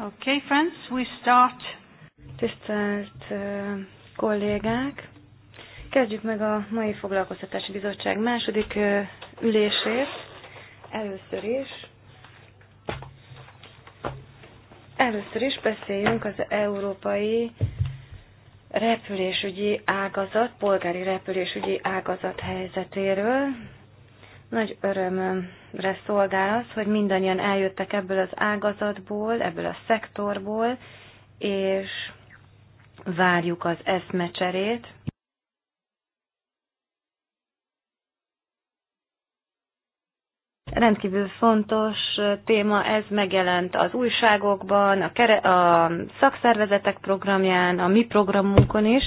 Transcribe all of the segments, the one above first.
Okay, friends, we start. Tisztelt kollégák, kezdjük meg a mai foglalkoztatási bizottság második ülését. Először is Először is beszéljünk az európai repülésügyi ágazat, polgári repülésügyi ágazat helyzetéről. Nagy örömre szolgál az, hogy mindannyian eljöttek ebből az ágazatból, ebből a szektorból, és várjuk az eszmecserét. Rendkívül fontos téma, ez megjelent az újságokban, a, kere, a szakszervezetek programján, a mi programunkon is.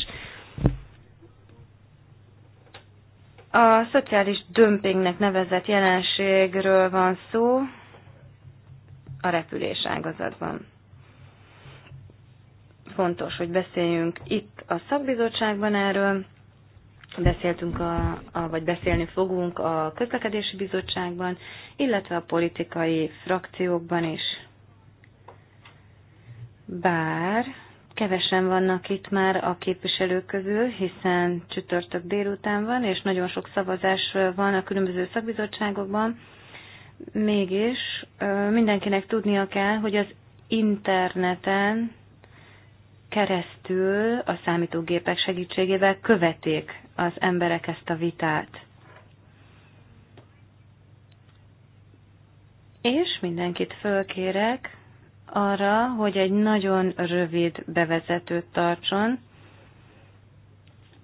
A szociális dömpingnek nevezett jelenségről van szó a repülés ágazatban. Fontos, hogy beszéljünk itt a szakbizottságban erről, beszéltünk, a, a, vagy beszélni fogunk a közlekedési bizottságban, illetve a politikai frakciókban is. Bár Kevesen vannak itt már a képviselők közül, hiszen csütörtök délután van, és nagyon sok szavazás van a különböző szakbizottságokban. Mégis mindenkinek tudnia kell, hogy az interneten keresztül a számítógépek segítségével követik az emberek ezt a vitát. És mindenkit fölkérek, arra, hogy egy nagyon rövid bevezetőt tartson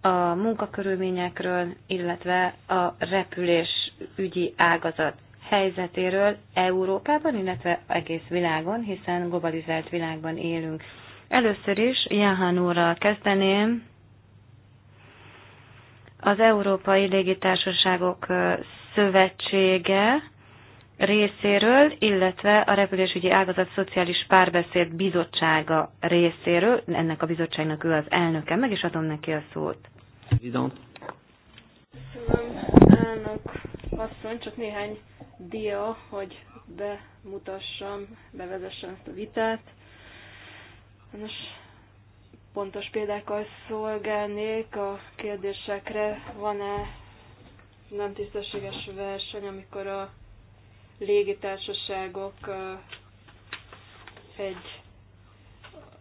a munkakörülményekről, illetve a repülés ügyi ágazat helyzetéről Európában, illetve egész világon, hiszen globalizált világban élünk. Először is Jahan úrral kezdeném. Az Európai Légitársaságok Szövetsége részéről, illetve a repülésügyi ágazat szociális párbeszéd bizottsága részéről. Ennek a bizottságnak ő az elnöke, meg is adom neki a szót. Köszönöm, elnök asszony, csak néhány dia, hogy bemutassam, bevezessem ezt a vitát. Nos, pontos példákkal szolgálnék a kérdésekre. Van-e nem tisztességes verseny, amikor a légitársaságok egy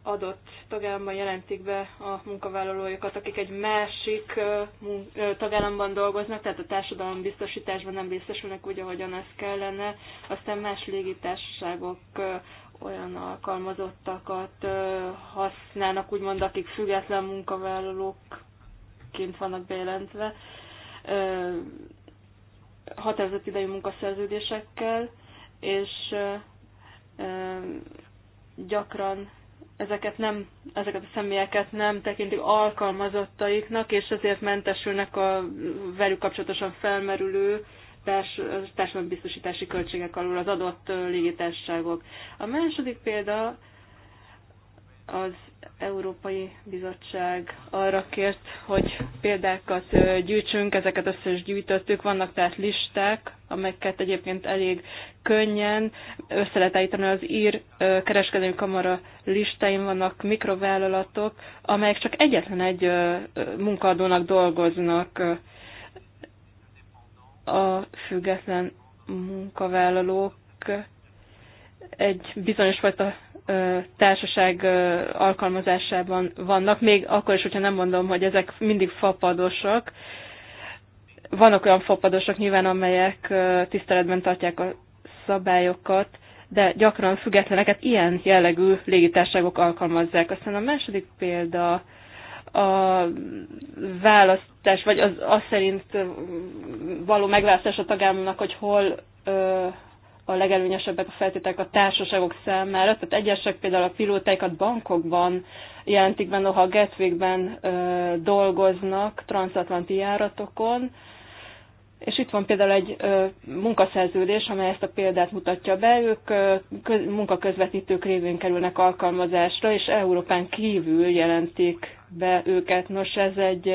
adott tagállamban jelentik be a munkavállalójukat, akik egy másik tagállamban dolgoznak, tehát a társadalom biztosításban nem részesülnek úgy, ahogyan ez kellene. Aztán más légitársaságok olyan alkalmazottakat használnak, úgymond, akik független munkavállalókként vannak bejelentve határozott idejű munkaszerződésekkel, és gyakran ezeket, nem, ezeket a személyeket nem tekintik alkalmazottaiknak, és ezért mentesülnek a velük kapcsolatosan felmerülő társ, társadalombiztosítási költségek alul az adott légitársaságok. A második példa az Európai Bizottság arra kért, hogy példákat gyűjtsünk, ezeket össze is gyűjtöttük, vannak tehát listák, amelyeket egyébként elég könnyen össze lehet állítani az ír kereskedelmi kamara listáin vannak mikrovállalatok, amelyek csak egyetlen egy munkadónak dolgoznak a független munkavállalók egy bizonyos fajta társaság alkalmazásában vannak, még akkor is, hogyha nem mondom, hogy ezek mindig fapadosak. Vannak olyan fapadosak nyilván, amelyek tiszteletben tartják a szabályokat, de gyakran függetleneket ilyen jellegű légitárságok alkalmazzák. Aztán a második példa a választás, vagy az, az szerint való megválasztás a tagállamnak, hogy hol ö, a legelőnyesebbek a feltételek a társaságok számára. Tehát egyesek például a pilótáikat bankokban jelentik benne, ha a Gatwickben dolgoznak transatlanti járatokon, és itt van például egy ö, munkaszerződés, amely ezt a példát mutatja be. Ők ö, köz, munkaközvetítők révén kerülnek alkalmazásra, és Európán kívül jelentik be őket. Nos, ez egy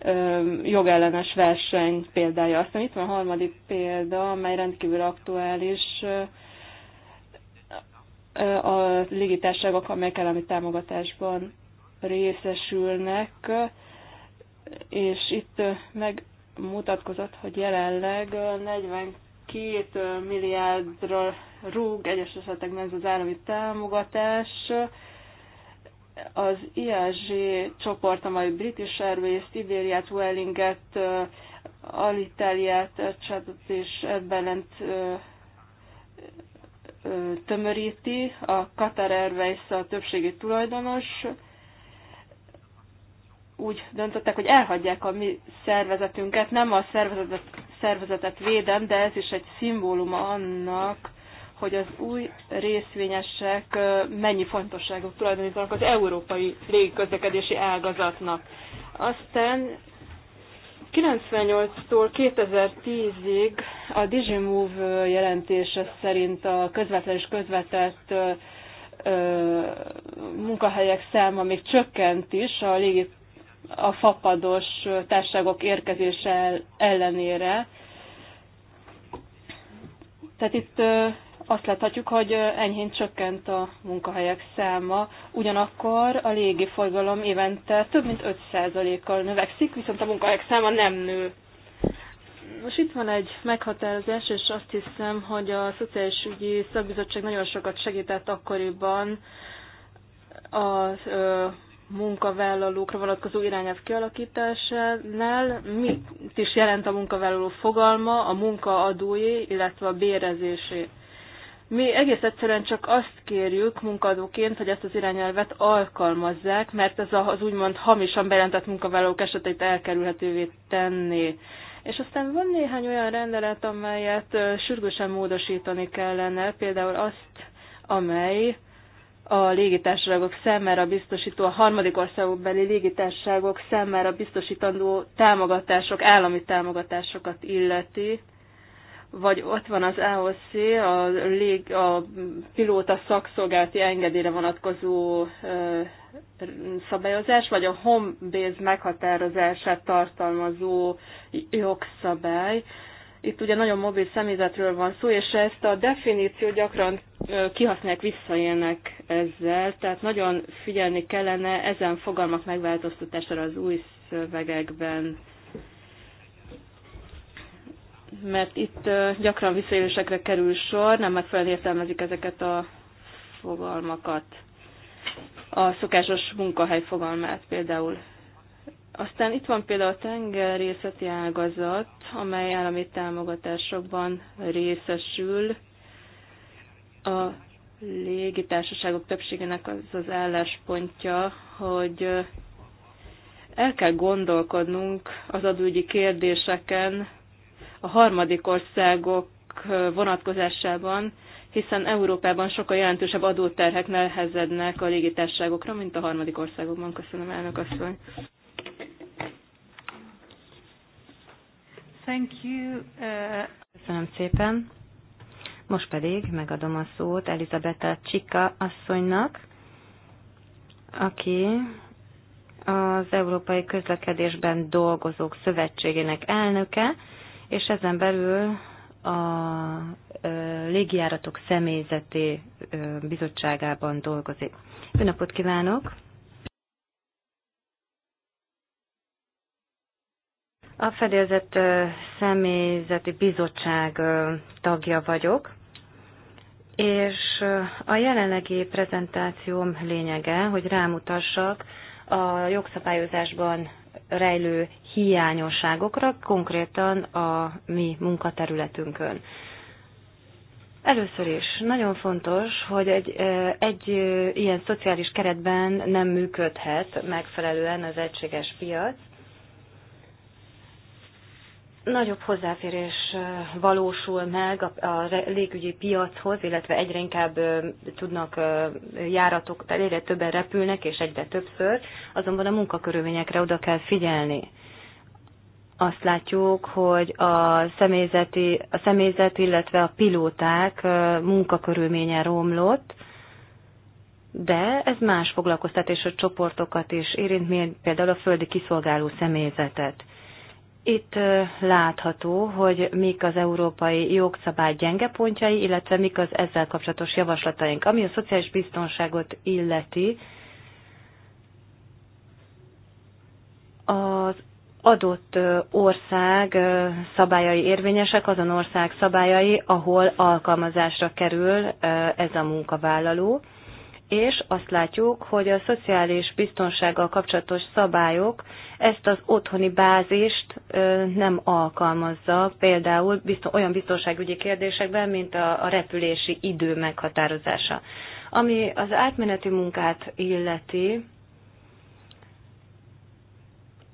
ö, jogellenes verseny példája. Aztán itt van a harmadik példa, amely rendkívül aktuális. Ö, a légitárságok, amelyek elemi támogatásban részesülnek, és itt meg mutatkozott, hogy jelenleg 42 milliárdra rúg egyes esetekben ez az állami támogatás. Az IAG csoport, amely British Airways-t, Iberiát, Wellinget, Alitaliát, Csatot és Ebbelent tömöríti, a Qatar Airways a többségi tulajdonos, úgy döntöttek, hogy elhagyják a mi szervezetünket. Nem a szervezetet, szervezetet védem, de ez is egy szimbóluma annak, hogy az új részvényesek mennyi fontosságot tulajdonítanak az európai légiközlekedési ágazatnak. Aztán 98-tól 2010-ig a DigiMove jelentése szerint a közvetlen és közvetett munkahelyek száma még csökkent is a légi a fapados társaságok érkezése ellenére. Tehát itt azt láthatjuk, hogy enyhén csökkent a munkahelyek száma, ugyanakkor a forgalom évente több mint 5%-kal növekszik, viszont a munkahelyek száma nem nő. Most itt van egy meghatározás, és azt hiszem, hogy a Szociális Ügyi Szakbizottság nagyon sokat segített akkoriban a munkavállalókra vonatkozó irányelv kialakításánál mit is jelent a munkavállaló fogalma, a munkaadói, illetve a bérezésé. Mi egész egyszerűen csak azt kérjük munkadóként, hogy ezt az irányelvet alkalmazzák, mert ez az úgymond hamisan bejelentett munkavállalók eseteit elkerülhetővé tenni. És aztán van néhány olyan rendelet, amelyet sürgősen módosítani kellene, például azt, amely a légitársaságok számára biztosító, a harmadik országokbeli légitársaságok számára biztosítandó támogatások, állami támogatásokat illeti, vagy ott van az AOC, a, lég, a pilóta szakszolgálati engedélyre vonatkozó ö, szabályozás, vagy a home base meghatározását tartalmazó jogszabály, itt ugye nagyon mobil személyzetről van szó, és ezt a definíciót gyakran kihasználják, visszaélnek ezzel, tehát nagyon figyelni kellene ezen fogalmak megváltoztatására az új szövegekben, mert itt gyakran visszaélésekre kerül sor, nem megfelelően értelmezik ezeket a fogalmakat, a szokásos munkahely fogalmát például. Aztán itt van például a tengerészeti ágazat, amely állami támogatásokban részesül. A légitársaságok többségének az az álláspontja, hogy el kell gondolkodnunk az adógyi kérdéseken a harmadik országok vonatkozásában, hiszen Európában sokkal jelentősebb adóterhek nehezednek a légitársaságokra, mint a harmadik országokban. Köszönöm, elnök asszony. Thank you. Uh... Köszönöm szépen. Most pedig megadom a szót Elizabeta Csika asszonynak, aki az Európai Közlekedésben Dolgozók Szövetségének elnöke, és ezen belül a légijáratok személyzeti bizottságában dolgozik. Jó napot kívánok! A fedélzett személyzeti bizottság tagja vagyok, és a jelenlegi prezentációm lényege, hogy rámutassak a jogszabályozásban rejlő hiányosságokra, konkrétan a mi munkaterületünkön. Először is nagyon fontos, hogy egy, egy ilyen szociális keretben nem működhet megfelelően az egységes piac, nagyobb hozzáférés valósul meg a légügyi piachoz, illetve egyre inkább tudnak járatok, tehát egyre többen repülnek, és egyre többször, azonban a munkakörülményekre oda kell figyelni. Azt látjuk, hogy a, személyzeti, a személyzet, illetve a pilóták munkakörülménye romlott, de ez más foglalkoztatásos csoportokat is érint, például a földi kiszolgáló személyzetet itt látható, hogy mik az európai jogszabály gyenge pontjai, illetve mik az ezzel kapcsolatos javaslataink. Ami a szociális biztonságot illeti, az adott ország szabályai érvényesek, azon ország szabályai, ahol alkalmazásra kerül ez a munkavállaló és azt látjuk, hogy a szociális biztonsággal kapcsolatos szabályok ezt az otthoni bázist nem alkalmazza, például olyan biztonságügyi kérdésekben, mint a, repülési idő meghatározása. Ami az átmeneti munkát illeti,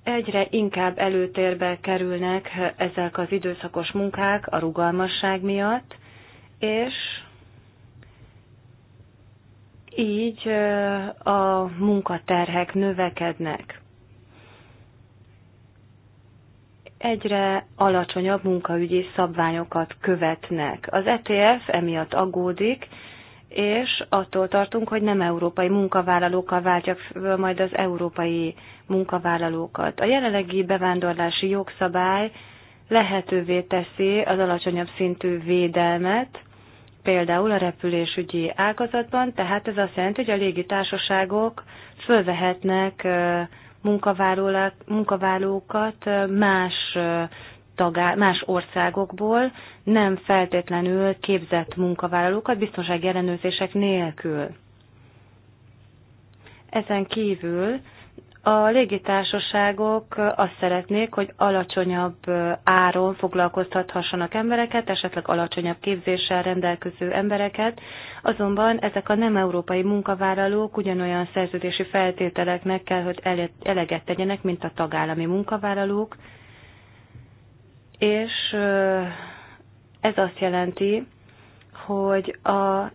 egyre inkább előtérbe kerülnek ezek az időszakos munkák a rugalmasság miatt, és így a munkaterhek növekednek. Egyre alacsonyabb munkaügyi szabványokat követnek. Az ETF emiatt aggódik, és attól tartunk, hogy nem európai munkavállalókkal váltják föl majd az európai munkavállalókat. A jelenlegi bevándorlási jogszabály lehetővé teszi az alacsonyabb szintű védelmet, például a repülésügyi ágazatban, tehát ez azt jelenti, hogy a légitársaságok fölvehetnek munkavállalókat más, más országokból, nem feltétlenül képzett munkavállalókat biztonsági ellenőrzések nélkül. Ezen kívül a légitársaságok azt szeretnék, hogy alacsonyabb áron foglalkoztathassanak embereket, esetleg alacsonyabb képzéssel rendelkező embereket, azonban ezek a nem európai munkavállalók ugyanolyan szerződési feltételeknek kell, hogy eleget tegyenek, mint a tagállami munkavállalók, és ez azt jelenti, hogy a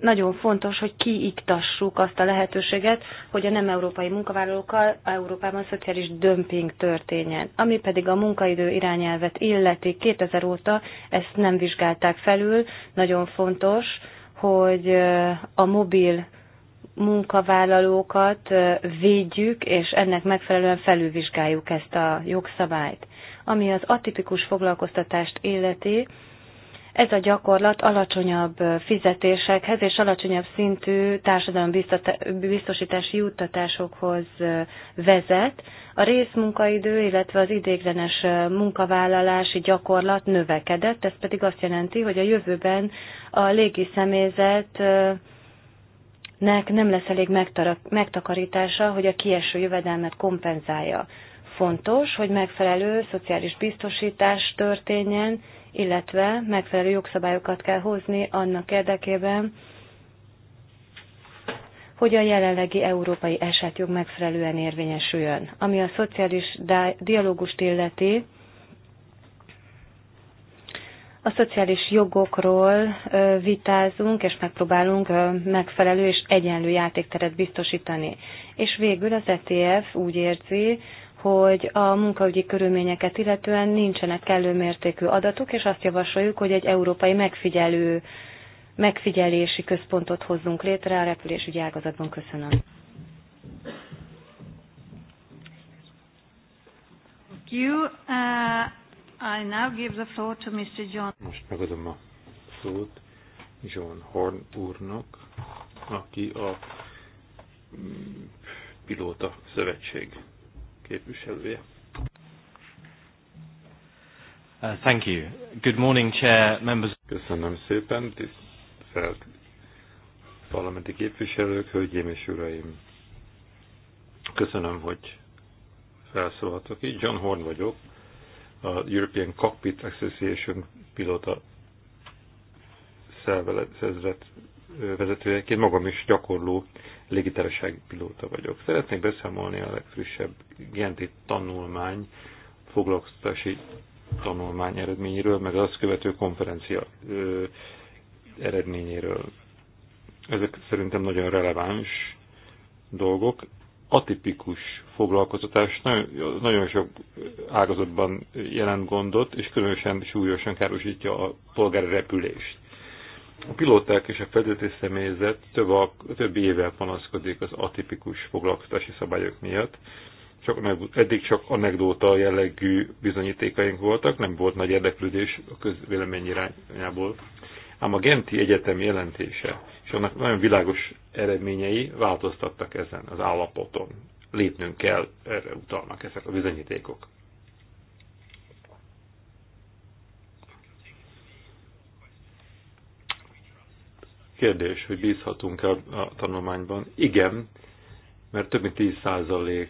nagyon fontos, hogy kiiktassuk azt a lehetőséget, hogy a nem európai munkavállalókkal Európában szociális dömping történjen. Ami pedig a munkaidő irányelvet illeti, 2000 óta ezt nem vizsgálták felül. Nagyon fontos, hogy a mobil munkavállalókat védjük, és ennek megfelelően felülvizsgáljuk ezt a jogszabályt. Ami az atipikus foglalkoztatást illeti, ez a gyakorlat alacsonyabb fizetésekhez és alacsonyabb szintű társadalmi biztosítási juttatásokhoz vezet. A részmunkaidő, illetve az idéglenes munkavállalási gyakorlat növekedett, ez pedig azt jelenti, hogy a jövőben a légi személyzet nem lesz elég megtakarítása, hogy a kieső jövedelmet kompenzálja. Fontos, hogy megfelelő szociális biztosítás történjen, illetve megfelelő jogszabályokat kell hozni annak érdekében, hogy a jelenlegi európai esetjog megfelelően érvényesüljön. Ami a szociális dialógust illeti, a szociális jogokról vitázunk, és megpróbálunk megfelelő és egyenlő játékteret biztosítani. És végül az ETF úgy érzi, hogy a munkaügyi körülményeket illetően nincsenek kellő mértékű adatok, és azt javasoljuk, hogy egy európai megfigyelő, megfigyelési központot hozzunk létre a repülésügyi ágazatban. Köszönöm. Uh, Most megadom a szót John Horn úrnak, aki a mm, pilóta szövetség képviselője. Uh, thank you. Good morning, Chair, members. Köszönöm szépen, tisztelt parlamenti képviselők, hölgyeim és uraim. Köszönöm, hogy felszólhatok. Így John Horn vagyok, a European Cockpit Association pilota szervezet vezetőjeként magam is gyakorló légitársaság pilóta vagyok. Szeretnék beszámolni a legfrissebb genti tanulmány, foglalkoztatási tanulmány eredményéről, meg azt követő konferencia ö, eredményéről. Ezek szerintem nagyon releváns dolgok. Atipikus foglalkoztatás nagyon, nagyon sok ágazatban jelent gondot, és különösen súlyosan károsítja a polgári repülést a pilóták és a fedőtés személyzet több, a, több éve panaszkodik az atipikus foglalkoztási szabályok miatt. Csak, eddig csak anekdóta jellegű bizonyítékaink voltak, nem volt nagy érdeklődés a közvélemény irányából. Ám a Genti Egyetem jelentése és annak nagyon világos eredményei változtattak ezen az állapoton. Lépnünk kell, erre utalnak ezek a bizonyítékok. Kérdés, hogy bízhatunk-e a tanulmányban? Igen, mert több mint 10%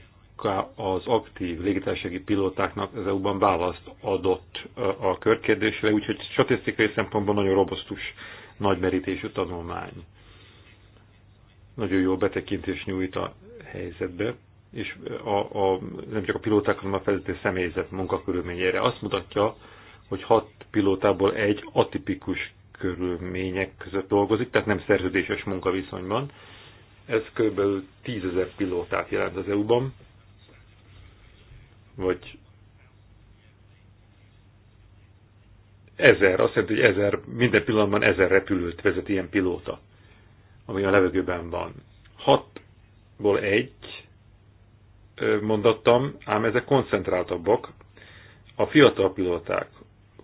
az aktív légitársasági pilótáknak az EU-ban választ adott a körkérdésre, úgyhogy statisztikai szempontból nagyon robosztus, nagy merítésű tanulmány. Nagyon jó betekintés nyújt a helyzetbe, és a, a, nem csak a pilóták, hanem a felületi személyzet munkakörülményére. Azt mutatja, hogy hat pilótából egy atipikus körülmények között dolgozik, tehát nem szerződéses munkaviszonyban. Ez kb. 10 ezer pilótát jelent az EU-ban, vagy ezer, azt jelenti, hogy ezer, minden pillanatban ezer repülőt vezet ilyen pilóta, ami a levegőben van. Hatból egy mondattam, ám ezek koncentráltabbak. A fiatal pilóták,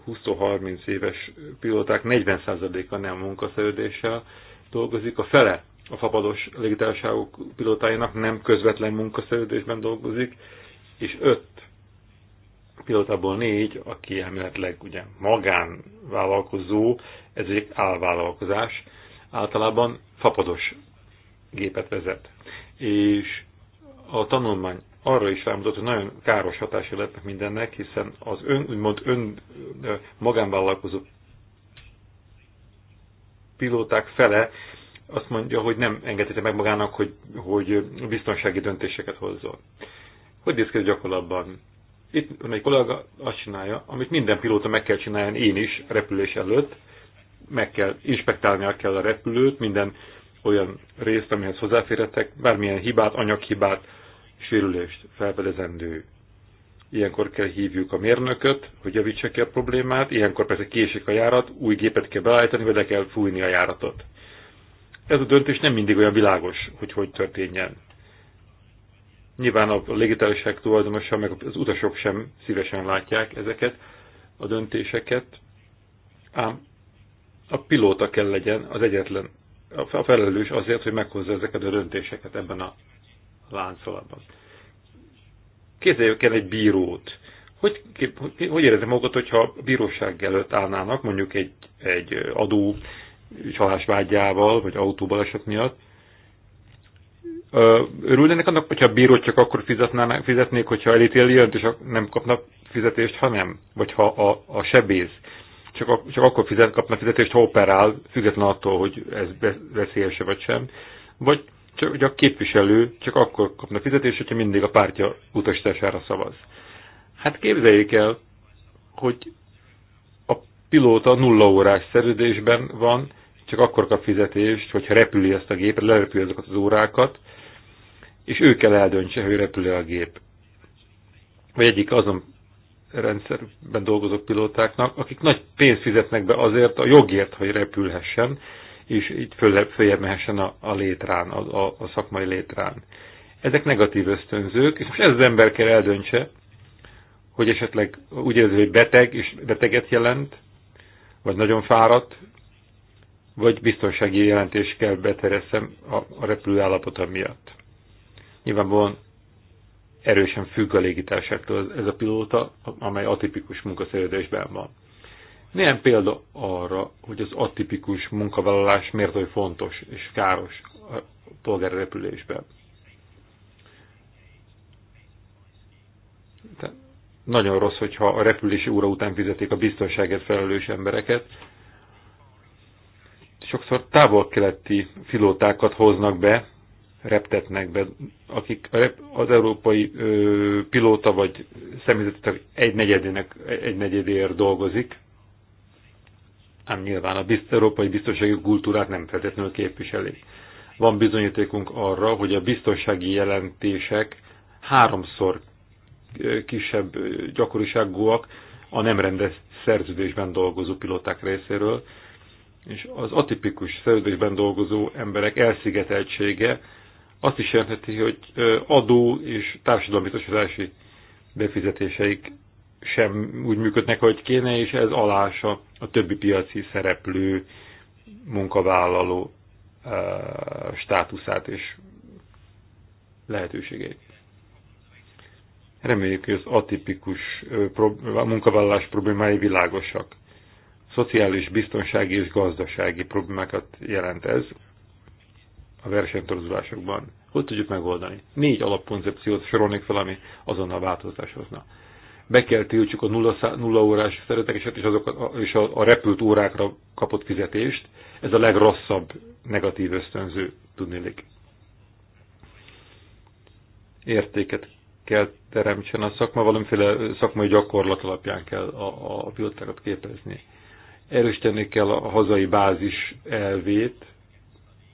20-30 éves pilóták 40%-a nem munkaszerződéssel dolgozik, a fele a fapados légitársaságok pilótáinak nem közvetlen munkaszerződésben dolgozik, és 5 pilótából 4, aki elméletileg ugye magánvállalkozó, ez egy állvállalkozás, általában fapados gépet vezet. És a tanulmány arra is rámutat, hogy nagyon káros hatása lehetnek mindennek, hiszen az ön, úgymond ön magánvállalkozó pilóták fele azt mondja, hogy nem engedheti meg magának, hogy, hogy biztonsági döntéseket hozzon. Hogy néz ki gyakorlatban? Itt egy kollega, azt csinálja, amit minden pilóta meg kell csinálni, én is, repülés előtt, meg kell, inspektálnia kell a repülőt, minden olyan részt, amihez hozzáférhetek, bármilyen hibát, anyaghibát, sérülést felfedezendő. Ilyenkor kell hívjuk a mérnököt, hogy javítsa ki a problémát, ilyenkor persze késik a járat, új gépet kell beállítani, vagy le kell fújni a járatot. Ez a döntés nem mindig olyan világos, hogy hogy történjen. Nyilván a légitársaság tulajdonosa, meg az utasok sem szívesen látják ezeket a döntéseket, ám a pilóta kell legyen az egyetlen, a felelős azért, hogy meghozza ezeket a döntéseket ebben a láncolatban. Képzeljük el egy bírót. Hogy, hogy, hogy érezni magukat, hogyha a bíróság előtt állnának, mondjuk egy, egy adó csalásvágyával, vagy autóbaleset miatt, örülnének annak, hogyha a bírót csak akkor fizetnék, hogyha elítéli önt, és nem kapnak fizetést, ha nem? Vagy ha a, a sebész csak, a, csak akkor fizet, kapna fizetést, ha operál, független attól, hogy ez veszélyes vagy sem. Vagy csak, hogy a képviselő csak akkor kapna fizetést, hogyha mindig a pártja utasítására szavaz. Hát képzeljék el, hogy a pilóta nulla órás szerződésben van, csak akkor kap fizetést, hogyha repüli ezt a gépet, lerepül azokat az órákat, és ő kell eldöntse, hogy repül -e a gép. Vagy egyik azon rendszerben dolgozó pilótáknak, akik nagy pénzt fizetnek be azért a jogért, hogy repülhessen, és így följebb, mehessen a, a létrán, a, a, a szakmai létrán. Ezek negatív ösztönzők, és most ez az ember kell eldöntse, hogy esetleg úgy érzi, hogy beteg, és beteget jelent, vagy nagyon fáradt, vagy biztonsági jelentés kell betereszem a, a repülő állapota miatt. Nyilvánvalóan erősen függ a légitársaktól ez a pilóta, amely atipikus munkaszerződésben van. Milyen példa arra, hogy az atipikus munkavállalás miért olyan fontos és káros a polgári repülésben? De nagyon rossz, hogyha a repülési óra után fizetik a biztonságért felelős embereket. Sokszor távol-keleti pilótákat hoznak be, reptetnek be, akik az európai ö, pilóta vagy személyzetet egy negyedének, egy negyedért dolgozik, ám nyilván a bizt, európai biztonsági kultúrát nem feltétlenül képviselik. Van bizonyítékunk arra, hogy a biztonsági jelentések háromszor kisebb gyakoriságúak a nem rendes szerződésben dolgozó pilóták részéről, és az atipikus szerződésben dolgozó emberek elszigeteltsége azt is jelentheti, hogy adó és társadalmi befizetéseik sem úgy működnek, hogy kéne, és ez alása a többi piaci szereplő munkavállaló eh, státuszát és lehetőségeit. Reméljük, hogy az atipikus munkavállalás problémái világosak. Szociális, biztonsági és gazdasági problémákat jelent ez a versenytorzulásokban. Hogy tudjuk megoldani? Négy alapkoncepciót sorolnék fel, ami azonnal változás hozna be kell tiltsuk a nulla, nulla órás szereteket és, a, és a, a repült órákra kapott fizetést. Ez a legrosszabb negatív ösztönző, tudnélik. Értéket kell teremtsen a szakma, valamiféle szakmai gyakorlat alapján kell a, a pilotákat képezni. Erősíteni kell a hazai bázis elvét.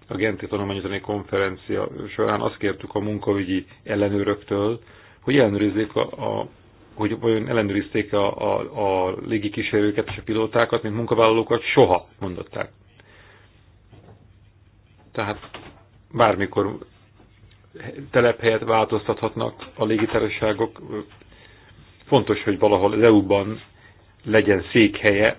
A Genti Tanulmányozani Konferencia során azt kértük a munkaügyi ellenőröktől, hogy ellenőrizzék a, a hogy olyan ellenőrizték a, a, a légikísérőket és a pilótákat, mint munkavállalókat, soha mondották. Tehát bármikor telephelyet változtathatnak a légitársaságok. Fontos, hogy valahol az EU-ban legyen székhelye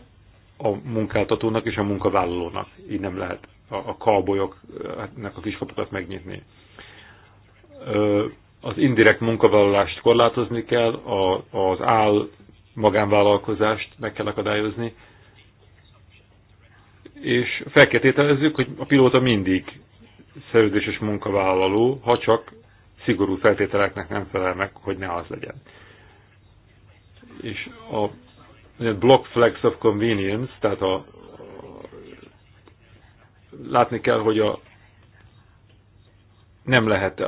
a munkáltatónak és a munkavállalónak. Így nem lehet a, a kalbolyoknak a kiskapokat megnyitni az indirekt munkavállalást korlátozni kell, a, az áll magánvállalkozást meg kell akadályozni, és feltételezzük, hogy a pilóta mindig szerződéses munkavállaló, ha csak szigorú feltételeknek nem felel meg, hogy ne az legyen. És a, a block flex of convenience, tehát a, a, látni kell, hogy a, nem lehet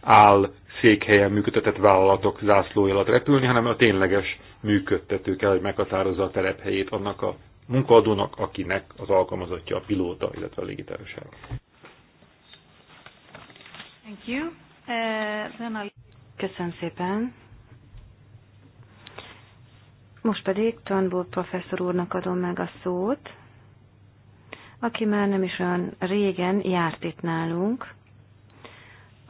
áll székhelyen működtetett vállalatok zászlója alatt repülni, hanem a tényleges működtető kell, hogy meghatározza a telephelyét annak a munkaadónak, akinek az alkalmazottja a pilóta, illetve a légitársaság. Thank you. Uh, Köszönöm szépen. Most pedig Tanból professzor úrnak adom meg a szót, aki már nem is olyan régen járt itt nálunk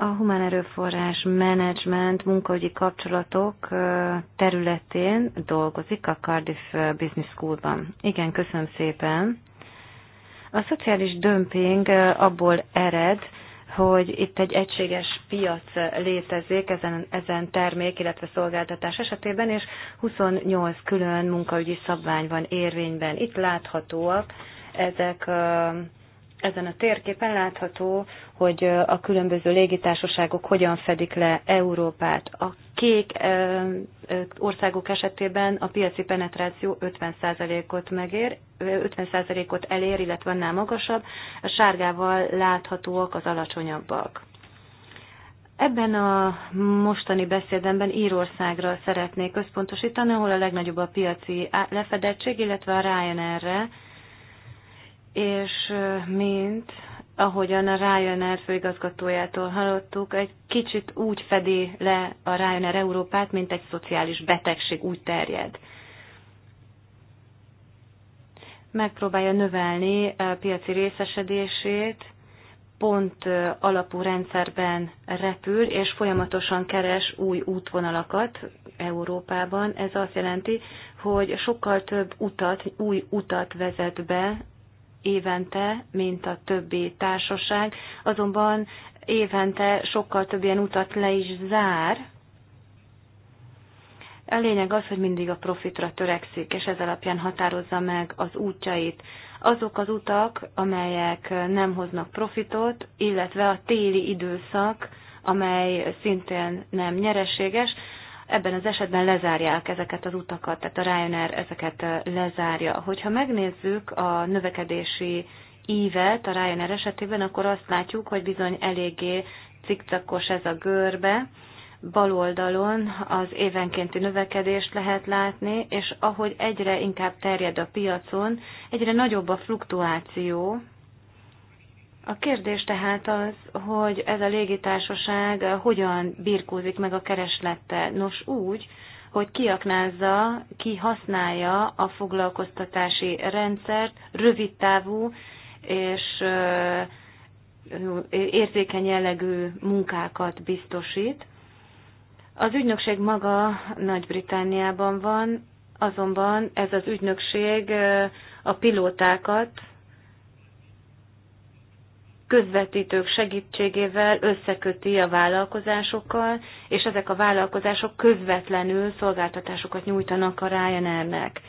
a humán erőforrás menedzsment munkaügyi kapcsolatok területén dolgozik a Cardiff Business Schoolban. Igen, köszönöm szépen. A szociális dömping abból ered, hogy itt egy egységes piac létezik ezen, ezen termék, illetve szolgáltatás esetében, és 28 külön munkaügyi szabvány van érvényben. Itt láthatóak ezek ezen a térképen látható, hogy a különböző légitársaságok hogyan fedik le Európát. A kék országok esetében a piaci penetráció 50%-ot megér, 50%-ot elér, illetve annál magasabb, a sárgával láthatóak az alacsonyabbak. Ebben a mostani beszédemben Írországra szeretnék összpontosítani, ahol a legnagyobb a piaci lefedettség, illetve a Ryanair-re, és mint ahogyan a Ryanair főigazgatójától hallottuk, egy kicsit úgy fedi le a Ryanair Európát, mint egy szociális betegség úgy terjed. Megpróbálja növelni a piaci részesedését, pont alapú rendszerben repül, és folyamatosan keres új útvonalakat Európában. Ez azt jelenti, hogy sokkal több utat, új utat vezet be évente, mint a többi társaság, azonban évente sokkal több ilyen utat le is zár. A lényeg az, hogy mindig a profitra törekszik, és ez alapján határozza meg az útjait. Azok az utak, amelyek nem hoznak profitot, illetve a téli időszak, amely szintén nem nyereséges, ebben az esetben lezárják ezeket az utakat, tehát a Ryanair ezeket lezárja. Hogyha megnézzük a növekedési ívet a Ryanair esetében, akkor azt látjuk, hogy bizony eléggé cikcakos ez a görbe, bal oldalon az évenkénti növekedést lehet látni, és ahogy egyre inkább terjed a piacon, egyre nagyobb a fluktuáció a kérdés tehát az, hogy ez a légitársaság hogyan birkózik meg a kereslettel. Nos úgy, hogy kiaknázza, ki használja a foglalkoztatási rendszert rövidtávú és érzékeny jellegű munkákat biztosít. Az ügynökség maga Nagy-Britániában van, azonban ez az ügynökség a pilótákat közvetítők segítségével összeköti a vállalkozásokkal, és ezek a vállalkozások közvetlenül szolgáltatásokat nyújtanak a Ryanairnek.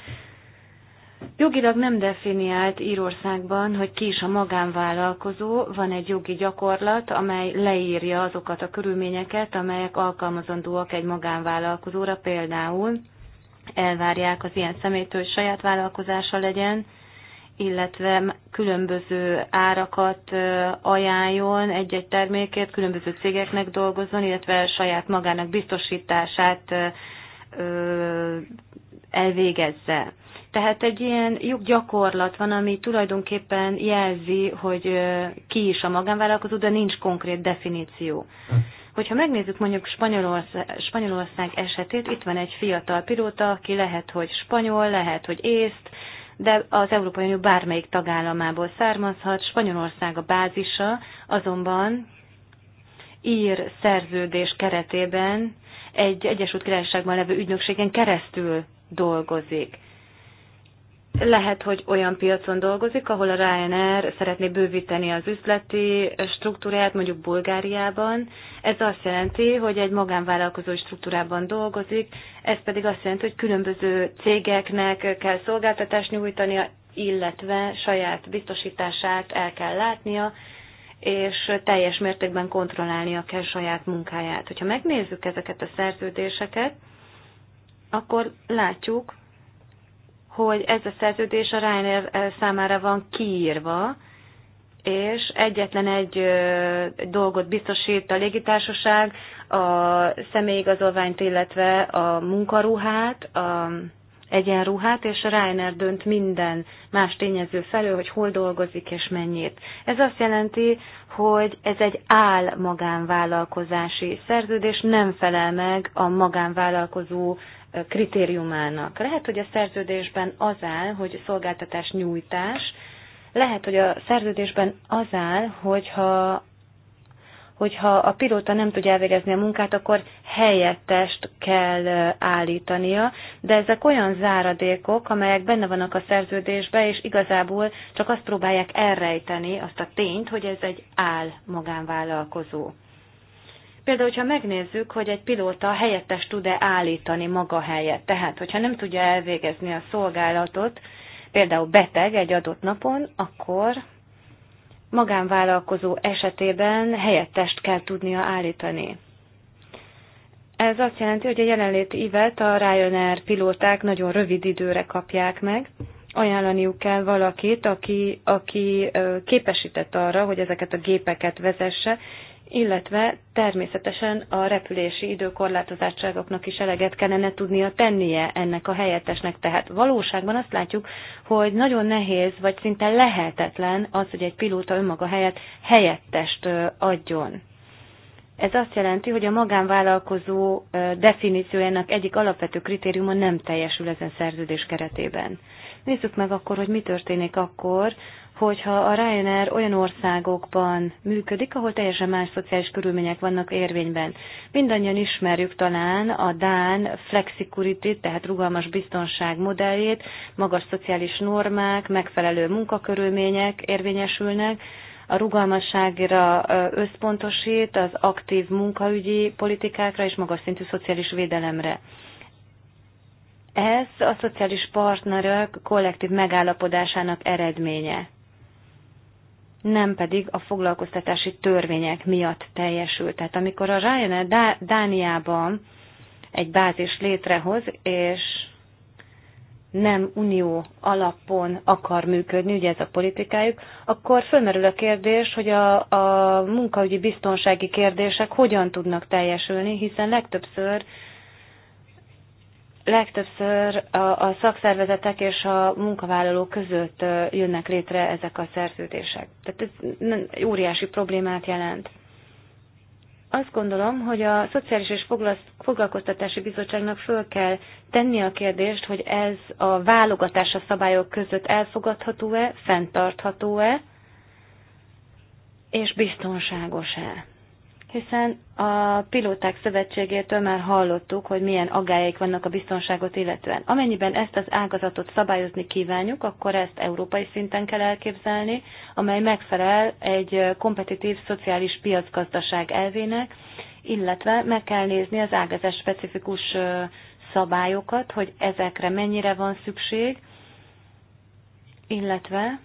Jogilag nem definiált Írországban, hogy ki is a magánvállalkozó, van egy jogi gyakorlat, amely leírja azokat a körülményeket, amelyek alkalmazandóak egy magánvállalkozóra, például elvárják az ilyen szemétől, hogy saját vállalkozása legyen, illetve különböző árakat ajánljon egy-egy termékért, különböző cégeknek dolgozzon, illetve saját magának biztosítását elvégezze. Tehát egy ilyen joggyakorlat van, ami tulajdonképpen jelzi, hogy ki is a magánvállalkozó, de nincs konkrét definíció. Hogyha megnézzük mondjuk Spanyolország, Spanyolország esetét, itt van egy fiatal pilóta, aki lehet, hogy spanyol, lehet, hogy észt, de az Európai Unió bármelyik tagállamából származhat. Spanyolország a bázisa, azonban ír szerződés keretében egy Egyesült Királyságban levő ügynökségen keresztül dolgozik lehet, hogy olyan piacon dolgozik, ahol a Ryanair szeretné bővíteni az üzleti struktúráját, mondjuk Bulgáriában. Ez azt jelenti, hogy egy magánvállalkozói struktúrában dolgozik, ez pedig azt jelenti, hogy különböző cégeknek kell szolgáltatást nyújtania, illetve saját biztosítását el kell látnia, és teljes mértékben kontrollálnia kell saját munkáját. Hogyha megnézzük ezeket a szerződéseket, akkor látjuk, hogy ez a szerződés a Ryanair eh, számára van kiírva, és egyetlen egy dolgot biztosít a légitársaság, a személyigazolványt, illetve a munkaruhát, a egyenruhát, és a Reiner dönt minden más tényező felől, hogy hol dolgozik és mennyit. Ez azt jelenti, hogy ez egy áll magánvállalkozási szerződés, nem felel meg a magánvállalkozó kritériumának. Lehet, hogy a szerződésben az áll, hogy szolgáltatás nyújtás, lehet, hogy a szerződésben az áll, hogyha, hogyha a pilóta nem tudja elvégezni a munkát, akkor helyettest kell állítania, de ezek olyan záradékok, amelyek benne vannak a szerződésben és igazából csak azt próbálják elrejteni azt a tényt, hogy ez egy áll magánvállalkozó. Például, hogyha megnézzük, hogy egy pilóta helyettes tud-e állítani maga helyet, Tehát, hogyha nem tudja elvégezni a szolgálatot, például beteg egy adott napon, akkor magánvállalkozó esetében helyettest kell tudnia állítani. Ez azt jelenti, hogy a jelenléti ívet a Ryanair pilóták nagyon rövid időre kapják meg. Ajánlaniuk kell valakit, aki, aki képesített arra, hogy ezeket a gépeket vezesse, illetve természetesen a repülési időkorlátozásságoknak is eleget kellene tudnia tennie ennek a helyettesnek. Tehát valóságban azt látjuk, hogy nagyon nehéz, vagy szinte lehetetlen az, hogy egy pilóta önmaga helyett helyettest adjon. Ez azt jelenti, hogy a magánvállalkozó definíciójának egyik alapvető kritériuma nem teljesül ezen szerződés keretében. Nézzük meg akkor, hogy mi történik akkor, hogyha a Ryanair olyan országokban működik, ahol teljesen más szociális körülmények vannak érvényben. Mindannyian ismerjük talán a Dán flexicurity, tehát rugalmas biztonság modelljét, magas szociális normák, megfelelő munkakörülmények érvényesülnek, a rugalmasságra összpontosít, az aktív munkaügyi politikákra és magas szintű szociális védelemre. Ez a szociális partnerök kollektív megállapodásának eredménye, nem pedig a foglalkoztatási törvények miatt teljesül. Tehát amikor a Ryanair Dániában egy bázis létrehoz, és nem unió alapon akar működni, ugye ez a politikájuk, akkor fölmerül a kérdés, hogy a, a munkaügyi biztonsági kérdések hogyan tudnak teljesülni, hiszen legtöbbször legtöbbször a, a szakszervezetek és a munkavállalók között jönnek létre ezek a szerződések. Tehát ez óriási problémát jelent. Azt gondolom, hogy a Szociális és Foglalkoztatási Bizottságnak föl kell tenni a kérdést, hogy ez a válogatás a szabályok között elfogadható-e, fenntartható-e, és biztonságos-e hiszen a pilóták szövetségétől már hallottuk, hogy milyen agályaik vannak a biztonságot illetően. Amennyiben ezt az ágazatot szabályozni kívánjuk, akkor ezt európai szinten kell elképzelni, amely megfelel egy kompetitív szociális piacgazdaság elvének, illetve meg kell nézni az ágazás specifikus szabályokat, hogy ezekre mennyire van szükség, illetve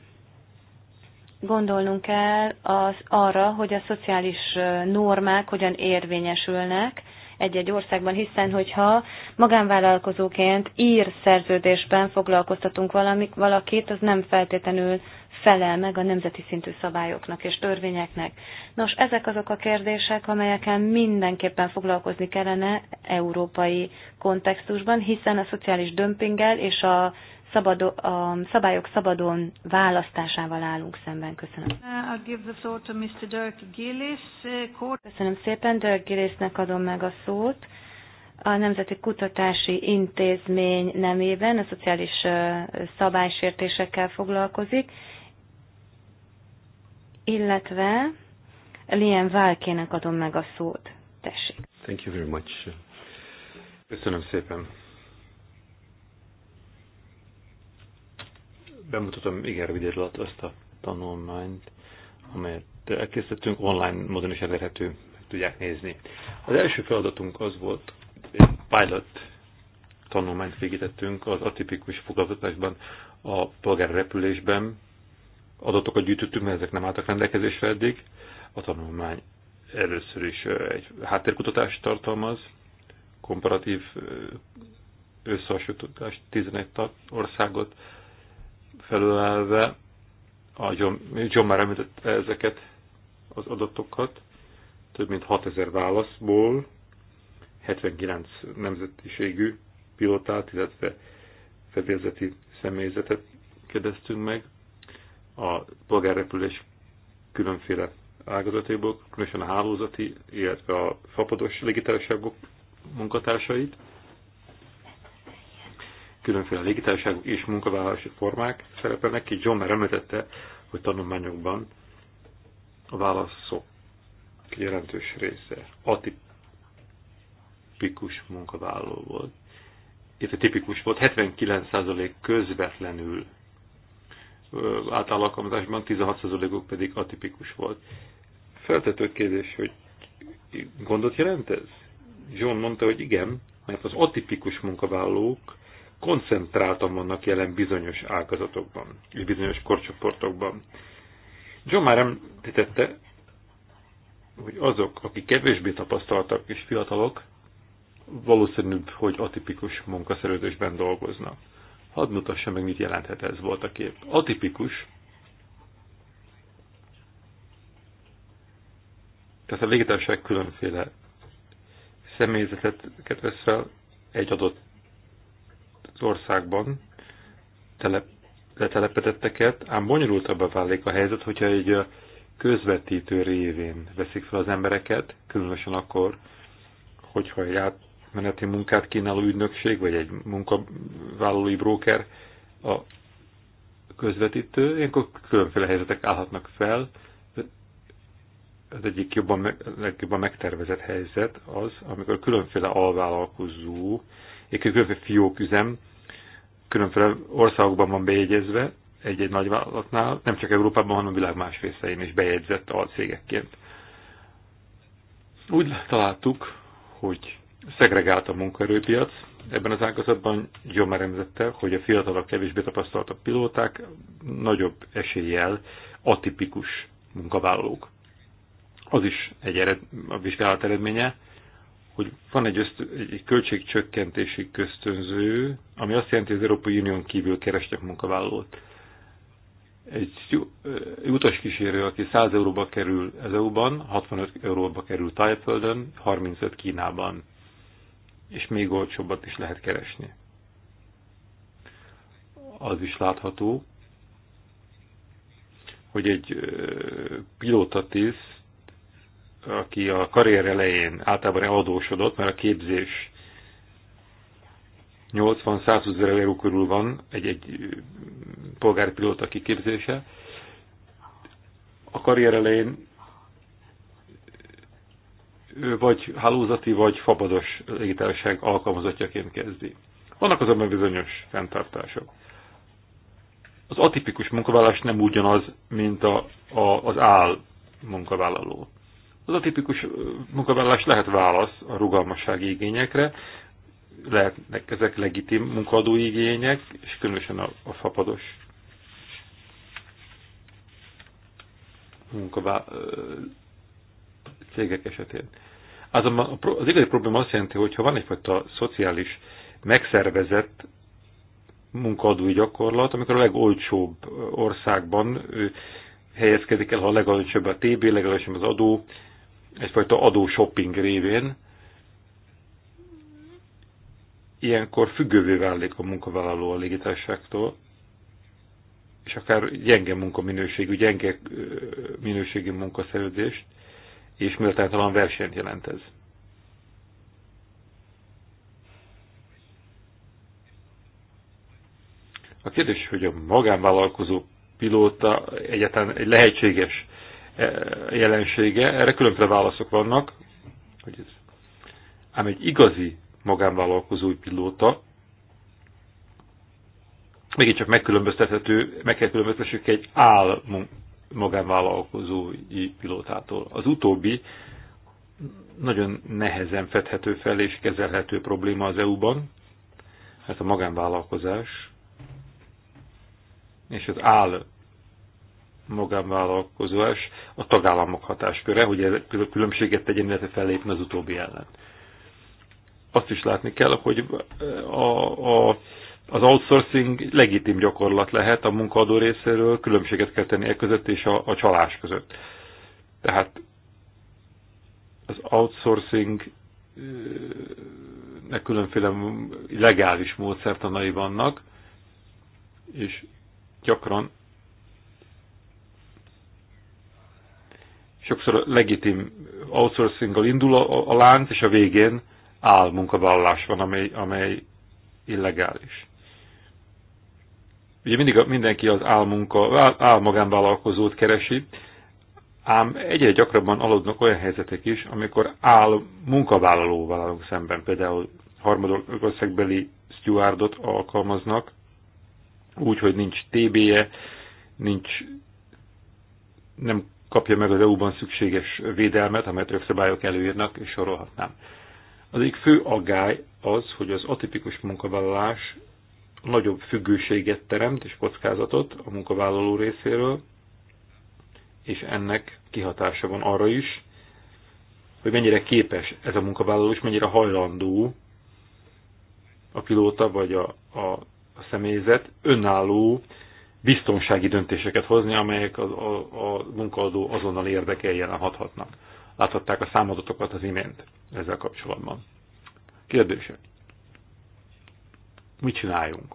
gondolnunk kell az arra, hogy a szociális normák hogyan érvényesülnek egy-egy országban, hiszen hogyha magánvállalkozóként ír szerződésben foglalkoztatunk valamik, valakit, az nem feltétlenül felel meg a nemzeti szintű szabályoknak és törvényeknek. Nos, ezek azok a kérdések, amelyeken mindenképpen foglalkozni kellene európai kontextusban, hiszen a szociális dömpinggel és a szabad, a szabályok szabadon választásával állunk szemben. Köszönöm. Uh, uh, Köszönöm szépen. Dirk Gillisnek adom meg a szót. A Nemzeti Kutatási Intézmény nemében a szociális uh, szabálysértésekkel foglalkozik, illetve Lien Valkének adom meg a szót. Tessék. Thank you very much. Köszönöm szépen. bemutatom igen rövid alatt azt a tanulmányt, amelyet elkészítettünk, online módon is elérhető, meg tudják nézni. Az első feladatunk az volt, egy pilot tanulmányt végítettünk az atipikus foglalkozásban, a polgári repülésben. Adatokat gyűjtöttünk, mert ezek nem álltak rendelkezésre eddig. A tanulmány először is egy háttérkutatást tartalmaz, komparatív összehasonlítást 11 országot, felülelve, a John, John már említette ezeket az adatokat, több mint 6000 válaszból, 79 nemzetiségű pilotát, illetve fedélzeti személyzetet kérdeztünk meg, a polgárrepülés különféle ágazatéból, különösen a hálózati, illetve a fapados légitársaságok munkatársait, különféle légitársaságok és munkavállalási formák szerepelnek ki. John már említette, hogy tanulmányokban a válaszok jelentős része atipikus munkavállaló volt. Itt a tipikus volt, 79% közvetlenül általalkalmazásban, 16 ok pedig atipikus volt. Feltető kérdés, hogy gondot jelent ez? John mondta, hogy igen, mert az atipikus munkavállalók koncentráltan vannak jelen bizonyos ágazatokban és bizonyos korcsoportokban. John már említette, hogy azok, akik kevésbé tapasztaltak és fiatalok, valószínűbb, hogy atipikus munkaszerződésben dolgoznak. Hadd mutassa meg, mit jelenthet ez volt a kép. Atipikus, tehát a légitársaság különféle személyzetet vesz fel egy adott az országban tele, letelepedetteket, ám bonyolultabbá válik a helyzet, hogyha egy közvetítő révén veszik fel az embereket, különösen akkor, hogyha egy átmeneti munkát kínáló ügynökség, vagy egy munkavállalói bróker a közvetítő, ilyenkor különféle helyzetek állhatnak fel. Az egyik jobban, legjobban megtervezett helyzet az, amikor különféle alvállalkozó egy fiók üzem, különféle országokban van bejegyezve, egy-egy nagyvállalatnál, nem csak Európában, hanem a világ más részein is bejegyzett cégekként. Úgy találtuk, hogy szegregált a munkaerőpiac, ebben az ágazatban jól már hogy a fiatalok, kevésbé tapasztaltabb pilóták nagyobb eséllyel atipikus munkavállalók. Az is egy ered, a vizsgálat eredménye, hogy van egy, ösztö, egy költségcsökkentési köztönző, ami azt jelenti, hogy az Európai Unión kívül kerestek munkavállalót. Egy utaskísérő, aki 100 euróba kerül az EU-ban, 65 euróba kerül Tájföldön, 35 Kínában, és még olcsóbbat is lehet keresni. Az is látható, hogy egy pilótatiszt aki a karrier elején általában eladósodott, mert a képzés 80-120 ezer euró körül van egy, egy pilóta kiképzése. A karrier elején vagy hálózati, vagy fabados légitársaság alkalmazottjaként kezdi. Vannak azonban bizonyos fenntartások. Az atipikus munkavállalás nem ugyanaz, mint a, a, az áll munkavállaló. Az a tipikus munkavállalás lehet válasz a rugalmasság igényekre, lehetnek ezek legitim munkadó igények, és különösen a, a fapados munkavállalás cégek esetén. Azonban az igazi probléma azt jelenti, hogy ha van egyfajta szociális megszervezett munkadói gyakorlat, amikor a legolcsóbb országban helyezkedik el, ha a legalacsonyabb a TB, legalacsonyabb az adó, egyfajta adó shopping révén, ilyenkor függővé válik a munkavállaló a légitársaságtól, és akár gyenge munkaminőségű, gyenge minőségi munkaszerződést, és méltánytalan versenyt jelent ez. A kérdés, hogy a magánvállalkozó pilóta egyáltalán egy lehetséges jelensége, erre különféle válaszok vannak, hogy ez. Ám egy igazi magánvállalkozói pilóta, csak megkülönböztethető, meg kell különböztessük egy áll magánvállalkozói pilótától. Az utóbbi nagyon nehezen fedhető fel és kezelhető probléma az EU-ban, mert hát a magánvállalkozás és az áll magánvállalkozás a tagállamok hatásköre, hogy e különbséget tegyen, illetve fellépne az utóbbi ellen. Azt is látni kell, hogy eh, a, a az outsourcing legitim gyakorlat lehet a munkaadó részéről, különbséget kell tenni e között és a, a csalás között. Tehát az outsourcing eh, nek különféle legális módszertanai vannak, és gyakran sokszor legitim outsourcing indul a, a lánc, és a végén áll munkavállalás van, amely, amely illegális. Ugye mindig mindenki az álmunka, áll, áll magánvállalkozót keresi, ám egyre gyakrabban aludnak olyan helyzetek is, amikor áll munkavállalóval állunk szemben, például harmadországbeli stewardot alkalmaznak, úgy, hogy nincs TB-je, nincs, nem kapja meg az EU-ban szükséges védelmet, amelyet jogszabályok előírnak, és sorolhatnám. Az egyik fő aggály az, hogy az atipikus munkavállalás nagyobb függőséget teremt és kockázatot a munkavállaló részéről, és ennek kihatása van arra is, hogy mennyire képes ez a munkavállaló, és mennyire hajlandó a pilóta vagy a, a, a személyzet önálló biztonsági döntéseket hozni, amelyek a, a, a munkaadó azonnal érdekei jelen hathatnak. Láthatták a számadatokat az imént ezzel kapcsolatban. Kérdése. Mit csináljunk?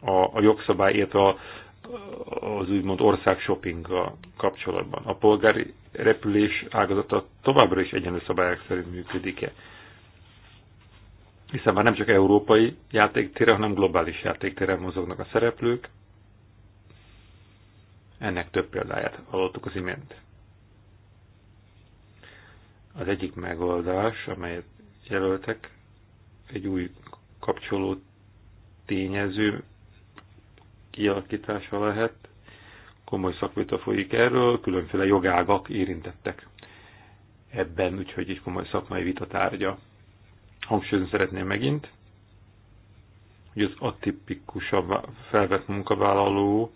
A, a jogszabály, illetve a, az úgymond ország shoppinggal kapcsolatban. A polgári repülés ágazata továbbra is egyenlő szabályok szerint működik-e? hiszen már nem csak európai játéktére, hanem globális játéktére mozognak a szereplők. Ennek több példáját hallottuk az imént. Az egyik megoldás, amelyet jelöltek, egy új kapcsoló tényező kialakítása lehet. Komoly szakvita folyik erről, különféle jogágak érintettek ebben, úgyhogy egy komoly szakmai vita tárgya hangsúlyozni szeretném megint, hogy az atipikusabb felvett munkavállaló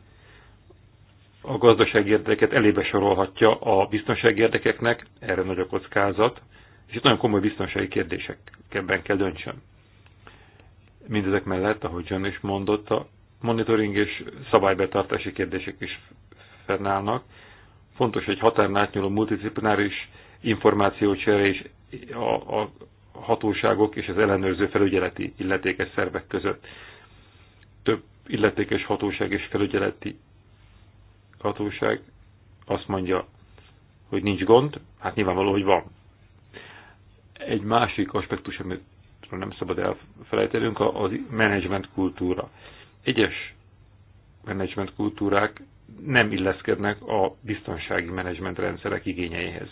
a gazdasági érdeket elébe sorolhatja a biztonsági érdekeknek, erre nagy a kockázat, és itt nagyon komoly biztonsági kérdésekben kell döntsem. Mindezek mellett, ahogy John is a monitoring és szabálybetartási kérdések is fennállnak. Fontos, hogy határon átnyúló multidisciplináris információcsere és a, a hatóságok és az ellenőrző felügyeleti illetékes szervek között. Több illetékes hatóság és felügyeleti hatóság azt mondja, hogy nincs gond, hát nyilvánvaló, hogy van. Egy másik aspektus, amit nem szabad elfelejtenünk, a menedzsment kultúra. Egyes menedzsment kultúrák nem illeszkednek a biztonsági menedzsment rendszerek igényeihez.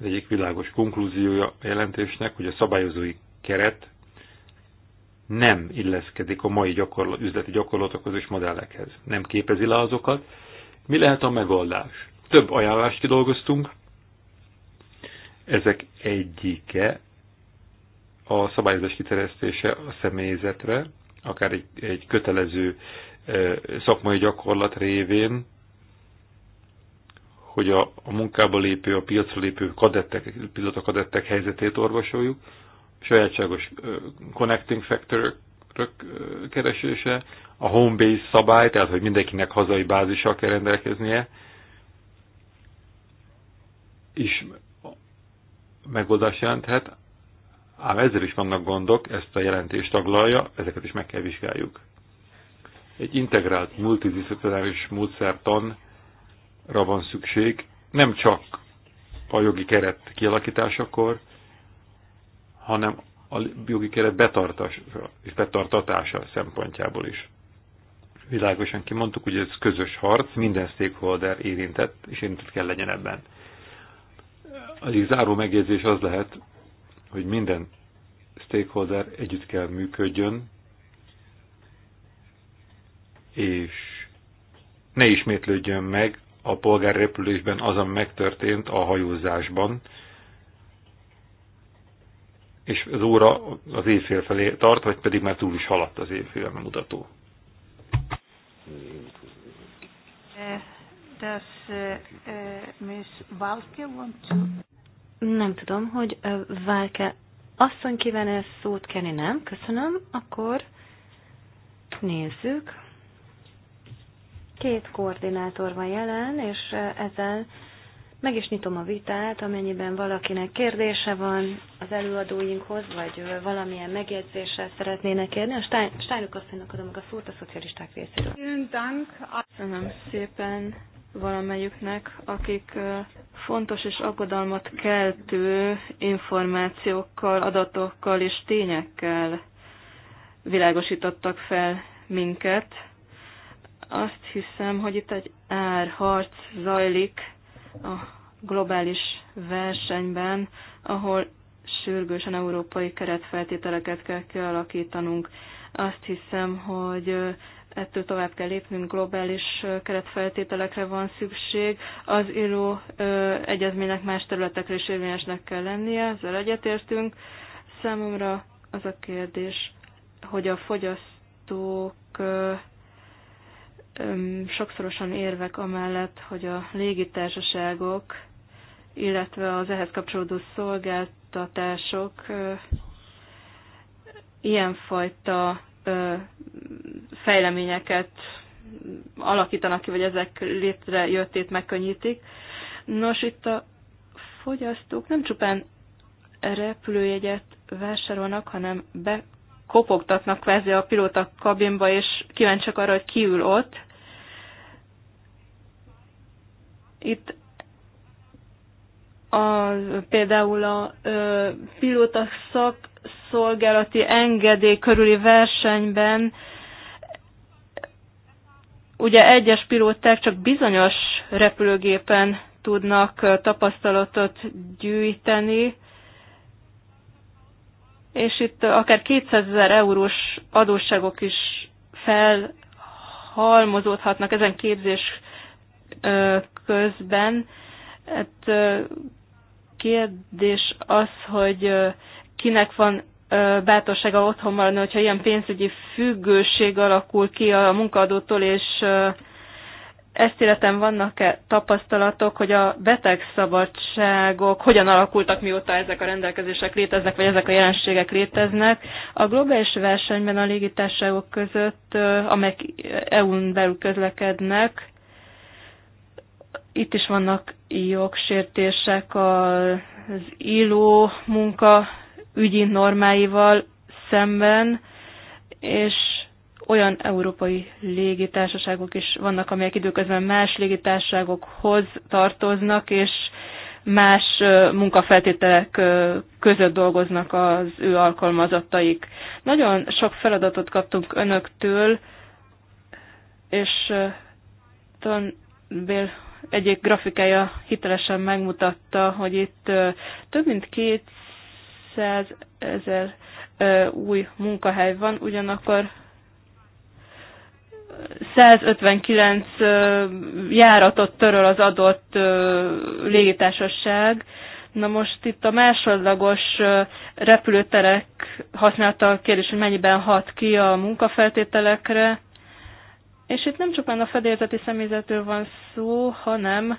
Az egyik világos konklúziója a jelentésnek, hogy a szabályozói keret nem illeszkedik a mai gyakorlat, üzleti gyakorlatokhoz és modellekhez. Nem képezi le azokat. Mi lehet a megoldás? Több ajánlást kidolgoztunk. Ezek egyike a szabályozás kiterjesztése a személyzetre, akár egy, egy kötelező szakmai gyakorlat révén, hogy a, a munkába lépő, a piacra lépő kadettek, a kadettek helyzetét orvosoljuk, sajátságos uh, connecting factor uh, keresése, a home base szabály, tehát hogy mindenkinek hazai bázissal kell rendelkeznie, is megoldás jelenthet, ám ezzel is vannak gondok, ezt a jelentést taglalja, ezeket is meg kell vizsgáljuk. Egy integrált multidisziplináris módszertan van szükség, nem csak a jogi keret kialakításakor, hanem a jogi keret betartása és betartatása szempontjából is. Világosan kimondtuk, hogy ez közös harc, minden stakeholder érintett, és érintett kell legyen ebben. Az záró megjegyzés az lehet, hogy minden stakeholder együtt kell működjön, és ne ismétlődjön meg a polgárrepülésben az, ami megtörtént a hajózásban, és az óra az évfél felé tart, vagy pedig már túl is haladt az évfél mutató. Eh, does uh, Miss Valke want to... Nem tudom, hogy uh, Valke asszony kíván szót kenni, nem? Köszönöm. Akkor nézzük, Két koordinátor van jelen, és ezzel meg is nyitom a vitát, amennyiben valakinek kérdése van az előadóinkhoz, vagy valamilyen megjegyzéssel szeretnének kérni. A Steinluk asszonynak adom meg a szót a szocialisták részéről. Köszönöm szépen valamelyiknek, akik fontos és aggodalmat keltő információkkal, adatokkal és tényekkel világosítottak fel minket azt hiszem, hogy itt egy árharc zajlik a globális versenyben, ahol sürgősen európai keretfeltételeket kell kialakítanunk. Azt hiszem, hogy ettől tovább kell lépnünk, globális keretfeltételekre van szükség. Az ILO egyezménynek más területekre is érvényesnek kell lennie, ezzel egyetértünk. Számomra az a kérdés, hogy a fogyasztók sokszorosan érvek amellett, hogy a légitársaságok, illetve az ehhez kapcsolódó szolgáltatások ilyenfajta fejleményeket alakítanak ki, vagy ezek létrejöttét megkönnyítik. Nos, itt a fogyasztók nem csupán repülőjegyet vásárolnak, hanem bekopogtatnak kvázi a pilóta kabinba, és kíváncsiak arra, hogy kiül ott. Itt a, például a ö, pilóta szakszolgálati engedély körüli versenyben ugye egyes pilóták csak bizonyos repülőgépen tudnak tapasztalatot gyűjteni, és itt akár 200 ezer eurós adósságok is felhalmozódhatnak ezen képzés közben. Hát kérdés az, hogy kinek van bátorsága otthon maradni, hogyha ilyen pénzügyi függőség alakul ki a munkadótól, és ezt életem vannak-e tapasztalatok, hogy a betegszabadságok hogyan alakultak, mióta ezek a rendelkezések léteznek, vagy ezek a jelenségek léteznek? A globális versenyben a légitársaságok között, amelyek EU-n belül közlekednek, itt is vannak jogsértések az illó munka ügyi normáival szemben, és olyan európai légitársaságok is vannak, amelyek időközben más légitársaságokhoz tartoznak, és más munkafeltételek között dolgoznak az ő alkalmazataik. Nagyon sok feladatot kaptunk önöktől, és Ton Bill egyik grafikája hitelesen megmutatta, hogy itt több mint 200 ezer új munkahely van, ugyanakkor 159 járatot töröl az adott légitársaság. Na most itt a másodlagos repülőterek használta a kérdés, hogy mennyiben hat ki a munkafeltételekre, és itt nem csupán a fedélzeti személyzetről van szó, hanem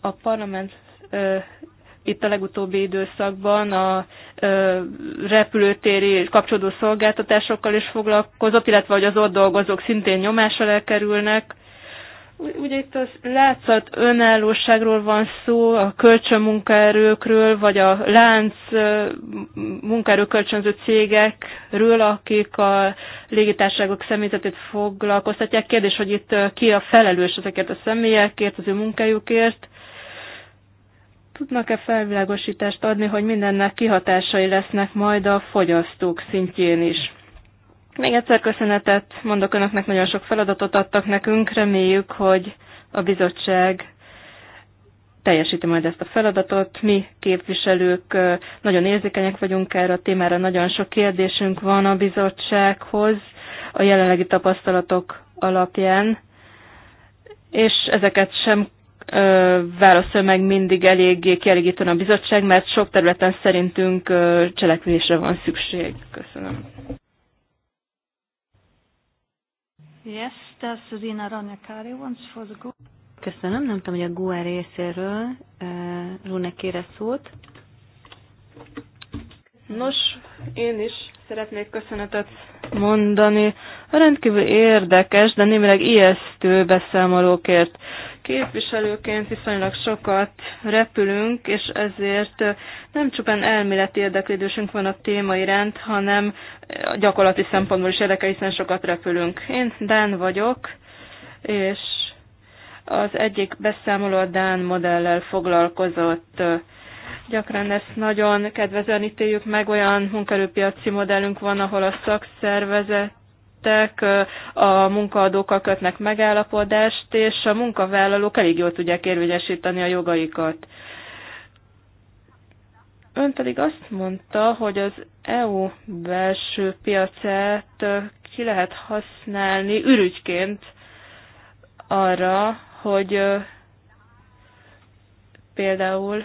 a parlament ö, itt a legutóbbi időszakban a ö, repülőtéri kapcsolódó szolgáltatásokkal is foglalkozott, illetve hogy az ott dolgozók szintén nyomás alá kerülnek. Ugye itt az látszat önállóságról van szó, a kölcsönmunkaerőkről, vagy a lánc munkaerőkölcsönző cégekről, akik a légitárságok személyzetét foglalkoztatják. Kérdés, hogy itt ki a felelős ezeket a személyekért, az ő munkájukért. Tudnak-e felvilágosítást adni, hogy mindennek kihatásai lesznek majd a fogyasztók szintjén is? Még egyszer köszönetet mondok önöknek, nagyon sok feladatot adtak nekünk, reméljük, hogy a bizottság teljesíti majd ezt a feladatot. Mi képviselők nagyon érzékenyek vagyunk erre a témára, nagyon sok kérdésünk van a bizottsághoz a jelenlegi tapasztalatok alapján, és ezeket sem ö, válaszol meg mindig eléggé kielégítően a bizottság, mert sok területen szerintünk ö, cselekvésre van szükség. Köszönöm. Yes, that's for the group. Köszönöm, nem tudom, hogy a GUA részéről uh, Rune kére szót. Nos, én is szeretnék köszönetet mondani. Rendkívül érdekes, de némileg ijesztő beszámolókért. Képviselőként viszonylag sokat repülünk, és ezért nem csupán elméleti érdeklődésünk van a téma iránt, hanem gyakorlati szempontból is érdekel, hiszen sokat repülünk. Én Dán vagyok, és az egyik beszámoló a Dán modellel foglalkozott Gyakran ezt nagyon kedvezően ítéljük meg, olyan munkerőpiaci modellünk van, ahol a szakszervezet a munkaadókkal kötnek megállapodást, és a munkavállalók elég jól tudják érvényesíteni a jogaikat. Ön pedig azt mondta, hogy az EU belső piacát ki lehet használni ürügyként arra, hogy például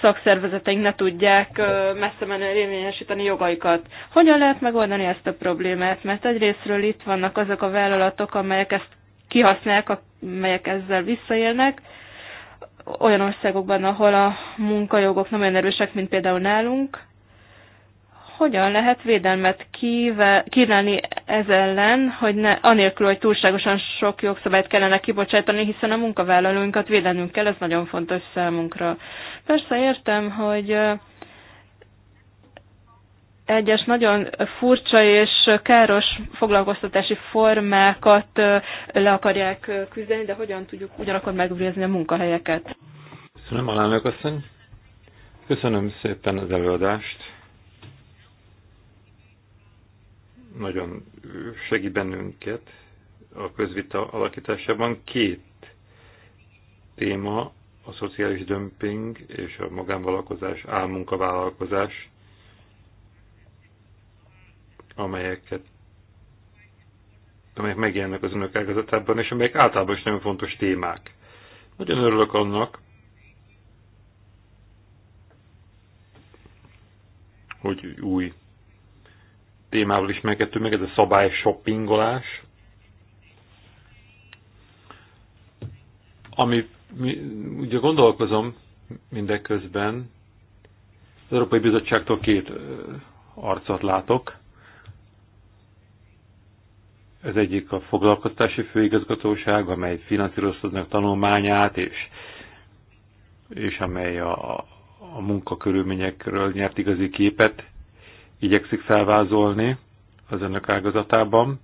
szakszervezeteink ne tudják messze menő érvényesíteni jogaikat. Hogyan lehet megoldani ezt a problémát? Mert egyrésztről itt vannak azok a vállalatok, amelyek ezt kihasználják, amelyek ezzel visszaélnek, olyan országokban, ahol a munkajogok nem olyan erősek, mint például nálunk, hogyan lehet védelmet kíve, kínálni ez ellen, hogy ne, anélkül, hogy túlságosan sok jogszabályt kellene kibocsátani, hiszen a munkavállalóinkat védenünk kell, ez nagyon fontos számunkra. Persze értem, hogy egyes nagyon furcsa és káros foglalkoztatási formákat le akarják küzdeni, de hogyan tudjuk ugyanakkor megőrizni a munkahelyeket? Köszönöm, Alánök asszony. Köszönöm szépen az előadást nagyon segít bennünket a közvita alakításában. Két téma a szociális dömping és a magánvállalkozás, álmunkavállalkozás, amelyeket amelyek megjelennek az önök ágazatában, és amelyek általában is nagyon fontos témák. Nagyon örülök annak, hogy új témával ismerkedtünk meg, ez a szabály shoppingolás, ami mi, ugye gondolkozom mindeközben, az Európai Bizottságtól két arcot látok. Ez egyik a foglalkoztási főigazgatóság, amely finanszíroztatnak tanulmányát, és, és amely a, a munkakörülményekről nyert igazi képet, igyekszik felvázolni az önök ágazatában.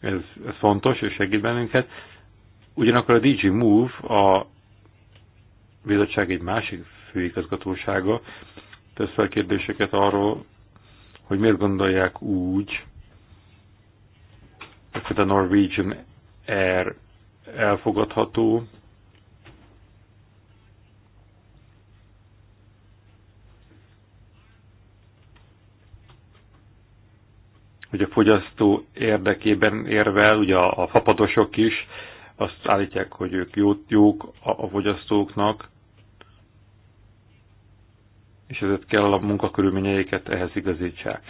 Ez, ez fontos, és segít bennünket. Ugyanakkor a DG Move, a bizottság egy másik főigazgatósága tesz fel kérdéseket arról, hogy miért gondolják úgy, hogy a Norwegian Air elfogadható, hogy a fogyasztó érdekében érvel, ugye a, a fapadosok is azt állítják, hogy ők jót jók a, a fogyasztóknak, és ezért kell a munkakörülményeiket ehhez igazítsák.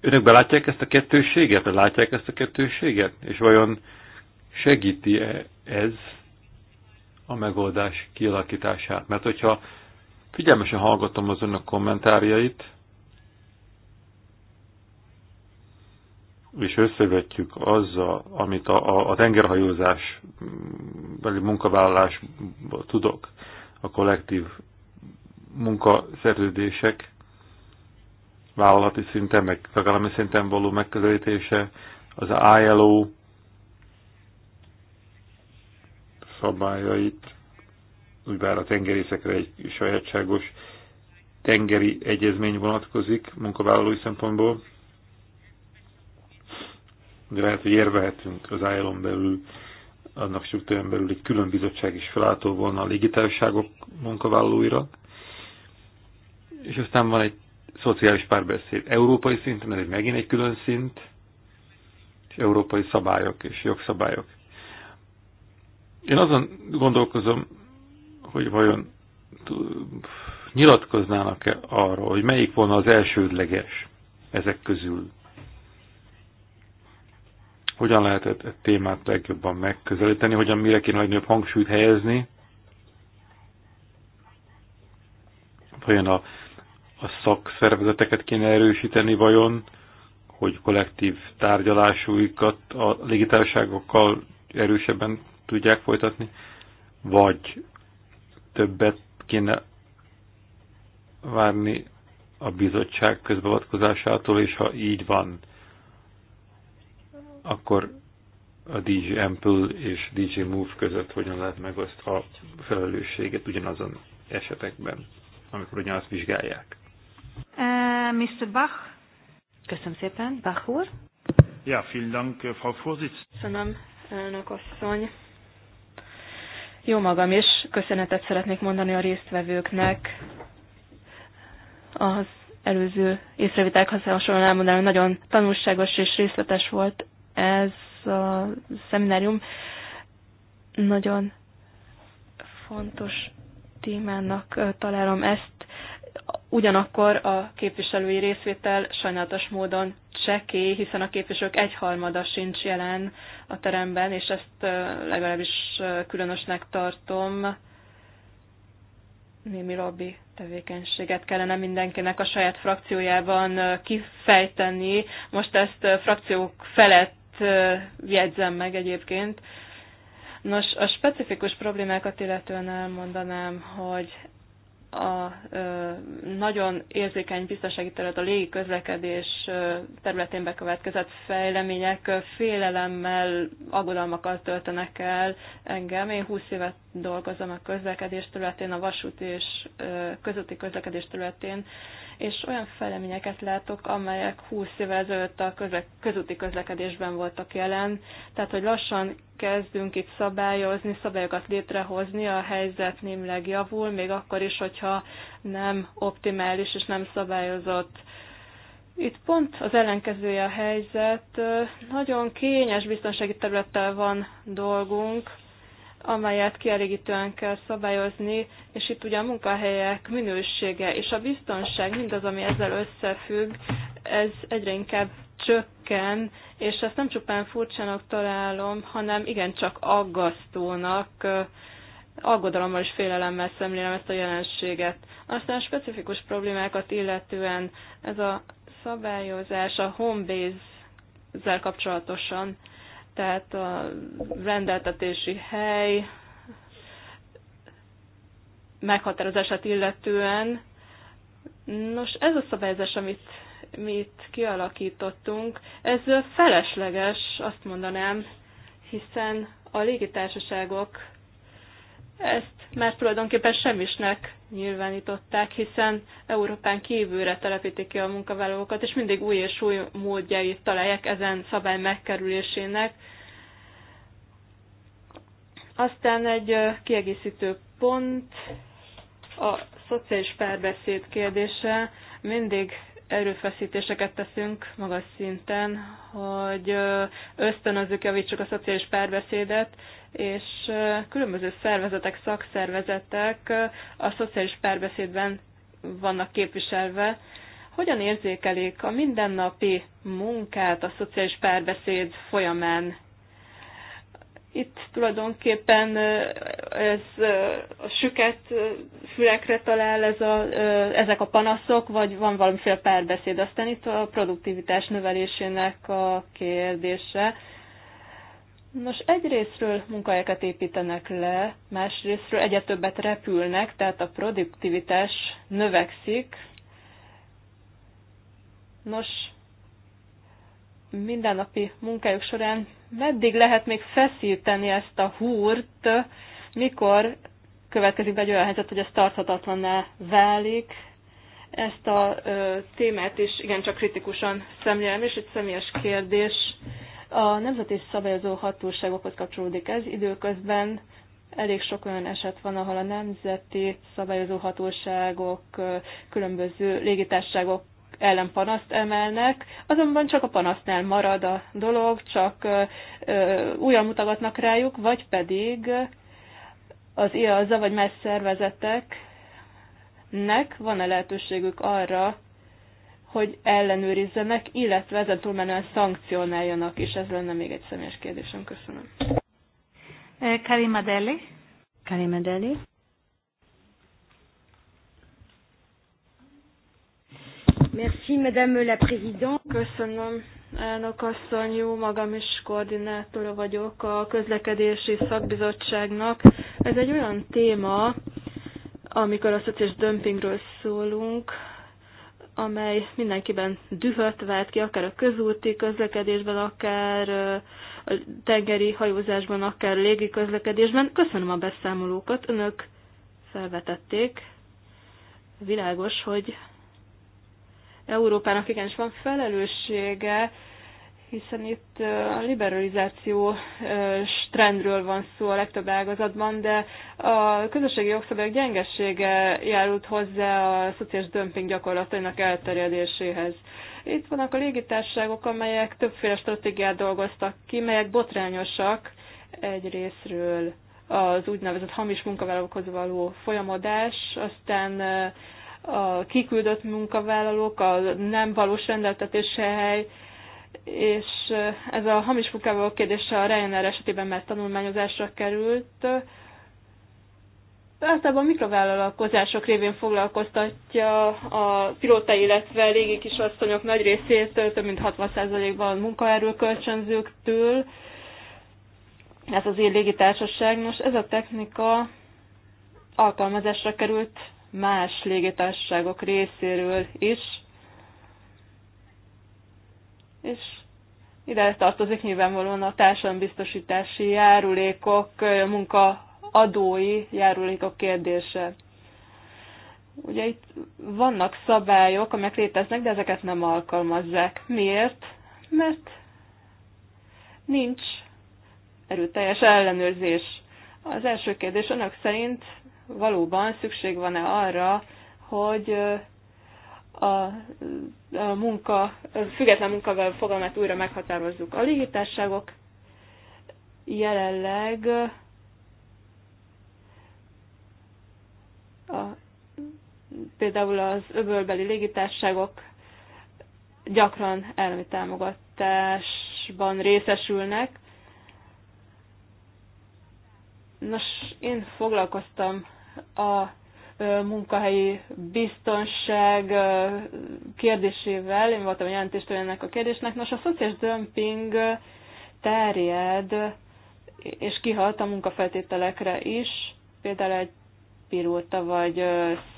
Önök belátják ezt a kettősséget? Látják ezt a kettősséget? És vajon segíti -e ez a megoldás kialakítását? Mert hogyha figyelmesen hallgatom az önök kommentárjait, és összevetjük azzal, amit a, a, a tengerhajózás beli munkavállalásban tudok, a kollektív munkaszerződések vállalati szinten, meg tagállami szinten való megközelítése, az ILO szabályait, úgybár a tengerészekre egy sajátságos tengeri egyezmény vonatkozik munkavállalói szempontból, de lehet, hogy érvehetünk az ájálon belül, annak struktúrán belül egy külön bizottság is felálltó volna a légitársaságok munkavállalóira, és aztán van egy szociális párbeszéd európai szinten, ez egy megint egy külön szint, és európai szabályok és jogszabályok. Én azon gondolkozom, hogy vajon nyilatkoznának-e arról, hogy melyik volna az elsődleges ezek közül hogyan lehet a témát legjobban megközelíteni, hogyan mire kéne legnagyobb hangsúlyt helyezni, vajon a, a szakszervezeteket kéne erősíteni vajon, hogy kollektív tárgyalásúikat a légitárságokkal erősebben tudják folytatni, vagy többet kéne várni a bizottság közbeavatkozásától, és ha így van, akkor a DJ Ample és DJ Move között hogyan lehet megoszt a felelősséget ugyanazon esetekben, amikor ugyanazt vizsgálják. Uh, Mr. Bach. Köszönöm szépen. Bach úr. Ja, vielen Dank, Frau Vorsitz. Köszönöm, elnök asszony. Jó magam is. Köszönetet szeretnék mondani a résztvevőknek. Az előző észreviták hasonlóan elmondanám, nagyon tanulságos és részletes volt ez a szeminárium nagyon fontos témának találom ezt. Ugyanakkor a képviselői részvétel sajnálatos módon csekély, hiszen a képviselők egyharmada sincs jelen a teremben, és ezt legalábbis különösnek tartom. Némi lobby tevékenységet kellene mindenkinek a saját frakciójában kifejteni. Most ezt frakciók felett jegyzem meg egyébként. Nos, a specifikus problémákat illetően elmondanám, hogy a ö, nagyon érzékeny biztonsági terület a légi közlekedés területén bekövetkezett fejlemények félelemmel, aggodalmakkal töltenek el engem. Én 20 évet dolgozom a közlekedés területén, a vasút és ö, közlekedés területén, és olyan fejleményeket látok, amelyek 20 évvel ezelőtt a közle- közúti közlekedésben voltak jelen, tehát hogy lassan kezdünk itt szabályozni, szabályokat létrehozni, a helyzet némileg javul, még akkor is, hogyha nem optimális és nem szabályozott. Itt pont az ellenkezője a helyzet, nagyon kényes biztonsági területtel van dolgunk, amelyet kielégítően kell szabályozni, és itt ugye a munkahelyek minősége és a biztonság, mindaz, ami ezzel összefügg, ez egyre inkább csökken, és ezt nem csupán furcsának találom, hanem igencsak aggasztónak, aggodalommal és félelemmel szemlélem ezt a jelenséget. Aztán specifikus problémákat illetően ez a szabályozás a home base-zel kapcsolatosan tehát a rendeltetési hely meghatározását illetően. Nos, ez a szabályozás, amit mi itt kialakítottunk, ez felesleges, azt mondanám, hiszen a légitársaságok ezt mert tulajdonképpen semmisnek nyilvánították, hiszen Európán kívülre telepítik ki a munkavállalókat, és mindig új és új módjait találják ezen szabály megkerülésének. Aztán egy kiegészítő pont, a szociális párbeszéd kérdése mindig erőfeszítéseket teszünk magas szinten, hogy ösztönözzük, javítsuk a szociális párbeszédet, és különböző szervezetek, szakszervezetek a szociális párbeszédben vannak képviselve. Hogyan érzékelik a mindennapi munkát a szociális párbeszéd folyamán? Itt tulajdonképpen ez a süket fülekre talál ez a, ezek a panaszok, vagy van valamiféle párbeszéd. Aztán itt a produktivitás növelésének a kérdése. Nos, egyrésztről munkahelyeket építenek le, másrésztről egyre többet repülnek, tehát a produktivitás növekszik. Nos, mindennapi munkájuk során meddig lehet még feszíteni ezt a húrt, mikor következik egy olyan helyzet, hogy ez tarthatatlanná válik. Ezt a ö, témát is igencsak kritikusan szemlélem, és egy személyes kérdés. A nemzeti szabályozó hatóságokhoz kapcsolódik ez. Időközben elég sok olyan eset van, ahol a nemzeti szabályozó hatóságok különböző légitárságok ellen panaszt emelnek, azonban csak a panasznál marad a dolog, csak újra mutogatnak rájuk, vagy pedig az IAZA vagy más szervezeteknek van-e lehetőségük arra, hogy ellenőrizzenek, illetve ezen túlmenően szankcionáljanak is. Ez lenne még egy személyes kérdésem. Köszönöm. Eh, Karima Deli. Karima Deli. Merci, Madame la Présidente. Köszönöm, elnök asszony, jó magam is koordinátor vagyok a közlekedési szakbizottságnak. Ez egy olyan téma, amikor a szociális dömpingről szólunk, amely mindenkiben dühöt vált ki, akár a közúti közlekedésben, akár a tengeri hajózásban, akár a légi közlekedésben. Köszönöm a beszámolókat, önök felvetették. Világos, hogy Európának igenis van felelőssége, hiszen itt a liberalizáció trendről van szó a legtöbb ágazatban, de a közösségi jogszabályok gyengessége járult hozzá a szociális dömping gyakorlatainak elterjedéséhez. Itt vannak a légitárságok, amelyek többféle stratégiát dolgoztak ki, melyek botrányosak egy részről az úgynevezett hamis munkavállalókhoz való folyamodás, aztán a kiküldött munkavállalók, a nem valós rendeltetése hely, és eh, ez a hamis munkavállaló kérdése a Ryanair esetében már tanulmányozásra került. Általában a mikrovállalkozások révén foglalkoztatja a pilóta, illetve régi kisasszonyok nagy részét, több mint 60%-ban munkaerőkölcsönzőktől. Ez az én légitársaság. Nos, ez a technika alkalmazásra került más légitársaságok részéről is. És ide tartozik nyilvánvalóan a társadalombiztosítási járulékok, munkaadói járulékok kérdése. Ugye itt vannak szabályok, amelyek léteznek, de ezeket nem alkalmazzák. Miért? Mert nincs erőteljes ellenőrzés. Az első kérdés önök szerint valóban szükség van-e arra, hogy a, a munka, a független munkavállaló fogalmát újra meghatározzuk. A légitárságok jelenleg a, például az öbölbeli légitárságok gyakran elmi támogatásban részesülnek. Nos, én foglalkoztam a munkahelyi biztonság kérdésével, én voltam a jelentéstől ennek a kérdésnek, nos a szociális dömping terjed és kihalt a munkafeltételekre is, például egy pilóta vagy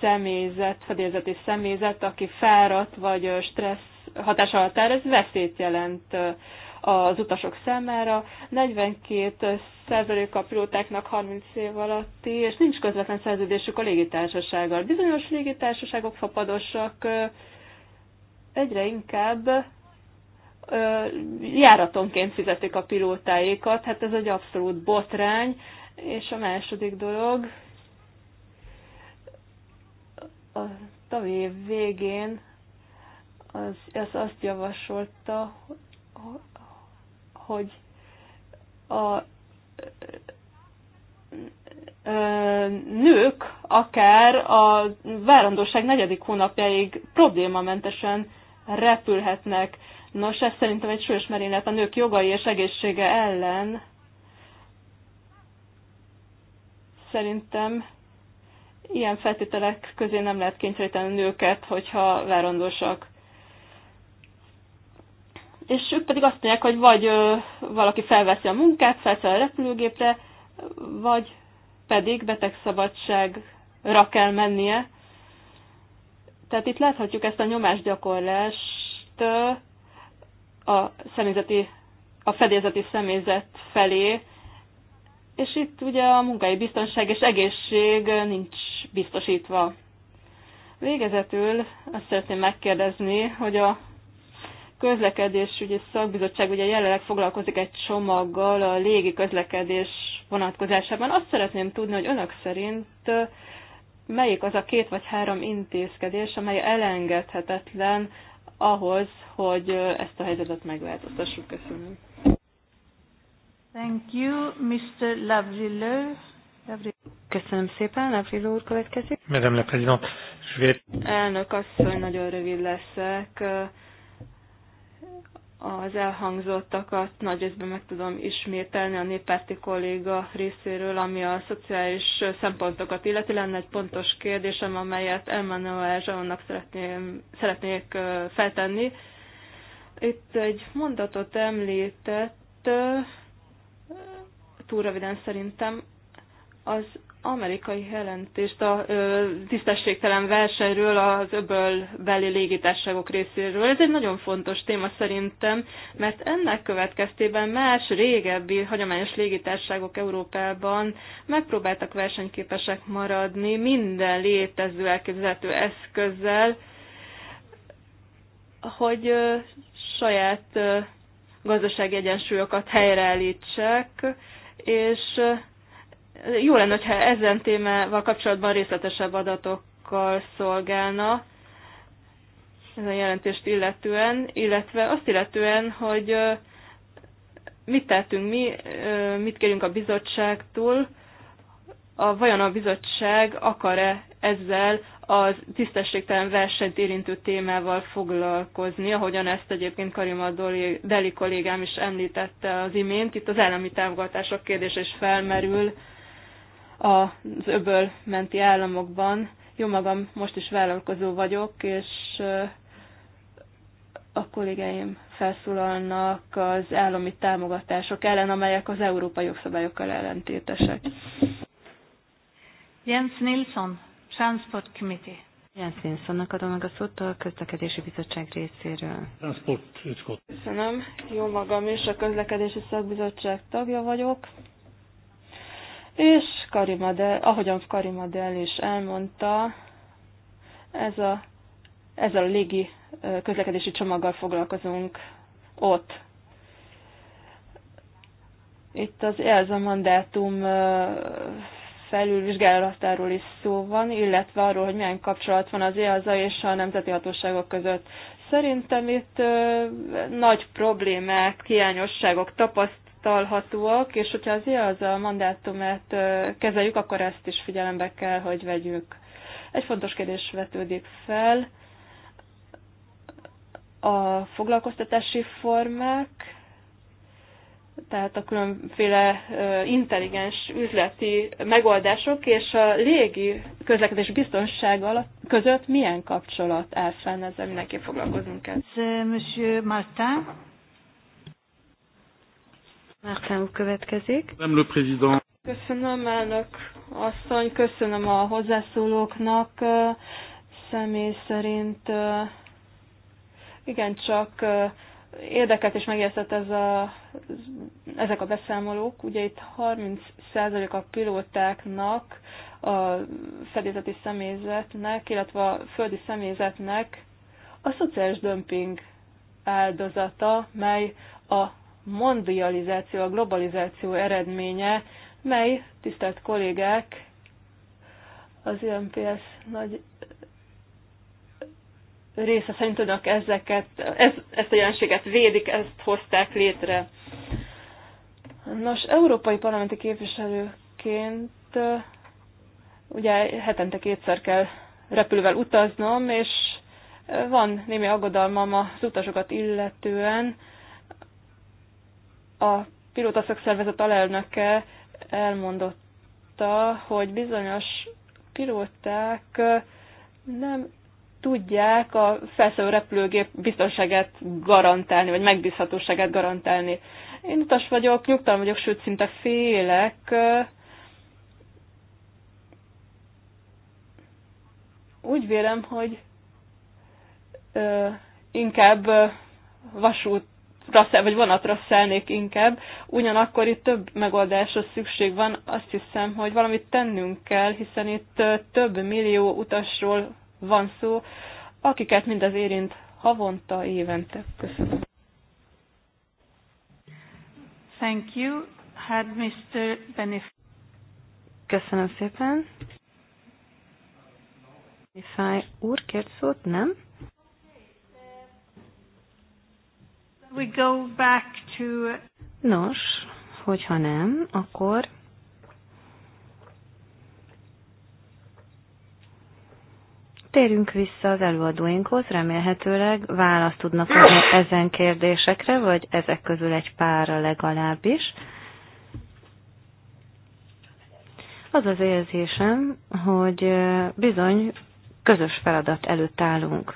személyzet, fedélzeti személyzet, aki fáradt vagy stressz hatása alatt áll, ez veszélyt jelent az utasok számára, 42% a pilótáknak 30 év alatti, és nincs közvetlen szerződésük a légitársasággal. Bizonyos légitársaságok fapadosak egyre inkább járatonként fizetik a pilótáikat, hát ez egy abszolút botrány, és a második dolog, a tavé végén az, az azt javasolta, hogy a nők akár a várandóság negyedik hónapjáig problémamentesen repülhetnek. Nos, ez szerintem egy súlyos merénylet a nők jogai és egészsége ellen. Szerintem ilyen feltételek közé nem lehet kényszeríteni a nőket, hogyha várandósak és ők pedig azt mondják, hogy vagy ö, valaki felveszi a munkát, felszáll a repülőgépre, vagy pedig betegszabadságra kell mennie. Tehát itt láthatjuk ezt a nyomásgyakorlást a, személyzeti, a fedélzeti személyzet felé, és itt ugye a munkai biztonság és egészség nincs biztosítva. Végezetül azt szeretném megkérdezni, hogy a közlekedés, ugye szakbizottság ugye jelenleg foglalkozik egy csomaggal a légi közlekedés vonatkozásában. Azt szeretném tudni, hogy önök szerint melyik az a két vagy három intézkedés, amely elengedhetetlen ahhoz, hogy ezt a helyzetet megváltoztassuk. Köszönöm. Thank you, Mr. Lavrilo. Köszönöm szépen, Lavrilo úr következik. Madame la Présidente, Elnök asszony, nagyon rövid leszek az elhangzottakat nagy részben meg tudom ismételni a néppárti kolléga részéről, ami a szociális szempontokat illeti. Lenne egy pontos kérdésem, amelyet Emmanuel Zsaonnak szeretnék feltenni. Itt egy mondatot említett, túl röviden szerintem, az amerikai jelentést a ö, tisztességtelen versenyről az öböl beli légitárságok részéről. Ez egy nagyon fontos téma szerintem, mert ennek következtében más régebbi hagyományos légitárságok Európában megpróbáltak versenyképesek maradni minden létező elképzelhető eszközzel, hogy ö, saját ö, gazdasági egyensúlyokat helyreállítsák, és ö, jó lenne, hogyha ezen témával kapcsolatban részletesebb adatokkal szolgálna ez a jelentést illetően, illetve azt illetően, hogy mit tettünk mi, mit kérünk a bizottságtól, a, vajon a bizottság akar-e ezzel a tisztességtelen versenyt érintő témával foglalkozni, ahogyan ezt egyébként Karima Deli kollégám is említette az imént. Itt az állami támogatások kérdése is felmerül, az öböl menti államokban. Jó magam, most is vállalkozó vagyok, és a kollégáim felszólalnak az állami támogatások ellen, amelyek az európai jogszabályokkal ellentétesek. Jens Nilsson, Transport Committee. Jens Nilssonnak adom meg a szót a közlekedési bizottság részéről. Transport Köszönöm. Jó magam is, a közlekedési szakbizottság tagja vagyok. És Karimade, ahogyan Karimadel is elmondta, ez a, ez a légi közlekedési csomaggal foglalkozunk ott. Itt az ELZA mandátum felülvizsgálatáról is szó van, illetve arról, hogy milyen kapcsolat van az ELZA és a nemzeti hatóságok között. Szerintem itt ö, nagy problémák, hiányosságok tapaszt talhatóak, és hogyha az az a mandátumát kezeljük, akkor ezt is figyelembe kell, hogy vegyük. Egy fontos kérdés vetődik fel. A foglalkoztatási formák, tehát a különféle intelligens üzleti megoldások és a légi közlekedés biztonsága között milyen kapcsolat áll fenn, ezzel mindenképp foglalkozunk kell. Monsieur Martin. Márkán következik. Nem le président. Köszönöm, elnök asszony, köszönöm a hozzászólóknak. Személy szerint igen csak érdeket és megjelzett ez a, ezek a beszámolók. Ugye itt 30% a pilótáknak, a fedélzeti személyzetnek, illetve a földi személyzetnek a szociális dömping áldozata, mely a mondializáció, a globalizáció eredménye, mely, tisztelt kollégák, az IMPS nagy része szerint önök ezeket, ez, ezt a jelenséget védik, ezt hozták létre. Nos, európai parlamenti képviselőként ugye hetente kétszer kell repülővel utaznom, és van némi aggodalmam az utasokat illetően, a pilóta szakszervezet alelnöke elmondotta, hogy bizonyos pilóták nem tudják a felszerű repülőgép biztonságát garantálni, vagy megbízhatóságát garantálni. Én utas vagyok, nyugtalan vagyok, sőt, szinte félek. Úgy vélem, hogy inkább vasút Rasszel, vagy vonatra szelnék inkább. Ugyanakkor itt több megoldásra szükség van. Azt hiszem, hogy valamit tennünk kell, hiszen itt több millió utasról van szó, akiket mindez érint havonta, évente. Köszönöm. Thank you. Had Mr. Benif- Köszönöm szépen. Fáj úr kért szót, nem? we go back to... Nos, hogyha nem, akkor térünk vissza az előadóinkhoz, remélhetőleg választ tudnak adni ezen kérdésekre, vagy ezek közül egy párra legalábbis. Az az érzésem, hogy bizony közös feladat előtt állunk.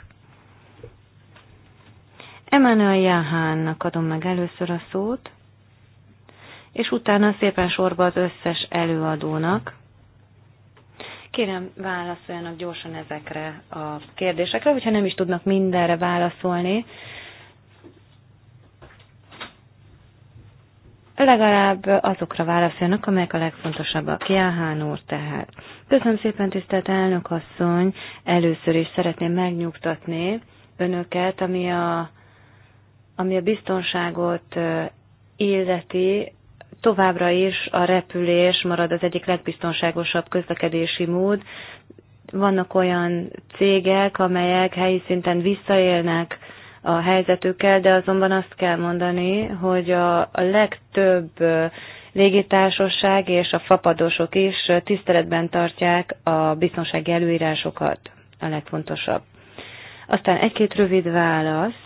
Emmanuel Jahánnak adom meg először a szót, és utána szépen sorba az összes előadónak. Kérem, válaszoljanak gyorsan ezekre a kérdésekre, hogyha nem is tudnak mindenre válaszolni. Legalább azokra válaszoljanak, amelyek a legfontosabbak. Jáhán úr tehát. Köszönöm szépen, tisztelt elnök asszony. Először is szeretném megnyugtatni önöket, ami a ami a biztonságot illeti, továbbra is a repülés marad az egyik legbiztonságosabb közlekedési mód. Vannak olyan cégek, amelyek helyi szinten visszaélnek a helyzetükkel, de azonban azt kell mondani, hogy a, a legtöbb légitársaság és a fapadosok is tiszteletben tartják a biztonsági előírásokat, a legfontosabb. Aztán egy-két rövid válasz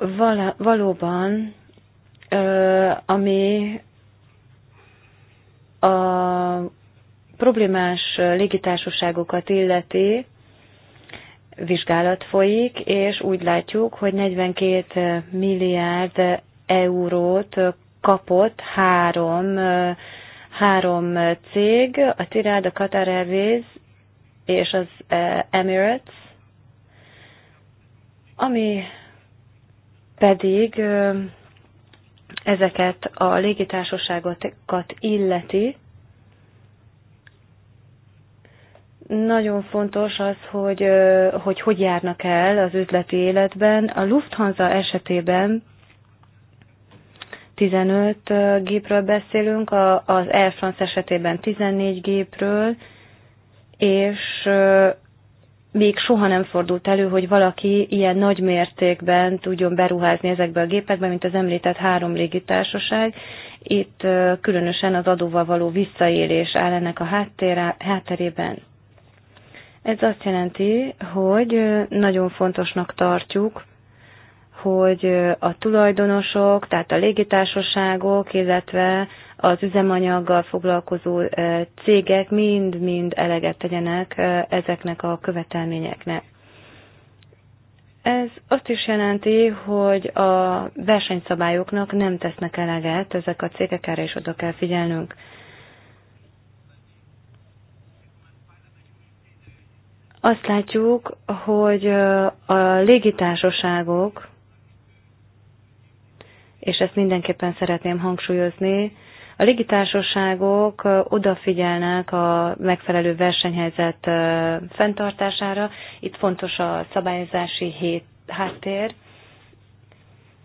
vala, valóban, ö, ami a problémás légitársaságokat illeti, vizsgálat folyik, és úgy látjuk, hogy 42 milliárd eurót kapott három, három cég, a Tirád, a Qatar Airways és az Emirates, ami pedig ezeket a légitársaságokat illeti, nagyon fontos az, hogy, hogy hogy járnak el az üzleti életben. A Lufthansa esetében 15 gépről beszélünk, az Air France esetében 14 gépről, és még soha nem fordult elő, hogy valaki ilyen nagy mértékben tudjon beruházni ezekbe a gépekbe, mint az említett három légitársaság. Itt különösen az adóval való visszaélés áll ennek a háttérá, hátterében. Ez azt jelenti, hogy nagyon fontosnak tartjuk, hogy a tulajdonosok, tehát a légitársaságok, illetve az üzemanyaggal foglalkozó cégek mind-mind eleget tegyenek ezeknek a követelményeknek. Ez azt is jelenti, hogy a versenyszabályoknak nem tesznek eleget, ezek a cégek erre is oda kell figyelnünk. Azt látjuk, hogy a légitársaságok, és ezt mindenképpen szeretném hangsúlyozni, a légitársaságok odafigyelnek a megfelelő versenyhelyzet fenntartására. Itt fontos a szabályozási hét, háttér,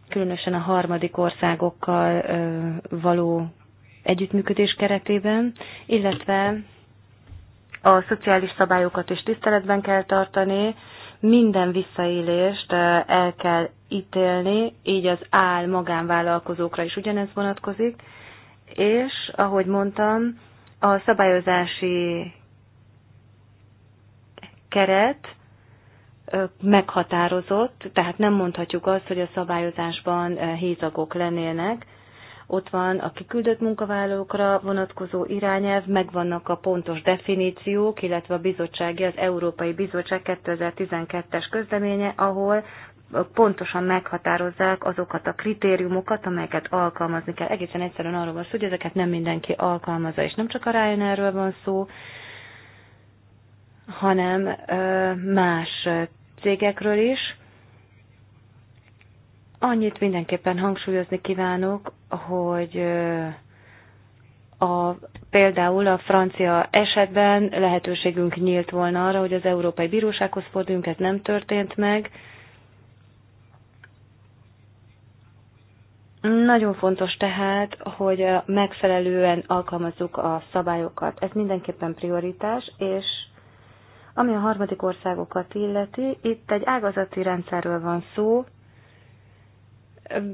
különösen a harmadik országokkal való együttműködés keretében, illetve a szociális szabályokat is tiszteletben kell tartani, minden visszaélést el kell ítélni, így az áll magánvállalkozókra is ugyanez vonatkozik, és ahogy mondtam, a szabályozási keret meghatározott, tehát nem mondhatjuk azt, hogy a szabályozásban hézagok lennének. Ott van a kiküldött munkavállalókra vonatkozó irányelv, megvannak a pontos definíciók, illetve a bizottsági, az Európai Bizottság 2012-es közleménye, ahol pontosan meghatározzák azokat a kritériumokat, amelyeket alkalmazni kell. Egészen egyszerűen arról van szó, hogy ezeket nem mindenki alkalmazza, és nem csak a Ryanairről van szó, hanem más cégekről is. Annyit mindenképpen hangsúlyozni kívánok, hogy a, például a francia esetben lehetőségünk nyílt volna arra, hogy az Európai Bírósághoz forduljunk, ez nem történt meg, Nagyon fontos tehát, hogy eh, megfelelően alkalmazzuk a szabályokat. Ez mindenképpen prioritás, és ami a harmadik országokat illeti, itt egy ágazati rendszerről van szó,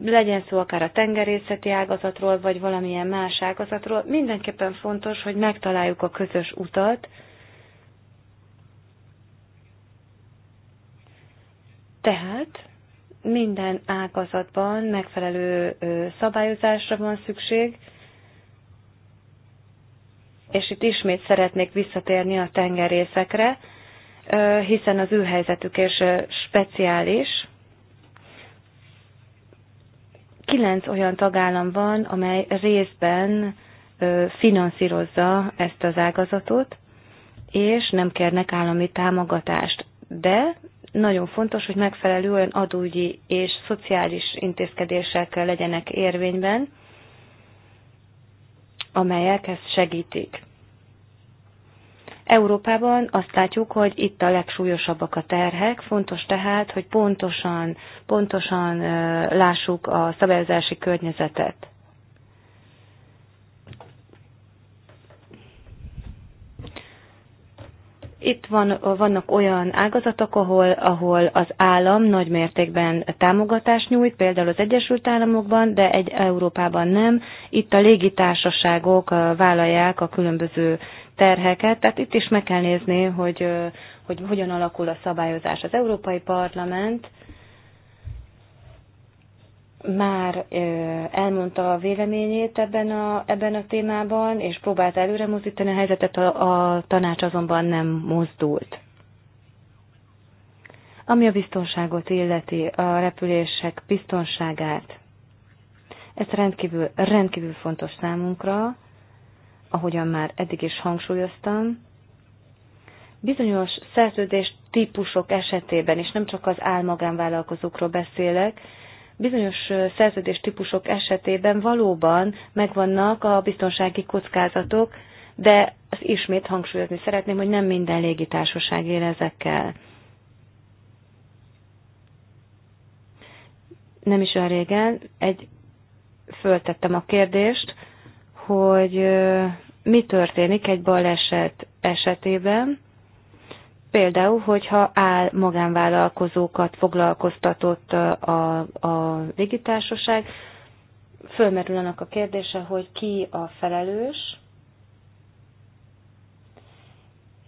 legyen szó akár a tengerészeti ágazatról, vagy valamilyen más ágazatról, mindenképpen fontos, hogy megtaláljuk a közös utat, tehát minden ágazatban megfelelő szabályozásra van szükség, és itt ismét szeretnék visszatérni a tengerészekre, hiszen az ő helyzetük is speciális. Kilenc olyan tagállam van, amely részben finanszírozza ezt az ágazatot, és nem kérnek állami támogatást. De nagyon fontos, hogy megfelelő olyan adógyi és szociális intézkedések legyenek érvényben, amelyek ezt segítik. Európában azt látjuk, hogy itt a legsúlyosabbak a terhek, fontos tehát, hogy pontosan, pontosan lássuk a szabályozási környezetet. Itt van, vannak olyan ágazatok, ahol, ahol az állam nagy mértékben támogatást nyújt, például az Egyesült Államokban, de egy Európában nem. Itt a légitársaságok vállalják a különböző terheket, tehát itt is meg kell nézni, hogy, hogy hogyan alakul a szabályozás. Az Európai Parlament már elmondta a véleményét ebben a, ebben a témában, és próbált előre mozdítani a helyzetet, a, a tanács azonban nem mozdult. Ami a biztonságot illeti, a repülések biztonságát, ez rendkívül, rendkívül fontos számunkra, ahogyan már eddig is hangsúlyoztam. Bizonyos szerződés típusok esetében, és nem csak az álmagánvállalkozókról beszélek, bizonyos szerződés típusok esetében valóban megvannak a biztonsági kockázatok, de azt ismét hangsúlyozni szeretném, hogy nem minden légitársaság él ezekkel. Nem is olyan régen egy föltettem a kérdést, hogy mi történik egy baleset esetében, Például, hogyha áll magánvállalkozókat foglalkoztatott a, a légitársaság, fölmerül annak a kérdése, hogy ki a felelős,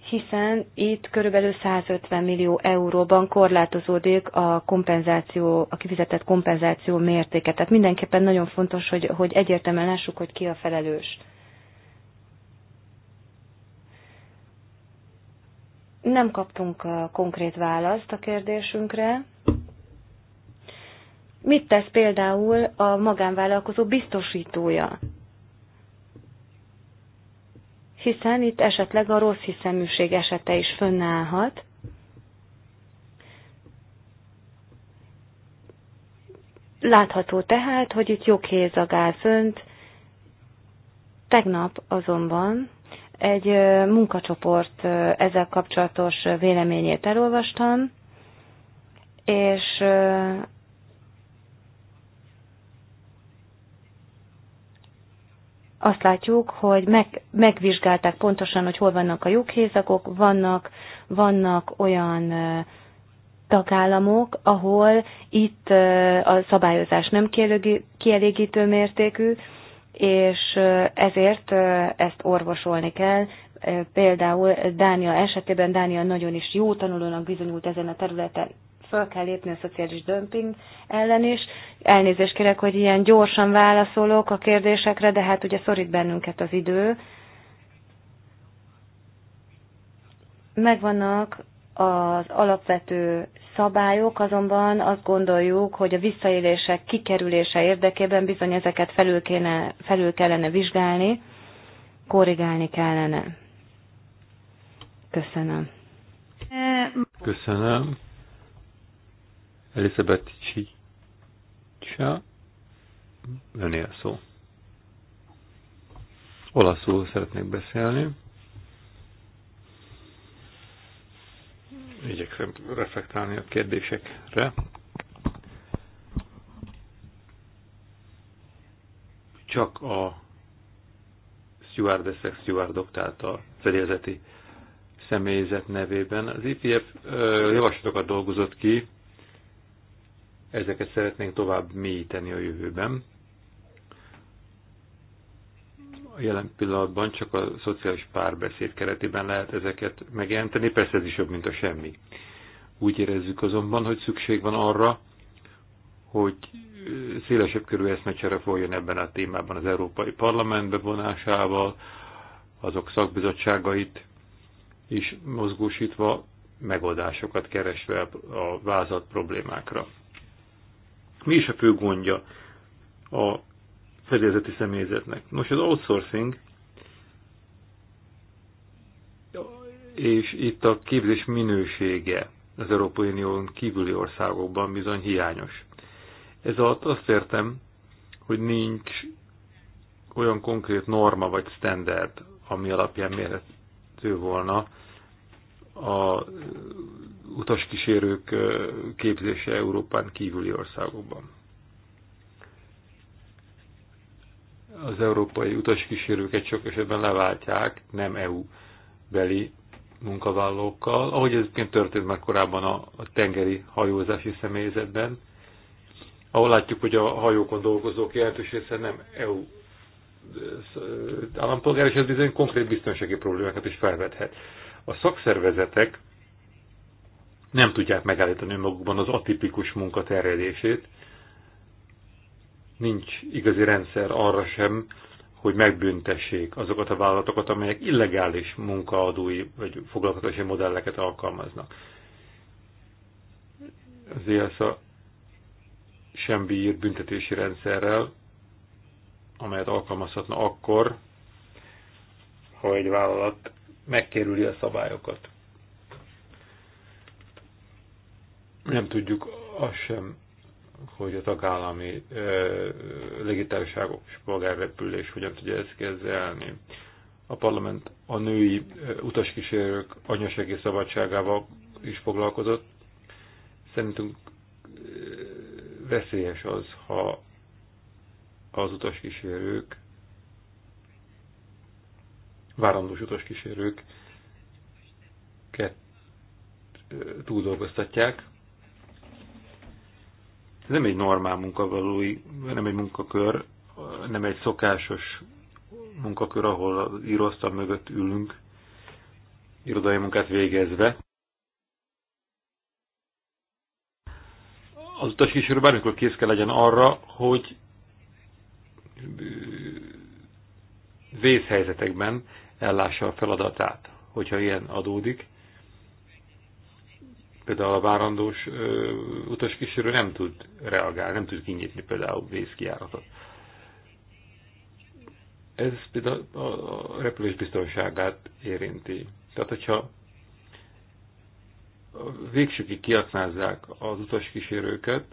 hiszen itt körülbelül 150 millió euróban korlátozódik a kompenzáció, a kifizetett kompenzáció mértéke. Tehát mindenképpen nagyon fontos, hogy, hogy egyértelműen lássuk, hogy ki a felelős. Nem kaptunk konkrét választ a kérdésünkre. Mit tesz például a magánvállalkozó biztosítója? Hiszen itt esetleg a rossz hiszeműség esete is fönnállhat. Látható tehát, hogy itt jó kéz a gázönt. Tegnap azonban egy munkacsoport ezzel kapcsolatos véleményét elolvastam, és azt látjuk, hogy meg, megvizsgálták pontosan, hogy hol vannak a lyukhézakok, vannak, vannak olyan tagállamok, ahol itt a szabályozás nem kielégítő mértékű, és ezért ezt orvosolni kell. Például Dánia esetében Dánia nagyon is jó tanulónak bizonyult ezen a területen, föl kell lépni a szociális dömping ellen is. Elnézést kérek, hogy ilyen gyorsan válaszolok a kérdésekre, de hát ugye szorít bennünket az idő. Megvannak az alapvető szabályok, azonban azt gondoljuk, hogy a visszaélések kikerülése érdekében bizony ezeket felül, kéne, felül kellene vizsgálni, korrigálni kellene. Köszönöm. Köszönöm. Elizabeth Csicsa, önél szó. Olaszul szeretnék beszélni. igyekszem reflektálni a kérdésekre. Csak a stewardessek, stewardok, tehát a fedélzeti személyzet nevében. Az IPF e javaslatokat dolgozott ki, ezeket szeretnénk tovább mélyíteni a jövőben jelen pillanatban csak a szociális párbeszéd keretében lehet ezeket megjelenteni, persze ez is jobb, mint a semmi. Úgy érezzük azonban, hogy szükség van arra, hogy szélesebb körű eszmecsere folyjon ebben a témában az Európai Parlament bevonásával, azok szakbizottságait is mozgósítva, megoldásokat keresve a vázat problémákra. Mi is a fő gondja a fedélzeti személyzetnek. Nos, az outsourcing és itt a képzés minősége az Európai Unión kívüli országokban bizony hiányos. Ez alatt azt értem, hogy nincs olyan konkrét norma vagy standard, ami alapján mérhető volna a utaskísérők képzése Európán kívüli országokban. az európai utaskísérőket sok esetben leváltják nem EU beli munkavállalókkal, ahogy ez történt már korábban a, a tengeri hajózási személyzetben, ahol látjuk, hogy a hajókon dolgozók jelentős része nem EU állampolgár, és ez bizony konkrét biztonsági problémákat is felvethet. A szakszervezetek nem tudják megállítani magukban az atipikus munkaterjedését, nincs igazi rendszer arra sem, hogy megbüntessék azokat a vállalatokat, amelyek illegális munkaadói vagy foglalkozási modelleket alkalmaznak. Az EASA sem bír büntetési rendszerrel, amelyet alkalmazhatna akkor, ha egy vállalat megkerüli a szabályokat. Nem tudjuk azt sem, hogy a tagállami légitársaságok és polgárrepülés hogyan tudja ezt kezelni. A parlament a női utaskísérők anyasági szabadságával is foglalkozott. Szerintünk veszélyes az, ha az utaskísérők, várandós utaskísérők túldolgoztatják, ez nem egy normál munkavalói, nem egy munkakör, nem egy szokásos munkakör, ahol az íróasztal mögött ülünk, irodai munkát végezve. Az utaskísérő bármikor kész kell legyen arra, hogy vészhelyzetekben ellássa a feladatát, hogyha ilyen adódik például a várandós utaskísérő nem tud reagálni, nem tud kinyitni például vészkiáratot. Ez például a repülés biztonságát érinti. Tehát, hogyha végsőkig kiaknázzák az utaskísérőket,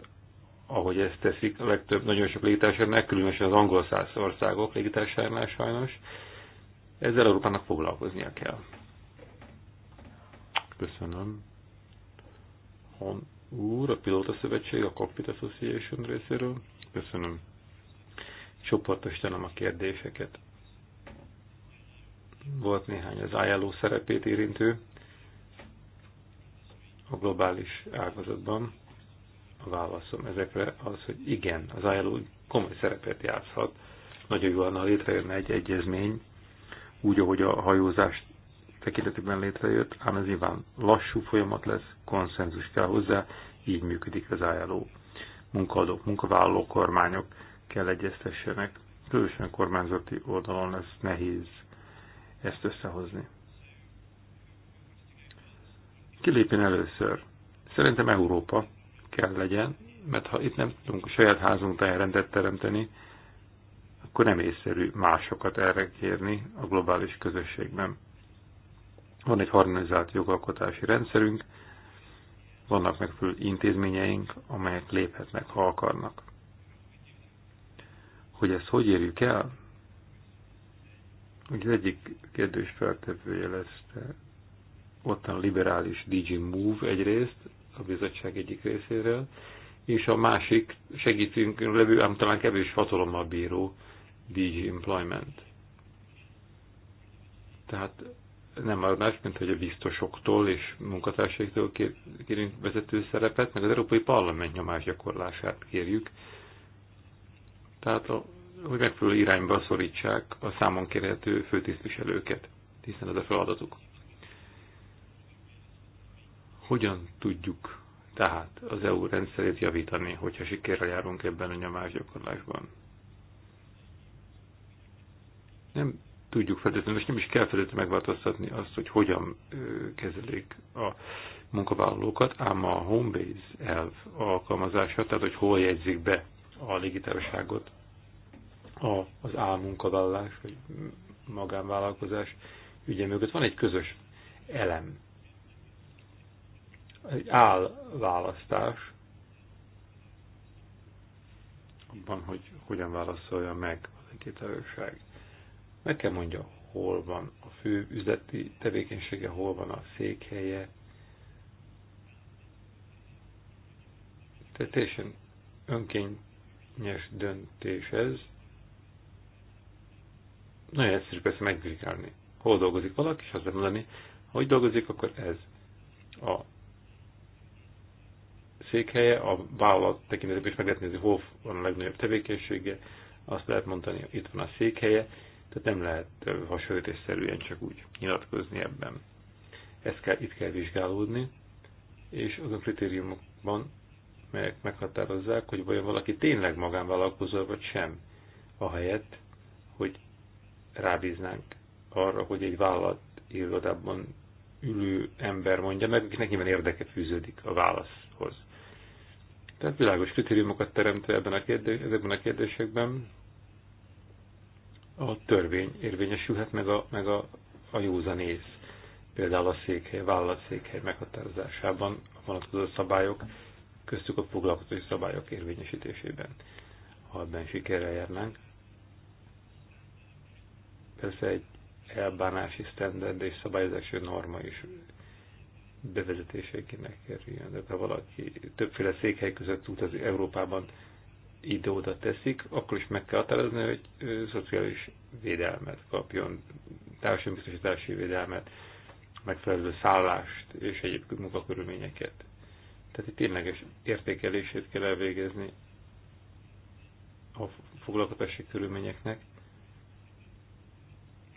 ahogy ezt teszik a legtöbb, nagyon sok légitársaságnál, különösen az angol száz országok légitársaságnál sajnos, ezzel Európának foglalkoznia kell. Köszönöm. Han úr, a Pilóta Szövetség, a Cockpit Association részéről. Köszönöm. Csoportosítanom a kérdéseket. Volt néhány az ILO szerepét érintő a globális ágazatban. A válaszom ezekre az, hogy igen, az ILO komoly szerepet játszhat. Nagyon jól lenne, ha létrejönne egy egyezmény, úgy, ahogy a hajózást tekintetében létrejött, ám ez nyilván lassú folyamat lesz, konszenzus kell hozzá, így működik az ILO. Munkadók, munkavállalók, kormányok kell egyeztessenek. Különösen kormányzati oldalon ez nehéz ezt összehozni. Kilépjen először. Szerintem Európa kell legyen, mert ha itt nem tudunk a saját házunk rendet teremteni, akkor nem észszerű másokat erre kérni a globális közösségben. Van egy harmonizált jogalkotási rendszerünk, vannak megfelelő intézményeink, amelyek léphetnek, ha akarnak. Hogy ezt hogy érjük el? Ugye egyik kérdés feltevője lesz, ott a liberális DG Move egyrészt, a bizottság egyik részéről, és a másik segítünk levő, ám talán kevés hatalommal bíró DG Employment. Tehát nem más, mint hogy a biztosoktól és munkatársaiktól kérünk vezető szerepet, meg az Európai Parlament nyomás gyakorlását kérjük. Tehát, hogy megfelelő irányba szorítsák a számon kérhető főtisztviselőket, hiszen ez a feladatuk. Hogyan tudjuk tehát az EU rendszerét javítani, hogyha sikerre járunk ebben a gyakorlásban? Nem tudjuk feltétlenül, és nem is kell feltétlenül megváltoztatni azt, hogy hogyan kezelik a munkavállalókat, ám a homebase elv alkalmazása, tehát hogy hol jegyzik be a légitársaságot a, az álmunkavállalás, vagy magánvállalkozás ügye mögött. Van egy közös elem, egy állválasztás, abban, hogy hogyan válaszolja meg a légitársaság meg kell mondja, hol van a fő üzleti tevékenysége, hol van a székhelye. Tehát teljesen önkényes döntés ez. Nagyon egyszerű persze megvizsgálni. Hol dolgozik valaki, és azt mondani, ha hogy dolgozik, akkor ez a székhelye, a vállalat tekintetében is meg lehet nézni, hol van a legnagyobb tevékenysége, azt lehet mondani, itt van a székhelye, tehát nem lehet hasonlítésszerűen csak úgy nyilatkozni ebben. Ezt kell, itt kell vizsgálódni, és azon kritériumokban, melyek meghatározzák, hogy vajon valaki tényleg magánvállalkozó vagy sem, ahelyett, hogy rábíznánk arra, hogy egy vállalat irodában ülő ember mondja meg, akinek nyilván érdeke fűződik a válaszhoz. Tehát világos kritériumokat teremtve ebben a a kérdésekben, a törvény érvényesülhet, meg a, meg a, a józanész. Például a székhely, vállalat székhely meghatározásában a vonatkozó szabályok, köztük a foglalkozói szabályok érvényesítésében. Ha ebben sikerrel járnánk, persze egy elbánási standard és szabályozási norma is bevezetésének kerüljön. De ha valaki többféle székhely között út az Európában ide-oda teszik, akkor is meg kell határozni, hogy szociális védelmet kapjon, társadalombiztosítási védelmet, megfelelő szállást és egyéb munkakörülményeket. Tehát itt tényleges értékelését kell elvégezni a foglalkoztatási körülményeknek,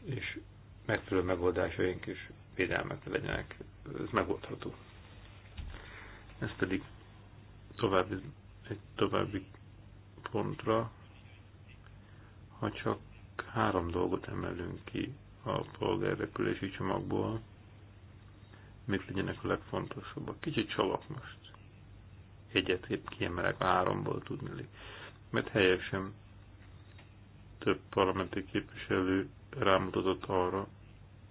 és megfelelő megoldásaink is védelmet legyenek. Ez megoldható. Ez pedig további, egy további pontra, ha csak három dolgot emelünk ki a polgárrepülési csomagból, mik legyenek a legfontosabbak. Kicsit csalak most. Egyet épp kiemelek a háromból tudni. Mert helyesen több parlamenti képviselő rámutatott arra,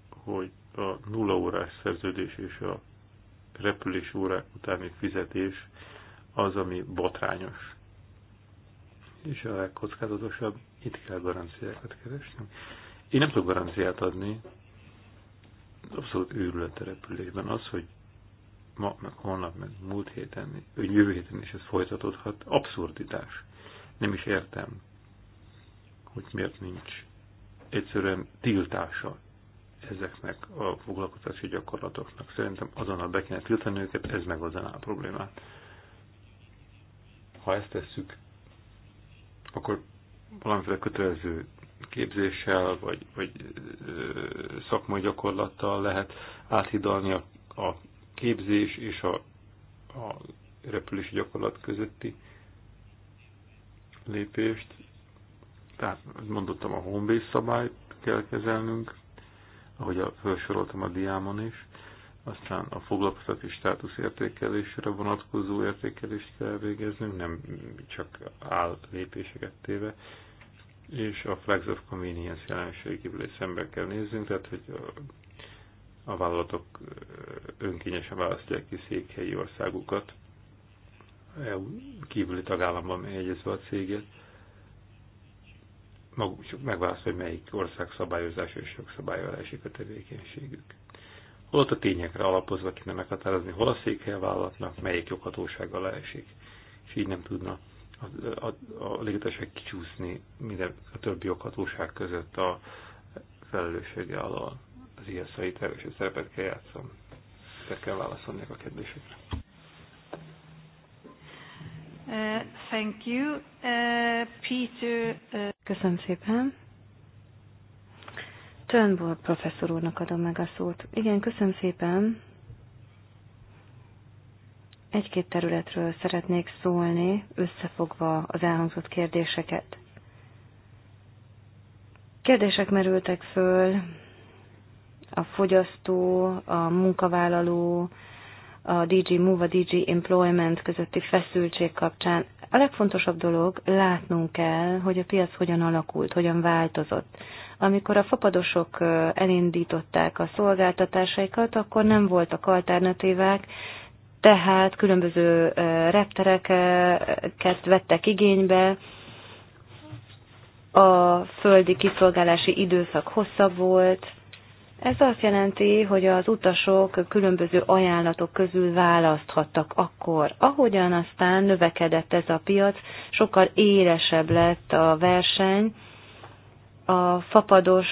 hogy a nulla órás szerződés és a repülés órák utáni fizetés az, ami botrányos és a legkockázatosabb, itt kell garanciákat keresni. Én nem tudok garanciát adni, abszolút őrület a repülésben az, hogy ma, meg holnap, meg múlt héten, vagy jövő héten is ez folytatódhat, abszurditás. Nem is értem, hogy miért nincs egyszerűen tiltása ezeknek a foglalkoztatási gyakorlatoknak. Szerintem azonnal be kéne tiltani őket, ez megoldaná a problémát. Ha ezt tesszük, akkor valamiféle kötelező képzéssel, vagy, vagy szakmai gyakorlattal lehet áthidalni a, a képzés és a, a repülési gyakorlat közötti lépést. Tehát, mondottam, a homebase szabályt kell kezelnünk, ahogy a, felsoroltam a diámon is. Aztán a foglalkoztatási státusz értékelésre vonatkozó értékelést kell végeznünk, nem csak áll lépéseket téve, és a flags of convenience jelenségével is szembe kell néznünk, tehát hogy a, a vállalatok önkényesen választják ki székhelyi országukat, EU kívüli tagállamban megjegyezve a céget, maguk megválasztja, hogy melyik ország szabályozása és jogszabályozási a tevékenységük holott a tényekre alapozva kéne meghatározni, hol a székhely a vállalatnak, melyik joghatóság alá esik, és így nem tudna a, a, a légitársaság kicsúszni minden a többi joghatóság között a felelőssége alól. Az ilyen szerint erősebb szerepet kell játszom. Te kell válaszolni a kérdésekre. Uh, thank you. Uh, Peter, uh... Köszönöm szépen. Turnbull professzor úrnak adom meg a szót. Igen, köszönöm szépen. Egy-két területről szeretnék szólni, összefogva az elhangzott kérdéseket. Kérdések merültek föl a fogyasztó, a munkavállaló, a DG Move, a DG Employment közötti feszültség kapcsán. A legfontosabb dolog, látnunk kell, hogy a piac hogyan alakult, hogyan változott. Amikor a fapadosok elindították a szolgáltatásaikat, akkor nem voltak alternatívák, tehát különböző reptereket vettek igénybe, a földi kiszolgálási időszak hosszabb volt. Ez azt jelenti, hogy az utasok különböző ajánlatok közül választhattak akkor. Ahogyan aztán növekedett ez a piac, sokkal élesebb lett a verseny, a fapados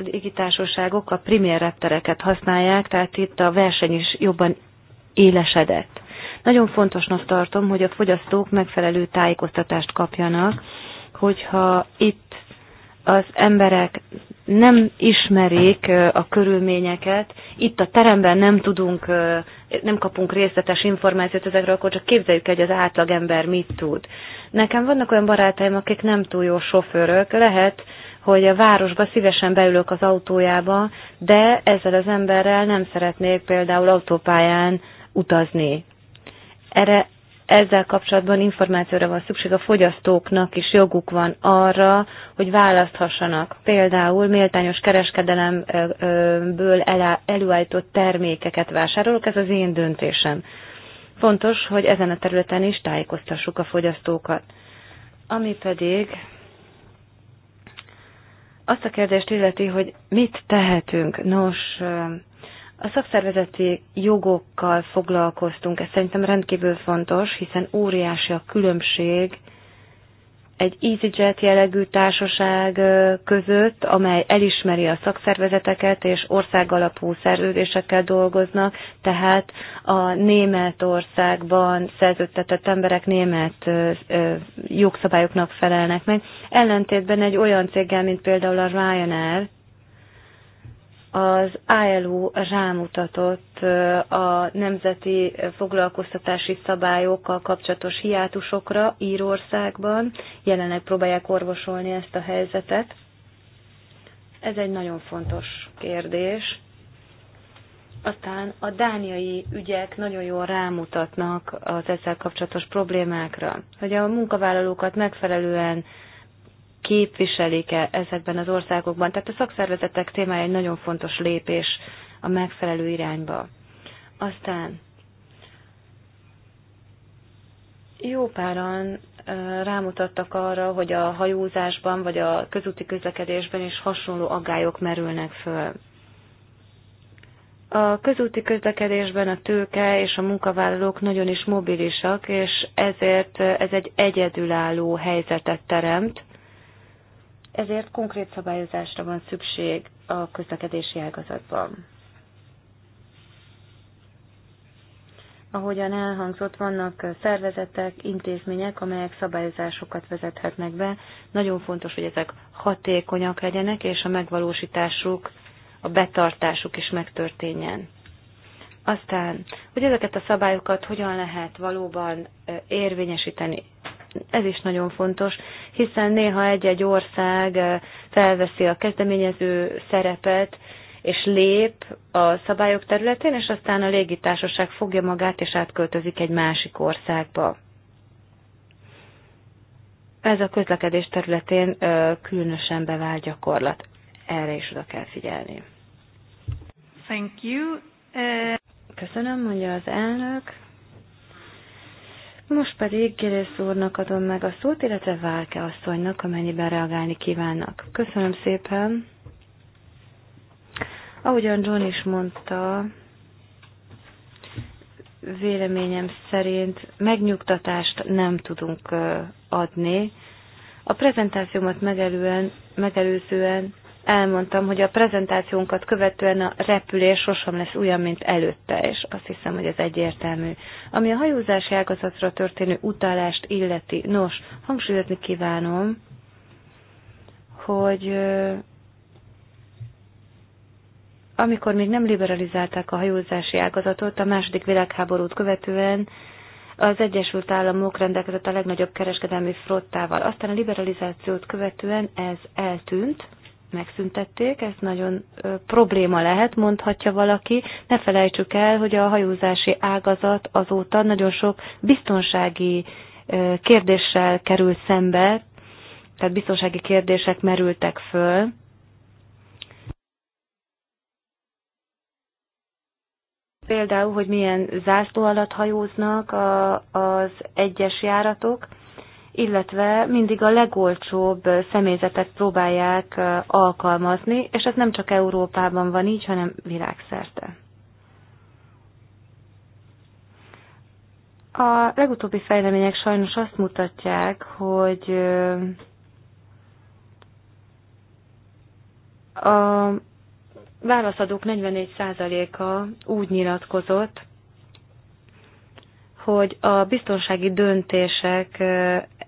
légitársaságok a primér reptereket használják, tehát itt a verseny is jobban élesedett. Nagyon fontosnak tartom, hogy a fogyasztók megfelelő tájékoztatást kapjanak, hogyha itt az emberek nem ismerik a körülményeket, itt a teremben nem tudunk, nem kapunk részletes információt ezekről, akkor csak képzeljük, hogy az átlagember mit tud. Nekem vannak olyan barátaim, akik nem túl jó sofőrök. Lehet, hogy a városba szívesen beülök az autójába, de ezzel az emberrel nem szeretnék például autópályán utazni. Erre ezzel kapcsolatban információra van szükség, a fogyasztóknak is joguk van arra, hogy választhassanak például méltányos kereskedelemből előállított termékeket vásárolok, ez az én döntésem. Fontos, hogy ezen a területen is tájékoztassuk a fogyasztókat. Ami pedig azt a kérdést illeti, hogy mit tehetünk. Nos, a szakszervezeti jogokkal foglalkoztunk, ez szerintem rendkívül fontos, hiszen óriási a különbség egy EasyJet jellegű társaság között, amely elismeri a szakszervezeteket és országalapú szerződésekkel dolgoznak, tehát a Németországban szerződtetett emberek német jogszabályoknak felelnek meg. Ellentétben egy olyan céggel, mint például a Ryanair, az ILO rámutatott a nemzeti foglalkoztatási szabályokkal kapcsolatos hiátusokra Írországban. Jelenleg próbálják orvosolni ezt a helyzetet. Ez egy nagyon fontos kérdés. Aztán a dániai ügyek nagyon jól rámutatnak az ezzel kapcsolatos problémákra, hogy a munkavállalókat megfelelően képviselik-e ezekben az országokban. Tehát a szakszervezetek témája egy nagyon fontos lépés a megfelelő irányba. Aztán jó páran rámutattak arra, hogy a hajózásban vagy a közúti közlekedésben is hasonló aggályok merülnek föl. A közúti közlekedésben a tőke és a munkavállalók nagyon is mobilisak, és ezért ez egy egyedülálló helyzetet teremt ezért konkrét szabályozásra van szükség a közlekedési ágazatban. Ahogyan elhangzott, vannak szervezetek, intézmények, amelyek szabályozásokat vezethetnek be. Nagyon fontos, hogy ezek hatékonyak legyenek, és a megvalósításuk, a betartásuk is megtörténjen. Aztán, hogy ezeket a szabályokat hogyan lehet valóban érvényesíteni, ez is nagyon fontos, hiszen néha egy-egy ország felveszi a kezdeményező szerepet, és lép a szabályok területén, és aztán a légitársaság fogja magát, és átköltözik egy másik országba. Ez a közlekedés területén különösen bevált gyakorlat. Erre is oda kell figyelni. Thank you. Uh... Köszönöm, mondja az elnök. Most pedig Gérész úrnak adom meg a szót, illetve Válke asszonynak, amennyiben reagálni kívánnak. Köszönöm szépen. Ahogyan John is mondta, véleményem szerint megnyugtatást nem tudunk adni. A prezentációmat megelően, megelőzően elmondtam, hogy a prezentációnkat követően a repülés sosem lesz olyan, mint előtte, és azt hiszem, hogy ez egyértelmű. Ami a hajózási ágazatra történő utalást illeti, nos, hangsúlyozni kívánom, hogy amikor még nem liberalizálták a hajózási ágazatot, a második világháborút követően az Egyesült Államok rendelkezett a legnagyobb kereskedelmi flottával. Aztán a liberalizációt követően ez eltűnt, megszüntették, ez nagyon ö, probléma lehet, mondhatja valaki. Ne felejtsük el, hogy a hajózási ágazat azóta nagyon sok biztonsági ö, kérdéssel került szembe, tehát biztonsági kérdések merültek föl. Például, hogy milyen zászló alatt hajóznak a, az egyes járatok, illetve mindig a legolcsóbb személyzetet próbálják alkalmazni, és ez nem csak Európában van így, hanem világszerte. A legutóbbi fejlemények sajnos azt mutatják, hogy a válaszadók 44%-a úgy nyilatkozott, hogy a biztonsági döntések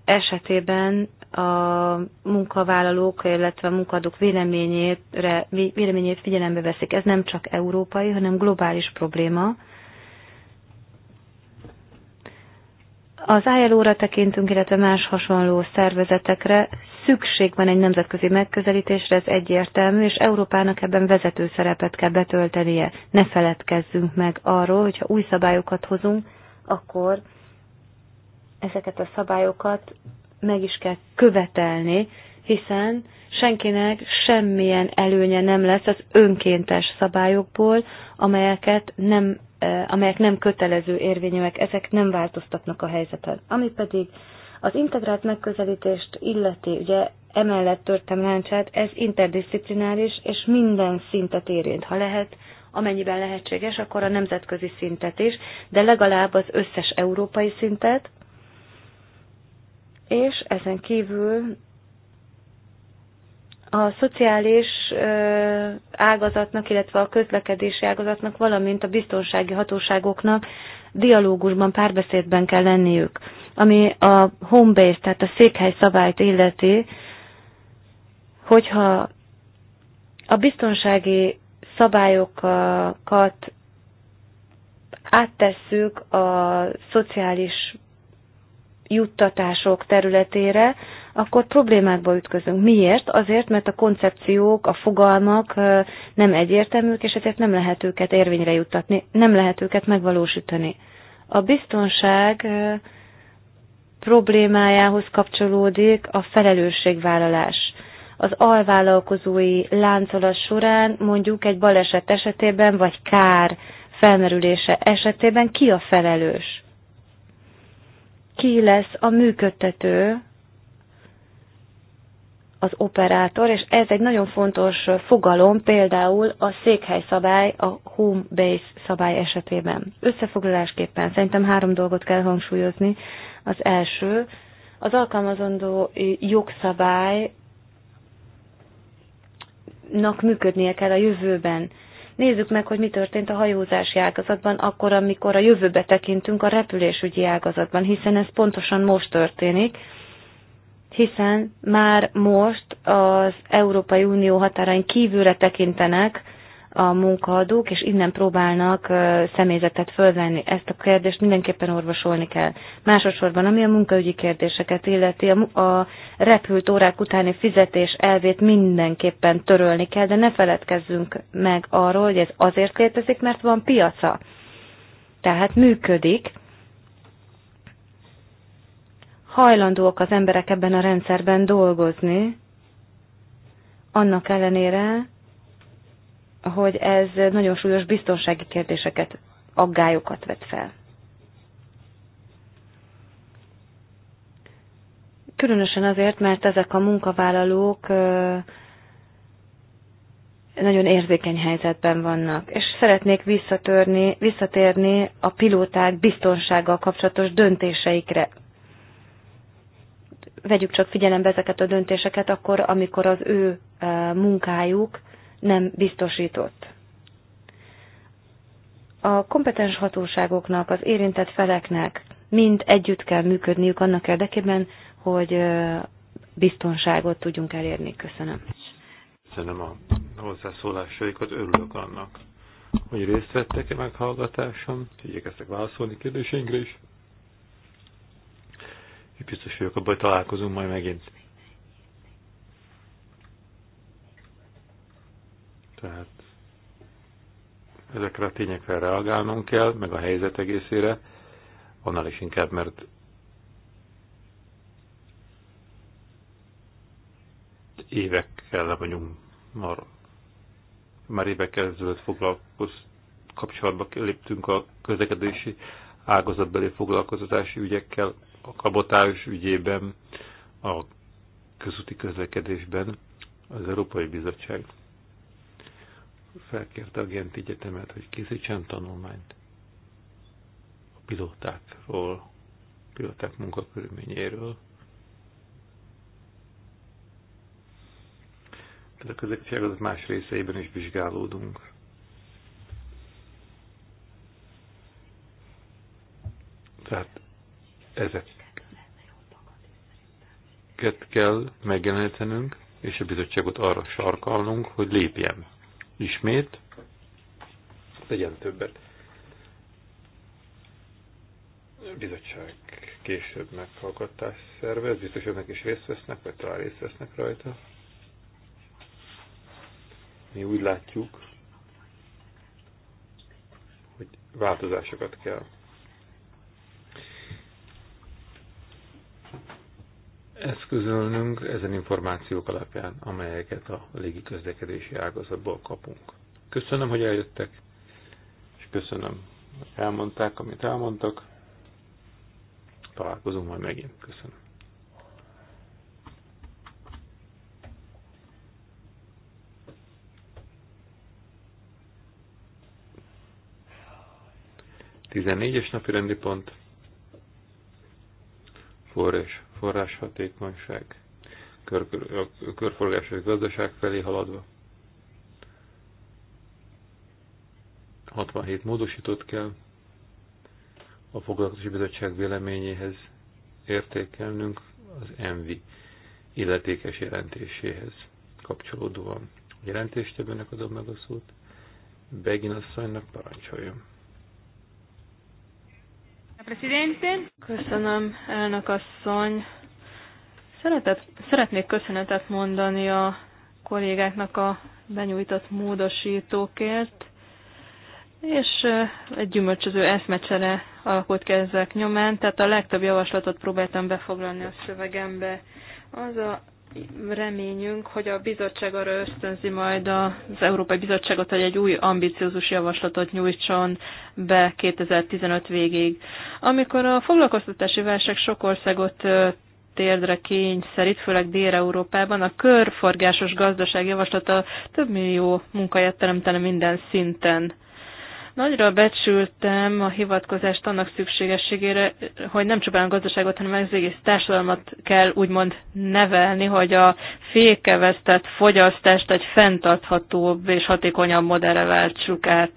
esetében a munkavállalók, illetve a munkadók véleményét, véleményét figyelembe veszik. Ez nem csak európai, hanem globális probléma. Az ILO-ra tekintünk, illetve más hasonló szervezetekre szükség van egy nemzetközi megközelítésre, ez egyértelmű, és Európának ebben vezető szerepet kell betöltenie. Ne feledkezzünk meg arról, hogyha új szabályokat hozunk, akkor ezeket a szabályokat meg is kell követelni, hiszen senkinek semmilyen előnye nem lesz az önkéntes szabályokból, amelyeket nem, eh, amelyek nem kötelező érvényűek, ezek nem változtatnak a helyzeten. Ami pedig az integrált megközelítést illeti, ugye emellett törtem láncsát, ez interdisziplináris, és minden szintet érint. Ha lehet, amennyiben lehetséges, akkor a nemzetközi szintet is, de legalább az összes európai szintet, és ezen kívül a szociális ágazatnak, illetve a közlekedési ágazatnak, valamint a biztonsági hatóságoknak dialógusban, párbeszédben kell lenniük. Ami a home base, tehát a székhely szabályt illeti, hogyha a biztonsági szabályokat áttesszük a szociális juttatások területére, akkor problémákba ütközünk. Miért? Azért, mert a koncepciók, a fogalmak nem egyértelműek, és ezért nem lehet őket érvényre juttatni, nem lehet őket megvalósítani. A biztonság problémájához kapcsolódik a felelősségvállalás. Az alvállalkozói láncolat során mondjuk egy baleset esetében, vagy kár felmerülése esetében ki a felelős? ki lesz a működtető, az operátor, és ez egy nagyon fontos fogalom, például a székhely szabály, a home base szabály esetében. Összefoglalásképpen szerintem három dolgot kell hangsúlyozni. Az első, az alkalmazandó jogszabálynak működnie kell a jövőben Nézzük meg, hogy mi történt a hajózási ágazatban, akkor, amikor a jövőbe tekintünk a repülésügyi ágazatban, hiszen ez pontosan most történik, hiszen már most az Európai Unió határain kívülre tekintenek a munkaadók, és innen próbálnak személyzetet fölvenni. Ezt a kérdést mindenképpen orvosolni kell. Másodszorban, ami a munkaügyi kérdéseket illeti, a repült órák utáni fizetés elvét mindenképpen törölni kell, de ne feledkezzünk meg arról, hogy ez azért létezik, mert van piaca. Tehát működik, hajlandóak az emberek ebben a rendszerben dolgozni, annak ellenére, hogy ez nagyon súlyos biztonsági kérdéseket, aggályokat vet fel. Különösen azért, mert ezek a munkavállalók nagyon érzékeny helyzetben vannak, és szeretnék visszatörni, visszatérni a pilóták biztonsággal kapcsolatos döntéseikre. Vegyük csak figyelembe ezeket a döntéseket akkor, amikor az ő munkájuk nem biztosított. A kompetens hatóságoknak, az érintett feleknek mind együtt kell működniük annak érdekében, hogy biztonságot tudjunk elérni. Köszönöm. Köszönöm a hozzászólásaikat, örülök annak, hogy részt vettek-e meghallgatáson, hogy igyekeztek válaszolni kérdéseinkre is. Biztos vagyok abban, hogy találkozunk majd megint. Tehát ezekre a tényekre reagálnunk kell, meg a helyzet egészére, annál is inkább, mert évekkel le vagyunk már, már évekkel ezelőtt foglalkozt kapcsolatba léptünk a közlekedési ágazatbeli foglalkoztatási ügyekkel, a kabotás ügyében, a közúti közlekedésben az Európai Bizottság felkérte a Gent Egyetemet, hogy készítsen tanulmányt a pilótákról, pilóták munkakörülményéről. Tehát a közlekedési az más részeiben is vizsgálódunk. Tehát ezeket kell megjelenítenünk, és a bizottságot arra sarkalnunk, hogy lépjen. Ismét. Legyen többet. bizottság később meghallgatás szervez, biztos meg is részt vesznek, vagy talán részt vesznek rajta. Mi úgy látjuk, hogy változásokat kell eszközölnünk ezen információk alapján, amelyeket a közlekedési ágazatból kapunk. Köszönöm, hogy eljöttek, és köszönöm, hogy elmondták, amit elmondtak. Találkozunk majd megint. Köszönöm. Tizennégyes napi rendi pont. Forrás Forrás forráshatékonyság, kör, körforgásos gazdaság felé haladva. 67 módosított kell a Foglalkozási Bizottság véleményéhez értékelnünk az ENVI illetékes jelentéséhez kapcsolódóan. A ebben adom meg a szót, Begin asszonynak parancsoljon. Presidente. Köszönöm, elnök asszony. Szeretet, szeretnék köszönetet mondani a kollégáknak a benyújtott módosítókért, és egy gyümölcsöző eszmecsere alakult ki ezek nyomán, tehát a legtöbb javaslatot próbáltam befoglalni a szövegembe. Az a reményünk, hogy a bizottság arra ösztönzi majd az Európai Bizottságot, hogy egy új ambiciózus javaslatot nyújtson be 2015 végéig. Amikor a foglalkoztatási válság sok országot térdre kényszerít, főleg Dél-Európában, a körforgásos gazdaság javaslata több millió munkáját teremtene minden szinten. Nagyra becsültem a hivatkozást annak szükségességére, hogy nem csupán a gazdaságot, hanem az egész társadalmat kell úgymond nevelni, hogy a fékevesztett fogyasztást egy fenntarthatóbb és hatékonyabb modellre váltsuk át.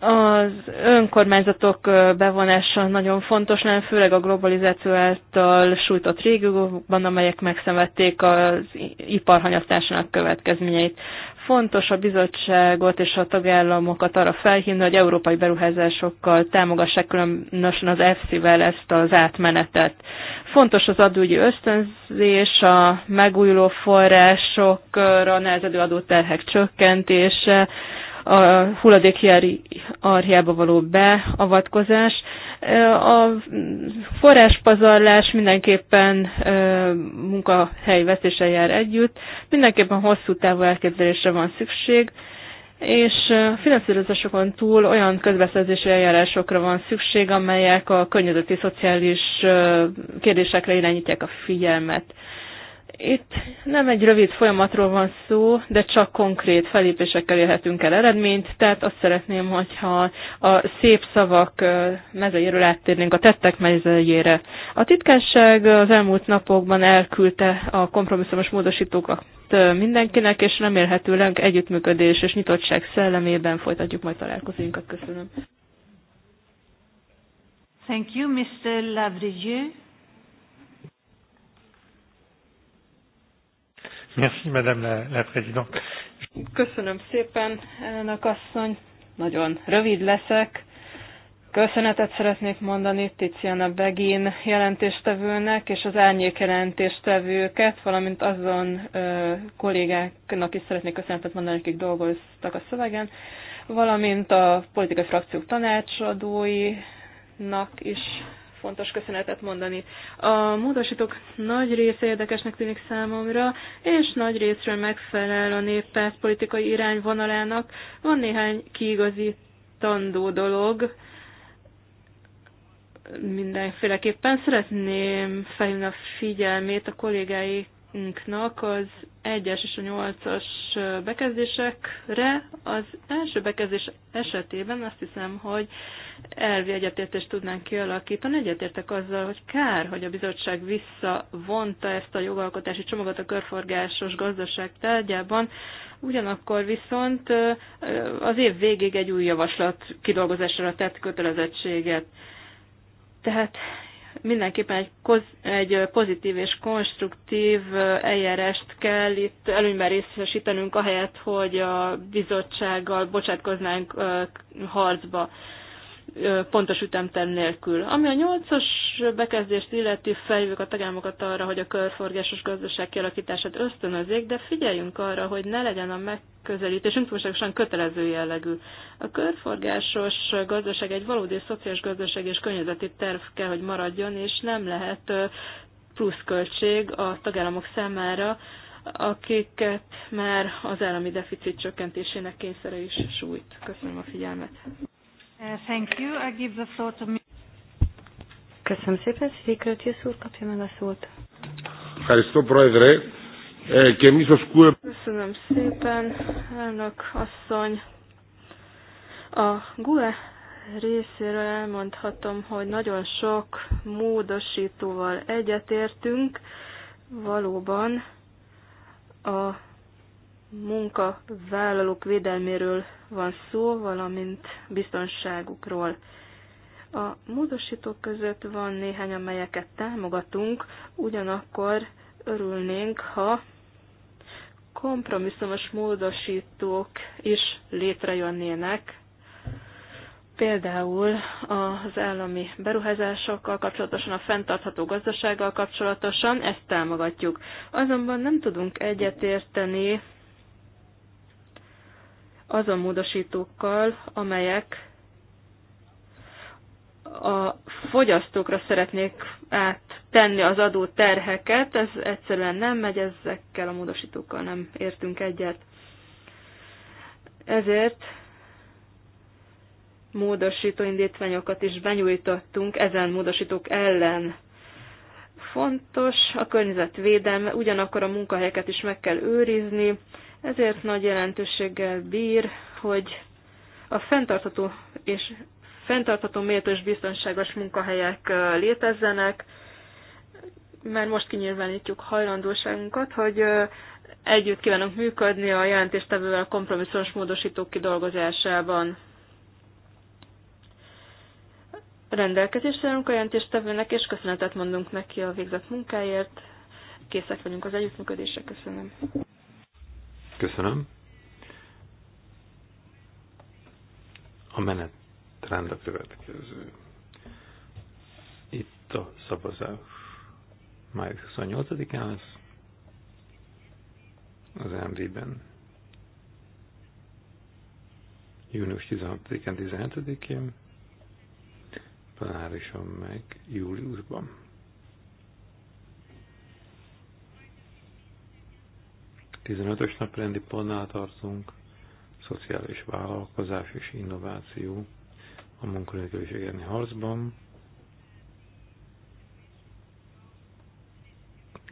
Az önkormányzatok bevonása nagyon fontos lenne, főleg a globalizáció által sújtott régiókban, amelyek megszenvedték az iparhanyasztásának következményeit. Fontos a bizottságot és a tagállamokat arra felhívni, hogy európai beruházásokkal támogassák különösen az EFSZ-vel ezt az átmenetet. Fontos az adógyi ösztönzés, a megújuló forrásokra nehezedő adóterhek csökkentése, a hulladékhiárhiába való beavatkozás. A forráspazarlás mindenképpen munkahely vesztéssel jár együtt, mindenképpen hosszú távú elképzelésre van szükség, és finanszírozásokon túl olyan közbeszerzési eljárásokra van szükség, amelyek a környezeti szociális kérdésekre irányítják a figyelmet. Itt nem egy rövid folyamatról van szó, de csak konkrét felépésekkel érhetünk el eredményt, tehát azt szeretném, hogyha a szép szavak mezejéről áttérnénk a tettek mezejére. A titkásság az elmúlt napokban elküldte a kompromisszumos módosítókat mindenkinek, és remélhetőleg együttműködés és nyitottság szellemében folytatjuk majd találkozóinkat. Köszönöm. Thank you, Mr. Lavrieux. Merci, Madame la, la Présidente. Köszönöm szépen, elnök asszony. Nagyon rövid leszek. Köszönetet szeretnék mondani Tiziana Begin jelentéstevőnek és az árnyék jelentéstevőket, valamint azon ö, kollégáknak is szeretnék köszönetet mondani, akik dolgoztak a szövegen, valamint a politikai frakciók tanácsadóinak is fontos köszönetet mondani. A módosítók nagy része érdekesnek tűnik számomra, és nagy részről megfelel a néppárt politikai irányvonalának. Van néhány kiigazítandó dolog, mindenféleképpen szeretném felhívni a figyelmét a kollégáik Inknak az 1-es és a 8-as bekezdésekre. Az első bekezdés esetében azt hiszem, hogy elvi egyetértést tudnánk kialakítani. Egyetértek azzal, hogy kár, hogy a bizottság visszavonta ezt a jogalkotási csomagot a körforgásos gazdaság tárgyában, ugyanakkor viszont az év végéig egy új javaslat kidolgozására tett kötelezettséget. Tehát mindenképpen egy, koz, egy pozitív és konstruktív eljárást kell itt előnyben részesítenünk, ahelyett, hogy a bizottsággal bocsátkoznánk harcba pontos ütemterv nélkül. Ami a nyolcas bekezdést illeti, felhívjuk a tagállamokat arra, hogy a körforgásos gazdaság kialakítását ösztönözzék, de figyeljünk arra, hogy ne legyen a megközelítésünk túlságosan kötelező jellegű. A körforgásos gazdaság egy valódi szociális gazdaság és környezeti terv kell, hogy maradjon, és nem lehet pluszköltség a tagállamok számára, akiket már az állami deficit csökkentésének kényszere is sújt. Köszönöm a figyelmet. Uh, thank you. I give the floor to me. Köszönöm szépen, Székőtjös úr, kapja meg a szót. Köszönöm szépen, elnök asszony. A GUE részéről elmondhatom, hogy nagyon sok módosítóval egyetértünk. Valóban a munkavállalók védelméről van szó, valamint biztonságukról. A módosítók között van néhány, amelyeket támogatunk, ugyanakkor örülnénk, ha kompromisszumos módosítók is létrejönnének, például az állami beruházásokkal kapcsolatosan, a fenntartható gazdasággal kapcsolatosan, ezt támogatjuk. Azonban nem tudunk egyetérteni azon módosítókkal, amelyek a fogyasztókra szeretnék áttenni az adó terheket, ez egyszerűen nem megy, ezekkel a módosítókkal nem értünk egyet. Ezért módosító indítványokat is benyújtottunk ezen módosítók ellen. Fontos a környezetvédelme, ugyanakkor a munkahelyeket is meg kell őrizni, ezért nagy jelentőséggel bír, hogy a fenntartható és fenntartható méltó és biztonságos munkahelyek létezzenek, mert most kinyilvánítjuk hajlandóságunkat, hogy együtt kívánunk működni a jelentéstevővel a kompromisszumos módosítók kidolgozásában. Rendelkezésre állunk a jelentéstevőnek, és köszönetet mondunk neki a végzett munkáért. Készek vagyunk az együttműködésre. Köszönöm. Köszönöm. A menetrend a következő. Itt a szavazás. Május 28-án lesz az MD-ben. Június 16-án, 17-én. Plenárison meg júliusban. 15-ös naprendi pontnál tartunk, szociális vállalkozás és innováció a munkanélküliségeni harcban.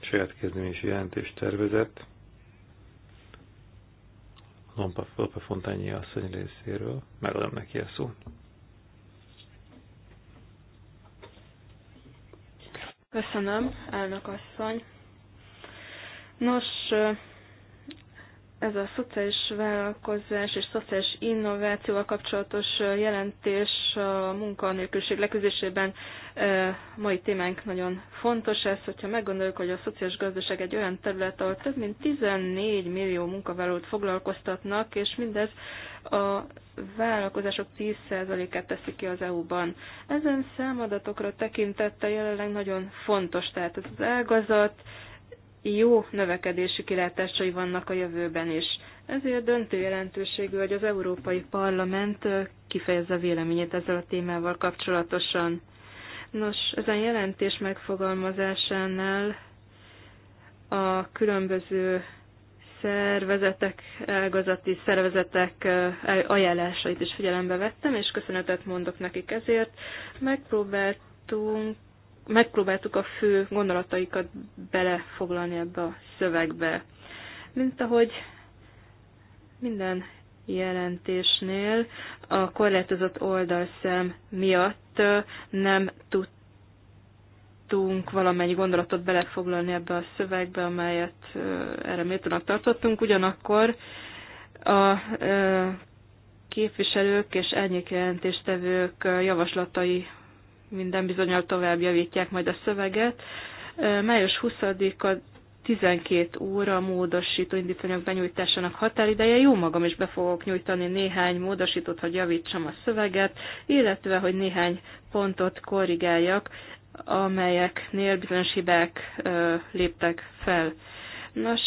Saját kezdeményes jelentés tervezett Lompa, Lompa Fontányi asszony részéről. Megadom neki a szót. Köszönöm, elnök asszony. Nos, ez a szociális vállalkozás és szociális innovációval kapcsolatos jelentés a munkanélküliség leküzdésében mai témánk nagyon fontos ez, hogyha meggondoljuk, hogy a szociális gazdaság egy olyan terület, ahol több mint 14 millió munkavállalót foglalkoztatnak, és mindez a vállalkozások 10%-át teszi ki az EU-ban. Ezen számadatokra tekintette jelenleg nagyon fontos, tehát az ágazat, jó növekedési kilátásai vannak a jövőben is. Ezért döntő jelentőségű, hogy az Európai Parlament kifejezze véleményét ezzel a témával kapcsolatosan. Nos, ezen jelentés megfogalmazásánál a különböző szervezetek, ágazati szervezetek ajánlásait is figyelembe vettem, és köszönetet mondok nekik ezért. Megpróbáltunk megpróbáltuk a fő gondolataikat belefoglalni ebbe a szövegbe. Mint ahogy minden jelentésnél a korlátozott oldalszem miatt nem tudtunk valamennyi gondolatot belefoglalni ebbe a szövegbe, amelyet erre méltónak tartottunk. Ugyanakkor a képviselők és elnyékjelentéstevők javaslatai minden bizonyal tovább javítják majd a szöveget. Május 20-a 12 óra módosító indítványok benyújtásának határideje. Jó magam is be fogok nyújtani néhány módosítót, hogy javítsam a szöveget, illetve hogy néhány pontot korrigáljak, amelyeknél bizonyos hibák ö, léptek fel. Nos,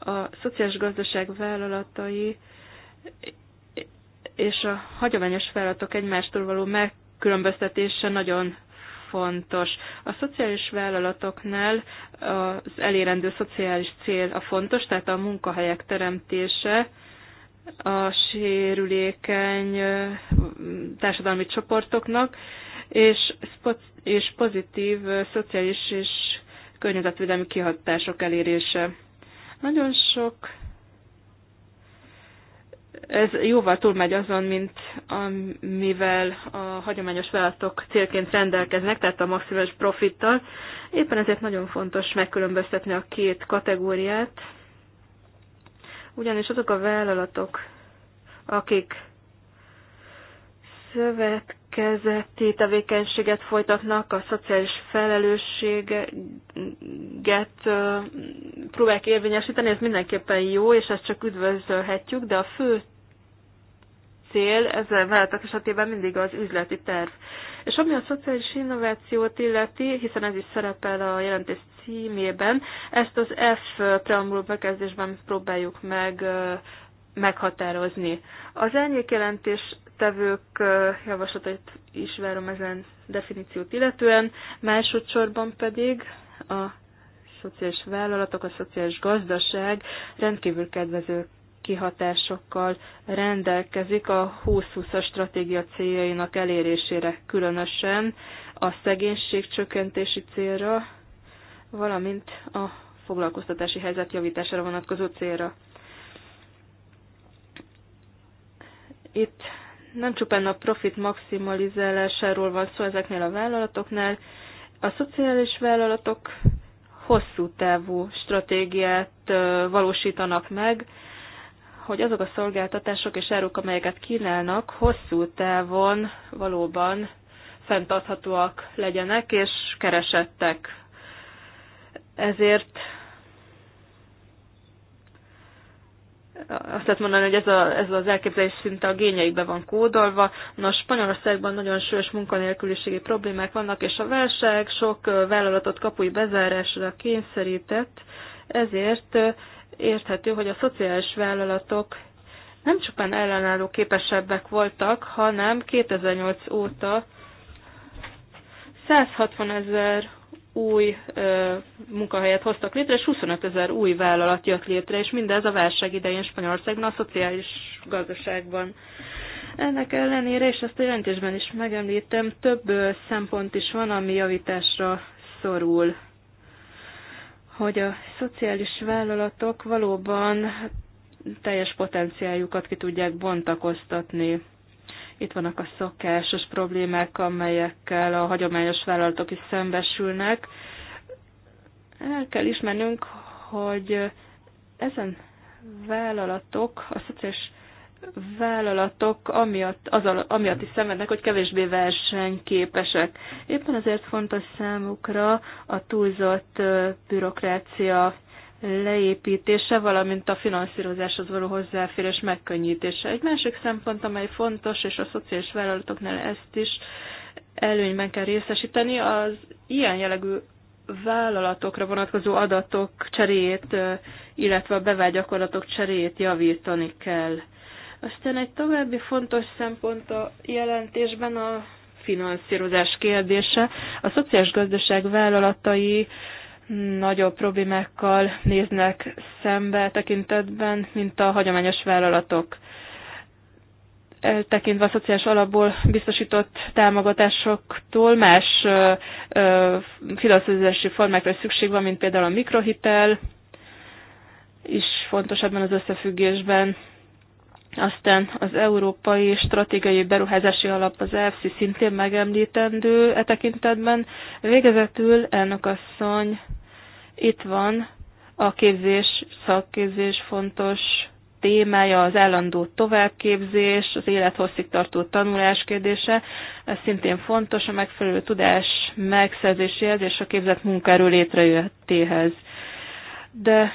a szociális gazdaság vállalatai és a hagyományos vállalatok egymástól való meg megkülönböztetése nagyon fontos. A szociális vállalatoknál az elérendő szociális cél a fontos, tehát a munkahelyek teremtése, a sérülékeny társadalmi csoportoknak, és, és pozitív szociális és környezetvédelmi kihatások elérése. Nagyon sok ez jóval túlmegy azon, mint amivel a hagyományos vállalatok célként rendelkeznek, tehát a maximális profittal. Éppen ezért nagyon fontos megkülönböztetni a két kategóriát, ugyanis azok a vállalatok, akik szövetkezeti tevékenységet folytatnak, a szociális felelősséget próbálják érvényesíteni, ez mindenképpen jó, és ezt csak üdvözölhetjük, de a fő cél ezen vállalatok esetében mindig az üzleti terv. És ami a szociális innovációt illeti, hiszen ez is szerepel a jelentés címében, ezt az F preambuló bekezdésben próbáljuk meg meghatározni. Az elnyékjelentés tevők javaslatait is várom ezen definíciót illetően, másodszorban pedig a szociális vállalatok, a szociális gazdaság rendkívül kedvező kihatásokkal rendelkezik a 2020-as stratégia céljainak elérésére, különösen a szegénység csökkentési célra, valamint a foglalkoztatási helyzet javítására vonatkozó célra. Itt nem csupán a profit maximalizálásáról van szó ezeknél a vállalatoknál, a szociális vállalatok hosszú távú stratégiát valósítanak meg, hogy azok a szolgáltatások és áruk, amelyeket kínálnak, hosszú távon valóban fenntarthatóak legyenek és keresettek. Ezért azt lehet mondani, hogy ez, a, ez az elképzelés szinte a gényeikbe van kódolva. Nos, Spanyolországban nagyon súlyos munkanélküliségi problémák vannak, és a válság sok vállalatot kapui bezárásra kényszerített, ezért érthető, hogy a szociális vállalatok nem csupán ellenálló képesebbek voltak, hanem 2008 óta 160 ezer új ö, munkahelyet hoztak létre, és 25 ezer új vállalat jött létre, és mindez a válság idején Spanyolországban, a szociális gazdaságban. Ennek ellenére, és ezt a jelentésben is megemlítem, több szempont is van, ami javításra szorul. Hogy a szociális vállalatok valóban teljes potenciáljukat ki tudják bontakoztatni. Itt vannak a szokásos problémák, amelyekkel a hagyományos vállalatok is szembesülnek. El kell ismernünk, hogy ezen vállalatok, a szociális vállalatok amiatt, az, amiatt is szenvednek, hogy kevésbé versenyképesek. Éppen azért fontos számukra a túlzott bürokrácia leépítése, valamint a finanszírozáshoz való hozzáférés megkönnyítése. Egy másik szempont, amely fontos, és a szociális vállalatoknál ezt is előnyben kell részesíteni, az ilyen jellegű vállalatokra vonatkozó adatok cseréjét, illetve a bevált gyakorlatok cseréjét javítani kell. Aztán egy további fontos szempont a jelentésben a finanszírozás kérdése. A szociális gazdaság vállalatai nagyobb problémákkal néznek szembe tekintetben, mint a hagyományos vállalatok. Tekintve a szociális alapból biztosított támogatásoktól más finanszírozási formákra is szükség van, mint például a mikrohitel, is fontos ebben az összefüggésben. Aztán az Európai Stratégiai Beruházási Alap, az EFSI szintén megemlítendő e tekintetben. Végezetül, elnök asszony, itt van a képzés, szakképzés fontos témája, az állandó továbbképzés, az élethosszig tartó tanulás kérdése. Ez szintén fontos a megfelelő tudás megszerzéséhez és a képzett munkáról létrejöttéhez. De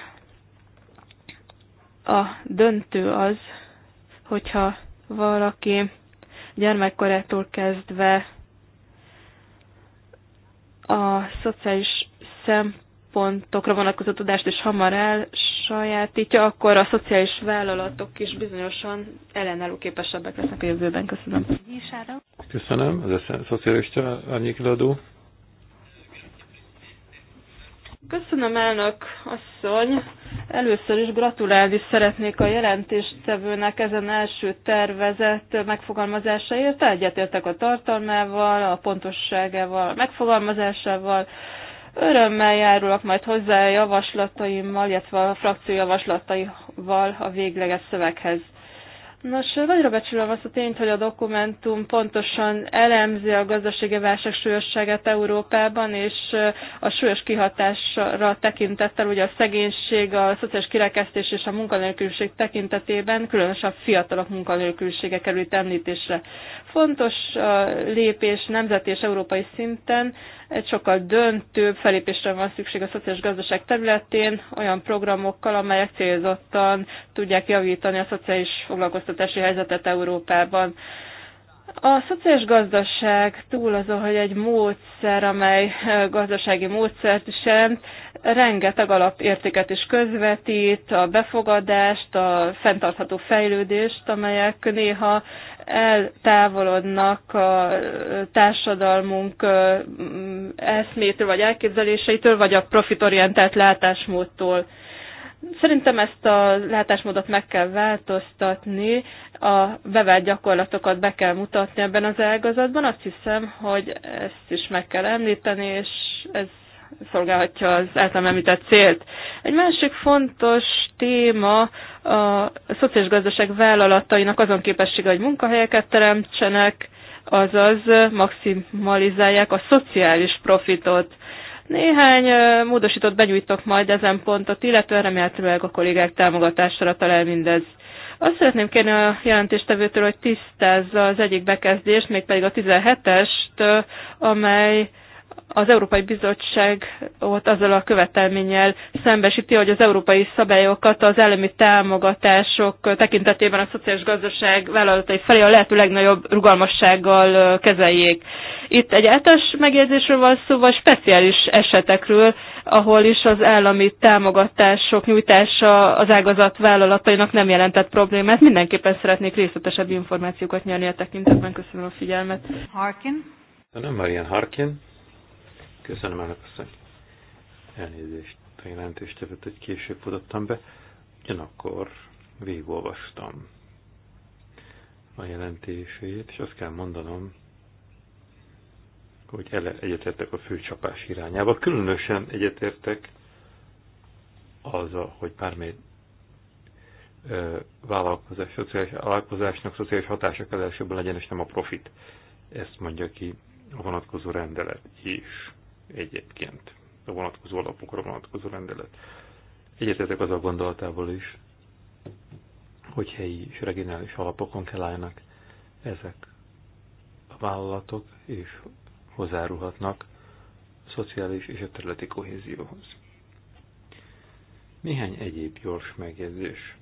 a döntő az, hogyha valaki gyermekkorától kezdve a szociális szempontokra vonatkozó tudást is hamar elsajátítja, akkor a szociális vállalatok is bizonyosan ellenálló képesebbek lesznek a jövőben. Köszönöm. Köszönöm. Ez a szocialista árnyékiladó. Köszönöm, elnök asszony. Először is gratulálni szeretnék a jelentéstevőnek ezen első tervezett megfogalmazásáért. Egyetértek a tartalmával, a pontosságával, a megfogalmazásával. Örömmel járulok majd hozzá a javaslataimmal, illetve a frakció javaslataival a végleges szöveghez. Nos, nagyra becsülöm azt a tényt, hogy a dokumentum pontosan elemzi a gazdasági válság súlyosságát Európában, és a súlyos kihatásra tekintettel, ugye a szegénység, a szociális kirekesztés és a munkanélküliség tekintetében, különösen a fiatalok munkanélkülisége került említésre. Fontos lépés nemzeti és európai szinten, egy sokkal döntőbb felépésre van szükség a szociális gazdaság területén, olyan programokkal, amelyek célzottan tudják javítani a szociális foglalkoztatást foglalkoztatási helyzetet Európában. A szociális gazdaság túl azon, hogy egy módszer, amely gazdasági módszert is jelent, rengeteg alapértéket is közvetít, a befogadást, a fenntartható fejlődést, amelyek néha eltávolodnak a társadalmunk eszmétől, vagy elképzeléseitől, vagy a profitorientált látásmódtól. Szerintem ezt a látásmódot meg kell változtatni, a bevált gyakorlatokat be kell mutatni ebben az ágazatban. Azt hiszem, hogy ezt is meg kell említeni, és ez szolgálhatja az általam említett célt. Egy másik fontos téma a szociális gazdaság vállalatainak azon képessége, hogy munkahelyeket teremtsenek, azaz maximalizálják a szociális profitot. Néhány módosított begyújtok majd ezen pontot, illetve remélhetőleg a kollégák támogatásra talál mindez. Azt szeretném kérni a jelentéstevőtől, hogy tisztázza az egyik bekezdést, mégpedig a 17-est, amely az Európai Bizottság ott azzal a követelménnyel szembesíti, hogy az európai szabályokat az állami támogatások tekintetében a szociális gazdaság vállalatai felé a lehető legnagyobb rugalmassággal kezeljék. Itt egy általános megjegyzésről van szó, vagy speciális esetekről, ahol is az állami támogatások nyújtása az ágazat vállalatainak nem jelentett problémát. Mindenképpen szeretnék részletesebb információkat nyerni a tekintetben. Köszönöm a figyelmet. Harkin. Nem, Marian Harkin. Köszönöm, elnök asszony. Elnézést a jelentéstevet, hogy később futottam be. Ugyanakkor végigolvastam a jelentését, és azt kell mondanom, hogy egyetértek a főcsapás irányába. Különösen egyetértek az, hogy bármely vállalkozás, szociális vállalkozásnak szociális hatása kell legyen, és nem a profit. Ezt mondja ki a vonatkozó rendelet is egyébként a vonatkozó alapokra vonatkozó rendelet. Egyetetek az a gondolatával is, hogy helyi és regionális alapokon kell álljanak ezek a vállalatok, és hozzárulhatnak a szociális és a területi kohézióhoz. Néhány egyéb gyors megjegyzés.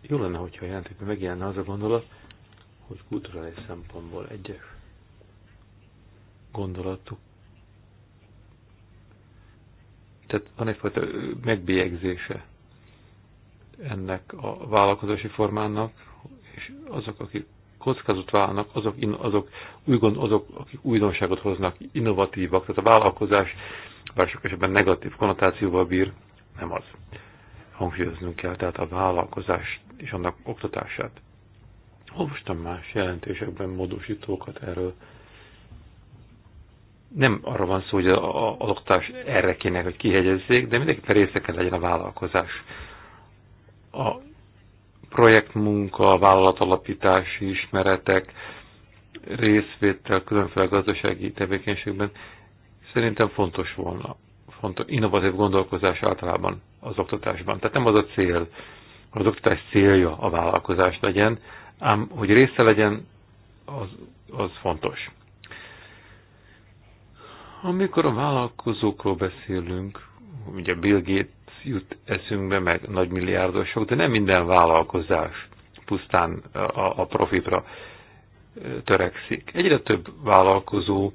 Jó lenne, hogyha jelentőben megjelenne az a gondolat, hogy kulturális szempontból egyes gondolatuk. Tehát van egyfajta megbélyegzése ennek a vállalkozási formának, és azok, akik kockázatot válnak, azok, azok, újgond, azok, akik újdonságot hoznak, innovatívak, tehát a vállalkozás bár sok esetben negatív konnotációval bír, nem az. Hangsúlyoznunk kell tehát a vállalkozást és annak oktatását. Olvastam más jelentésekben módosítókat erről, nem arra van szó, hogy a, oktatás erre kéne, hogy kihegyezzék, de mindenképpen része kell legyen a vállalkozás. A projektmunka, a vállalatalapítási ismeretek, részvétel különféle gazdasági tevékenységben szerintem fontos volna. Fontos, innovatív gondolkozás általában az oktatásban. Tehát nem az a cél, az oktatás célja a vállalkozás legyen, ám hogy része legyen, az, az fontos. Amikor a vállalkozókról beszélünk, ugye Bill Gates jut eszünkbe, meg nagymilliárdosok, de nem minden vállalkozás pusztán a, a profitra törekszik. Egyre több vállalkozó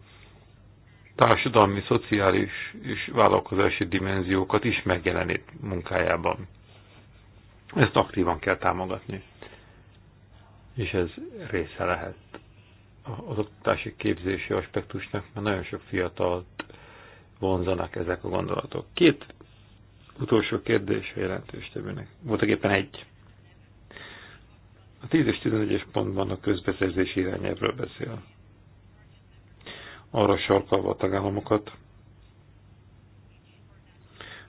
társadalmi, szociális és vállalkozási dimenziókat is megjelenít munkájában. Ezt aktívan kell támogatni. És ez része lehet az oktatási képzési aspektusnak, mert nagyon sok fiatalt vonzanak ezek a gondolatok. Két utolsó kérdés a jelentőstevőnek. Voltak éppen egy. A 10 és 11-es pontban a közbeszerzési irányelvről beszél. Arra sarkalva a tagállamokat,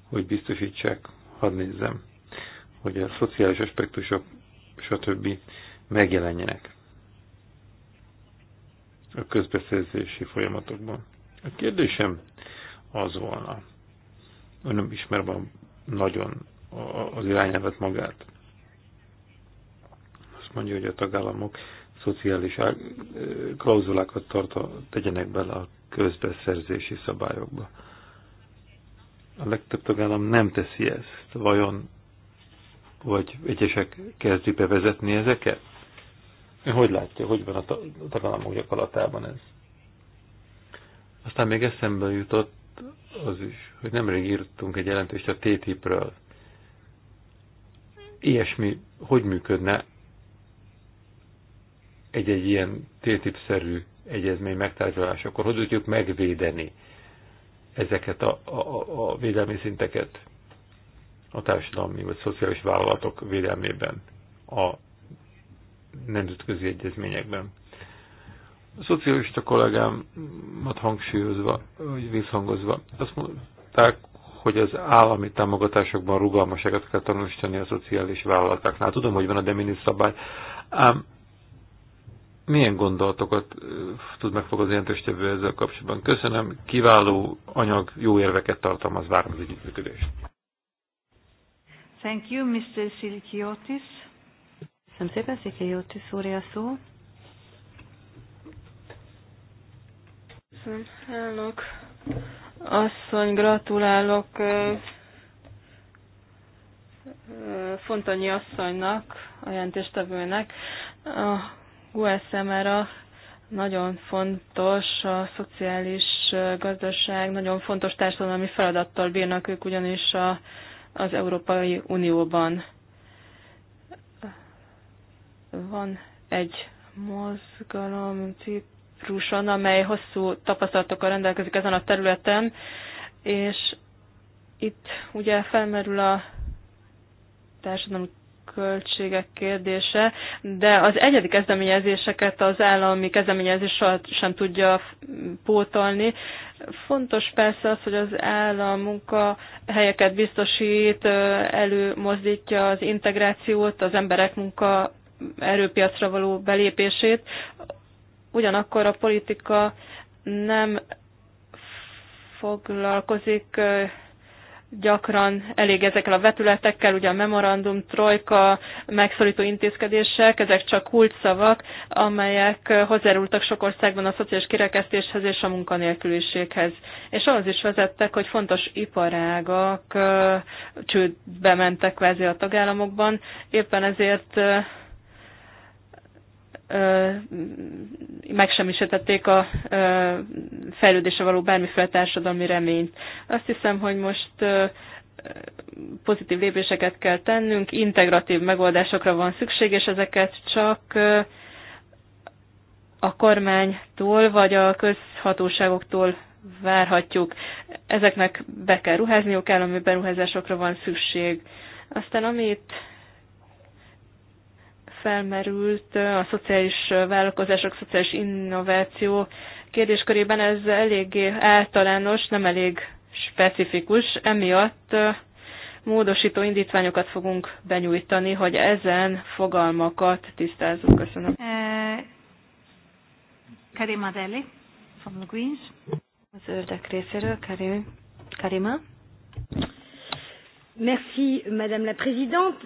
hogy biztosítsák, hadd nézzem, hogy a szociális aspektusok, stb. megjelenjenek a közbeszerzési folyamatokban. A kérdésem az volna, hogy nem ismerem nagyon az irányelvet magát. Azt mondja, hogy a tagállamok szociális klauzulákat tartva tegyenek bele a közbeszerzési szabályokba. A legtöbb tagállam nem teszi ezt. Vajon, vagy egyesek kezdik bevezetni ezeket? Hogy látja, hogy van a tagállamok gyakorlatában ez? Aztán még eszembe jutott az is, hogy nemrég írtunk egy jelentést a TTIP-ről. Ilyesmi, hogy működne egy-egy ilyen TTIP-szerű egyezmény megtárgyalásakor? Hogy tudjuk megvédeni ezeket a, a, a védelmi szinteket a társadalmi vagy szociális vállalatok védelmében? A nemzetközi egyezményekben. A szocialista kollégámat hangsúlyozva, visszhangozva, azt mondták, hogy az állami támogatásokban rugalmaságot kell tanulni, a szociális vállalatoknál. Tudom, hogy van a deminis szabály, ám milyen gondolatokat tud megfogazni jelentéstevő ezzel kapcsolatban? Köszönöm, kiváló anyag, jó érveket tartalmaz, várom az együttműködést. Thank you, Mr. Silikiotis. Köszönöm szépen, Székely Jóti szúrja a szó. Köszönöm, elnök asszony, gratulálok Fontanyi asszonynak, a jelentéstevőnek. A USMR-a nagyon fontos a szociális gazdaság, nagyon fontos társadalmi feladattal bírnak ők ugyanis a, az Európai Unióban van egy mozgalom Cipruson, amely hosszú tapasztalatokkal rendelkezik ezen a területen, és itt ugye felmerül a társadalmi költségek kérdése, de az egyedi kezdeményezéseket az állami kezdeményezés sem tudja pótolni. Fontos persze az, hogy az állam munkahelyeket biztosít, előmozdítja az integrációt, az emberek munka erőpiacra való belépését. Ugyanakkor a politika nem foglalkozik gyakran elég ezekkel a vetületekkel, ugye a memorandum, trojka, megszorító intézkedések, ezek csak kulcsszavak, amelyek hozzárultak sok országban a szociális kirekesztéshez és a munkanélküliséghez. És ahhoz is vezettek, hogy fontos iparágak csődbe mentek kvázi a tagállamokban, éppen ezért megsemmisítették a fejlődése való bármiféle társadalmi reményt. Azt hiszem, hogy most pozitív lépéseket kell tennünk, integratív megoldásokra van szükség, és ezeket csak a kormánytól vagy a közhatóságoktól várhatjuk. Ezeknek be kell ruházniuk, ami beruházásokra van szükség. Aztán amit felmerült a szociális vállalkozások, szociális innováció kérdéskörében, ez eléggé általános, nem elég specifikus, emiatt módosító indítványokat fogunk benyújtani, hogy ezen fogalmakat tisztázzuk. Köszönöm. Eh, Karima Deli, from the Greens. Az ördek részéről, Karima. Merci, Madame la Présidente.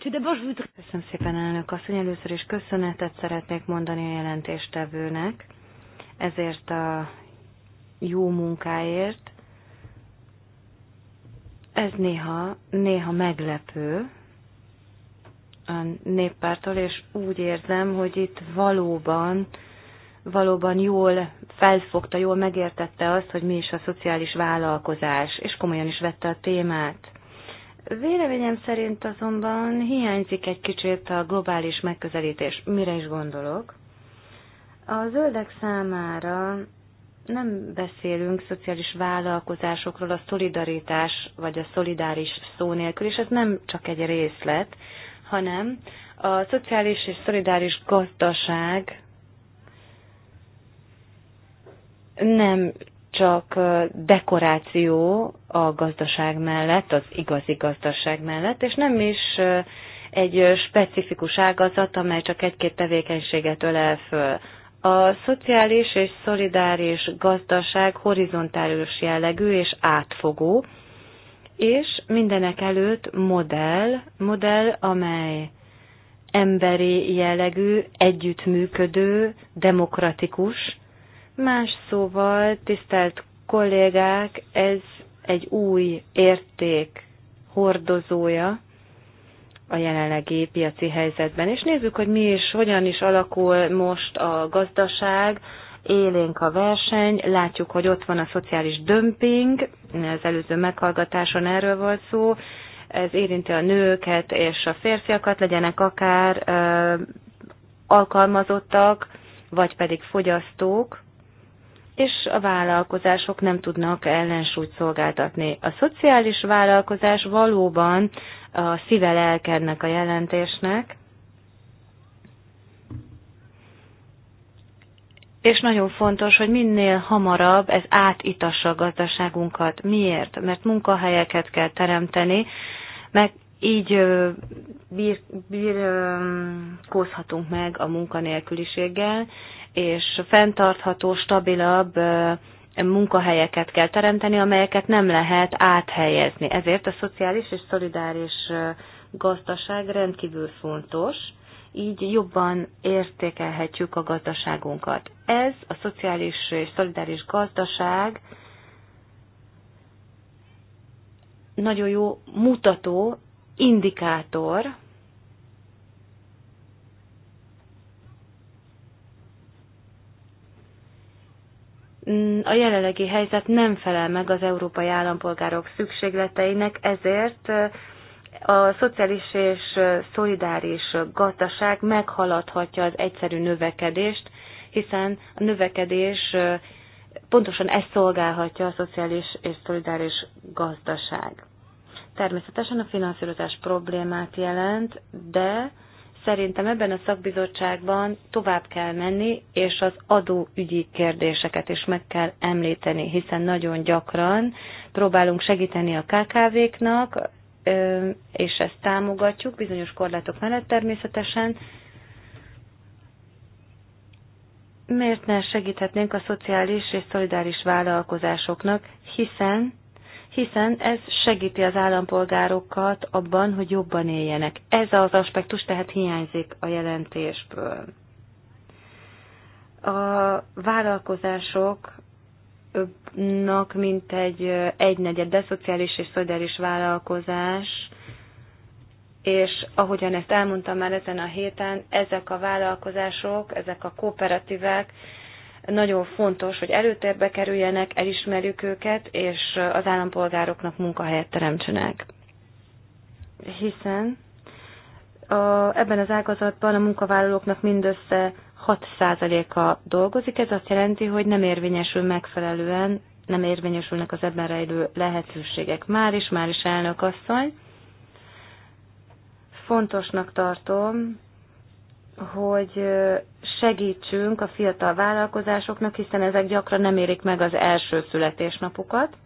Köszönöm szépen, elnök asszony. Először is köszönetet szeretnék mondani a jelentéstevőnek ezért a jó munkáért. Ez néha, néha meglepő a néppártól, és úgy érzem, hogy itt valóban valóban jól felfogta, jól megértette azt, hogy mi is a szociális vállalkozás, és komolyan is vette a témát. Véleményem szerint azonban hiányzik egy kicsit a globális megközelítés. Mire is gondolok? A zöldek számára nem beszélünk szociális vállalkozásokról a szolidaritás vagy a szolidáris szó nélkül, és ez nem csak egy részlet, hanem a szociális és szolidáris gazdaság nem csak dekoráció a gazdaság mellett, az igazi gazdaság mellett, és nem is egy specifikus ágazat, amely csak egy-két tevékenységet ölel föl. A szociális és szolidáris gazdaság horizontális jellegű és átfogó, és mindenek előtt modell, modell, amely emberi jellegű, együttműködő, demokratikus, Más szóval, tisztelt kollégák, ez egy új érték hordozója a jelenlegi piaci helyzetben. És nézzük, hogy mi is, hogyan is alakul most a gazdaság, élénk a verseny, látjuk, hogy ott van a szociális dömping, az előző meghallgatáson erről volt szó, ez érinti a nőket és a férfiakat, legyenek akár ö, alkalmazottak, vagy pedig fogyasztók és a vállalkozások nem tudnak ellensúlyt szolgáltatni. A szociális vállalkozás valóban a szíve lelkednek a jelentésnek, és nagyon fontos, hogy minél hamarabb ez átitassa a gazdaságunkat. Miért? Mert munkahelyeket kell teremteni, meg így bír, meg a munkanélküliséggel, és fenntartható, stabilabb munkahelyeket kell teremteni, amelyeket nem lehet áthelyezni. Ezért a szociális és szolidáris gazdaság rendkívül fontos, így jobban értékelhetjük a gazdaságunkat. Ez a szociális és szolidáris gazdaság nagyon jó mutató, indikátor a jelenlegi helyzet nem felel meg az európai állampolgárok szükségleteinek, ezért a szociális és szolidáris gazdaság meghaladhatja az egyszerű növekedést, hiszen a növekedés pontosan ezt szolgálhatja a szociális és szolidáris gazdaság. Természetesen a finanszírozás problémát jelent, de Szerintem ebben a szakbizottságban tovább kell menni, és az adóügyi kérdéseket is meg kell említeni, hiszen nagyon gyakran próbálunk segíteni a KKV-knak, és ezt támogatjuk bizonyos korlátok mellett természetesen. Miért ne segíthetnénk a szociális és szolidáris vállalkozásoknak, hiszen hiszen ez segíti az állampolgárokat abban, hogy jobban éljenek. Ez az aspektus tehát hiányzik a jelentésből. A vállalkozásoknak egy egynegyed, de szociális és szolidáris vállalkozás, és ahogyan ezt elmondtam már ezen a héten, ezek a vállalkozások, ezek a kooperatívek, nagyon fontos, hogy előtérbe kerüljenek, elismerjük őket, és az állampolgároknak munkahelyet teremtsenek. Hiszen a, ebben az ágazatban a munkavállalóknak mindössze 6%-a dolgozik, ez azt jelenti, hogy nem érvényesül megfelelően, nem érvényesülnek az ebben rejlő lehetőségek. Már is, már is elnök asszony. Fontosnak tartom, hogy segítsünk a fiatal vállalkozásoknak, hiszen ezek gyakran nem érik meg az első születésnapukat.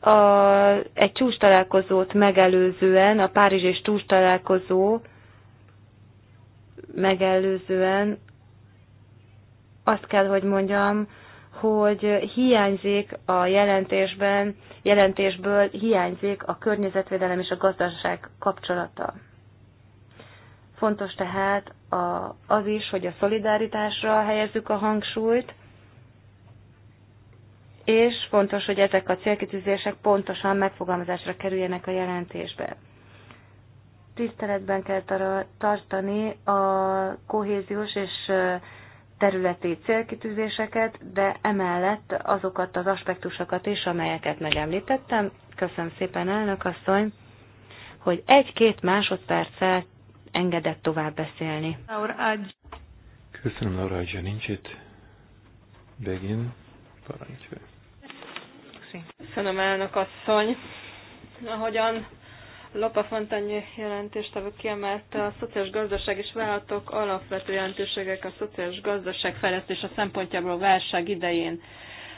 A, egy csúcs találkozót megelőzően, a Párizs és csúcs találkozó megelőzően azt kell, hogy mondjam, hogy hiányzik a jelentésben, jelentésből hiányzik a környezetvédelem és a gazdaság kapcsolata. Fontos tehát a, az is, hogy a szolidaritásra helyezzük a hangsúlyt, és fontos, hogy ezek a célkitűzések pontosan megfogalmazásra kerüljenek a jelentésbe. Tiszteletben kell tartani a kohéziós és területi célkitűzéseket, de emellett azokat az aspektusokat is, amelyeket megemlítettem. Köszönöm szépen, elnök asszony, hogy egy-két másodperccel engedett tovább beszélni. Köszönöm, Laura Adzsa nincs itt. Begin, parancsolj. Köszönöm, elnök asszony. Ahogyan Lopa Fontany jelentéstevő kiemelte a szociális gazdaság és vállalatok alapvető jelentőségek a szociális gazdaság fejlesztése szempontjából a válság idején.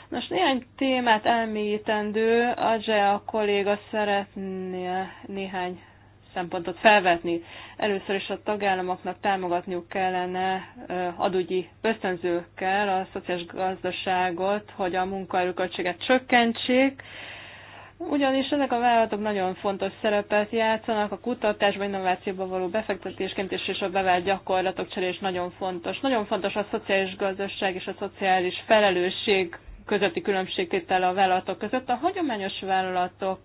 Most néhány témát elmélyítendő, Adze a kolléga szeretné néhány szempontot felvetni. Először is a tagállamoknak támogatniuk kellene adúgyi ösztönzőkkel a szociális gazdaságot, hogy a munkaerőköltséget csökkentsék, ugyanis ezek a vállalatok nagyon fontos szerepet játszanak, a kutatásban, innovációban való befektetésként is, és a bevált gyakorlatok cserés nagyon fontos. Nagyon fontos a szociális gazdaság és a szociális felelősség közötti különbségtétel a vállalatok között. A hagyományos vállalatok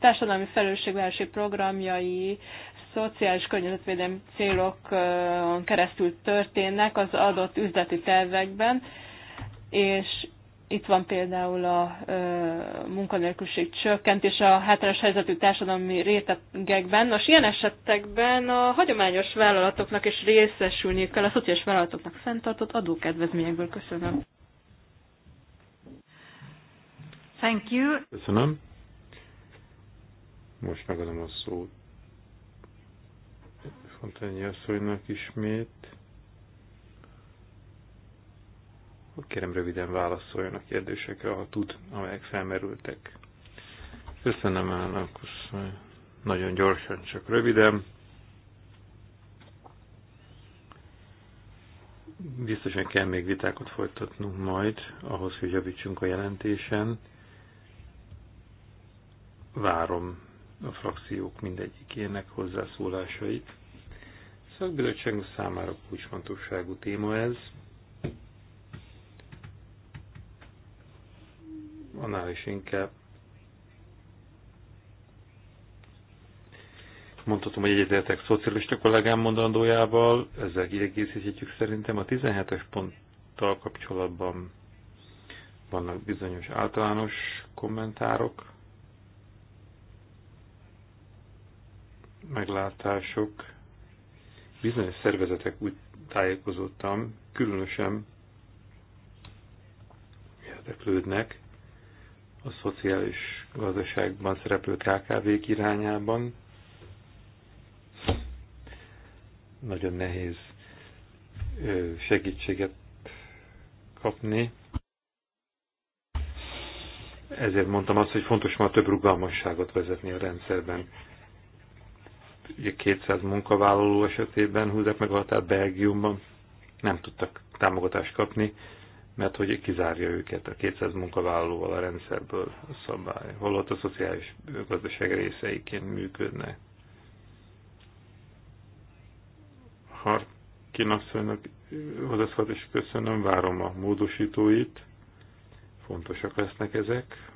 társadalmi felelősségvállalási programjai szociális környezetvédelmi célokon keresztül történnek az adott üzleti tervekben, és itt van például a munkanélküliség csökkentés a hátrányos helyzetű társadalmi rétegekben. Nos, ilyen esetekben a hagyományos vállalatoknak is részesülni kell a szociális vállalatoknak fenntartott adókedvezményekből. Köszönöm. Thank you. Köszönöm. Most megadom a szót Fontányi asszonynak ismét. Kérem röviden válaszoljon a kérdésekre, ha tud, amelyek felmerültek. Köszönöm elnök, nagyon gyorsan, csak röviden. Biztosan kell még vitákat folytatnunk majd, ahhoz, hogy javítsunk a jelentésen. Várom a frakciók mindegyikének hozzászólásait. Szakbizottságunk számára kulcsfontosságú téma ez, annál is inkább. Mondhatom, hogy egyetértek szocialista kollégám mondandójával, ezzel kiegészítjük szerintem a 17-es ponttal kapcsolatban vannak bizonyos általános kommentárok, meglátások. Bizonyos szervezetek úgy tájékozottam, különösen érdeklődnek a szociális gazdaságban szereplő KKV-k irányában. Nagyon nehéz segítséget kapni. Ezért mondtam azt, hogy fontos már több rugalmasságot vezetni a rendszerben. Ugye 200 munkavállaló esetében húzták meg a határt Belgiumban, nem tudtak támogatást kapni, mert hogy kizárja őket a 200 munkavállalóval a rendszerből a szabály, holott a szociális gazdaság részeiként működnek. Harkin asszonynak hozzászhat és köszönöm, várom a módosítóit, fontosak lesznek ezek.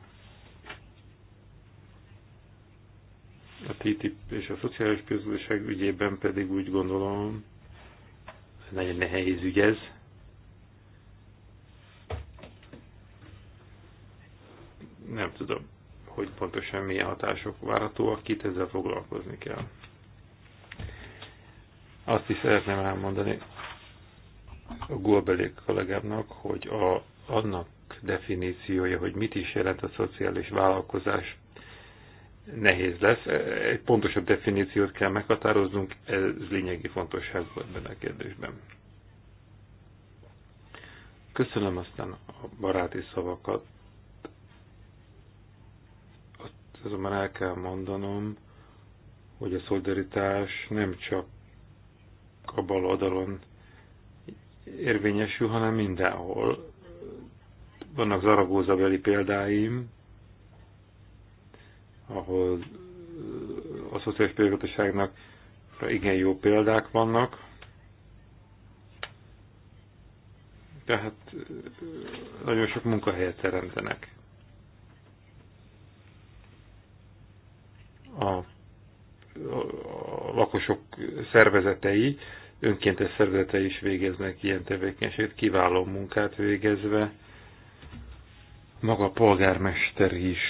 A TTIP és a szociális közösség ügyében pedig úgy gondolom, ez nagyon nehéz ügy ez, nem tudom, hogy pontosan milyen hatások várhatóak, itt ezzel foglalkozni kell. Azt is szeretném elmondani a Gólbelék kollégámnak, hogy a, annak definíciója, hogy mit is jelent a szociális vállalkozás, nehéz lesz. Egy pontosabb definíciót kell meghatároznunk, ez lényegi volt benne a kérdésben. Köszönöm aztán a baráti szavakat azonban el kell mondanom, hogy a szolidaritás nem csak a bal oldalon érvényesül, hanem mindenhol. Vannak zaragózabeli példáim, ahol a szociális példagazdaságnak igen jó példák vannak, tehát nagyon sok munkahelyet teremtenek. a, a, a lakosok szervezetei, önkéntes szervezetei is végeznek ilyen tevékenységet, kiváló munkát végezve. Maga a polgármester is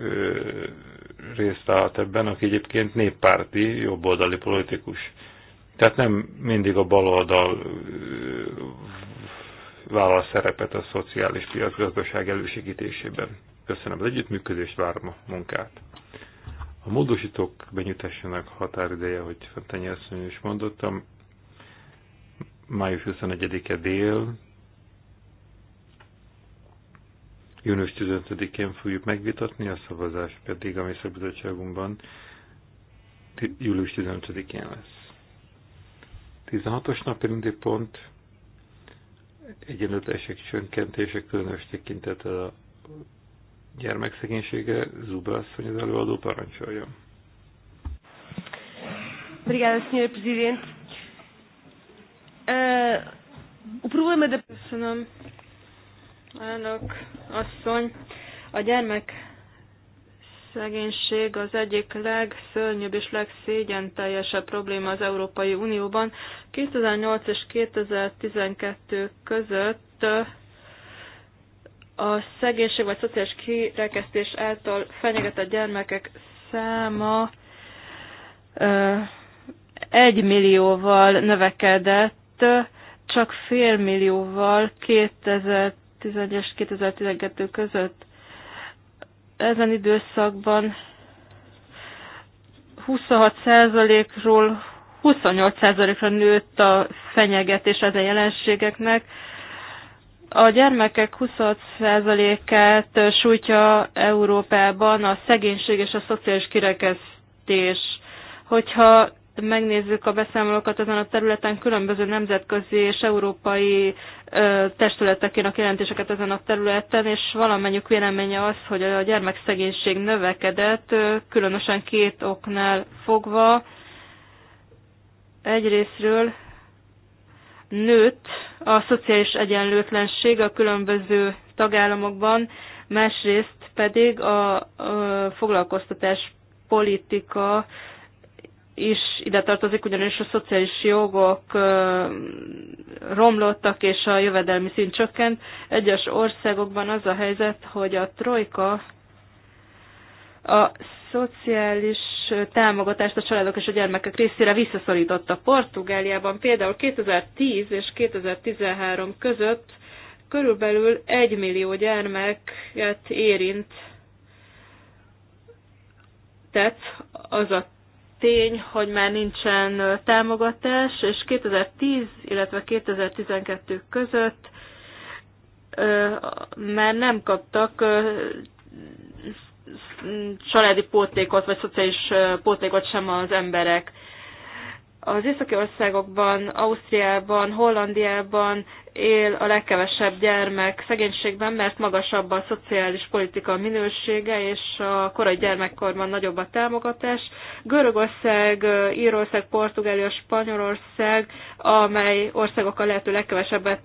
ö, részt állt ebben, aki egyébként néppárti, jobboldali politikus. Tehát nem mindig a baloldal vállal szerepet a szociális piacgazdaság elősegítésében. Köszönöm az együttműködést, várom a munkát. A módosítók benyújtásának határideje, hogy Fentanyi asszony is mondottam, május 21-e dél, június 15-én fogjuk megvitatni, a szavazás pedig a Mészakbizottságunkban július 15-én lesz. 16-os napi pont egyenlőtlenség csönkentések különös tekintetel a gyermekszegénysége, Zuber asszony az előadó parancsolja. Obrigada, Sr. Presidente. Uh, o problema da... Köszönöm, elnök asszony. A gyermek szegénység az egyik legszörnyűbb és legszégyen teljesebb probléma az Európai Unióban. 2008 és 2012 között a szegénység vagy szociális kirekesztés által fenyegetett gyermekek száma egy millióval növekedett, csak fél millióval 2011 es 2012 között. Ezen időszakban 26%-ról 28%-ra nőtt a fenyegetés ezen jelenségeknek, a gyermekek 26%-át sújtja Európában a szegénység és a szociális kirekesztés. Hogyha megnézzük a beszámolókat ezen a területen, különböző nemzetközi és európai ö, testületekének jelentéseket ezen a területen, és valamennyük véleménye az, hogy a gyermekszegénység növekedett, ö, különösen két oknál fogva. Egyrésztről nőtt a szociális egyenlőtlenség a különböző tagállamokban, másrészt pedig a, a foglalkoztatás politika is ide tartozik, ugyanis a szociális jogok romlottak és a jövedelmi szint csökkent. Egyes országokban az a helyzet, hogy a trojka a szociális támogatást a családok és a gyermekek részére visszaszorította. Portugáliában például 2010 és 2013 között körülbelül 1 millió gyermeket érint tett az a tény, hogy már nincsen támogatás, és 2010, illetve 2012 között már nem kaptak családi pótékot vagy szociális pótékot sem az emberek. Az északi országokban, Ausztriában, Hollandiában él a legkevesebb gyermek szegénységben, mert magasabb a szociális politika minősége, és a korai gyermekkorban nagyobb a támogatás. Görögország, Írország, Portugália, Spanyolország, amely országok a lehető legkevesebbet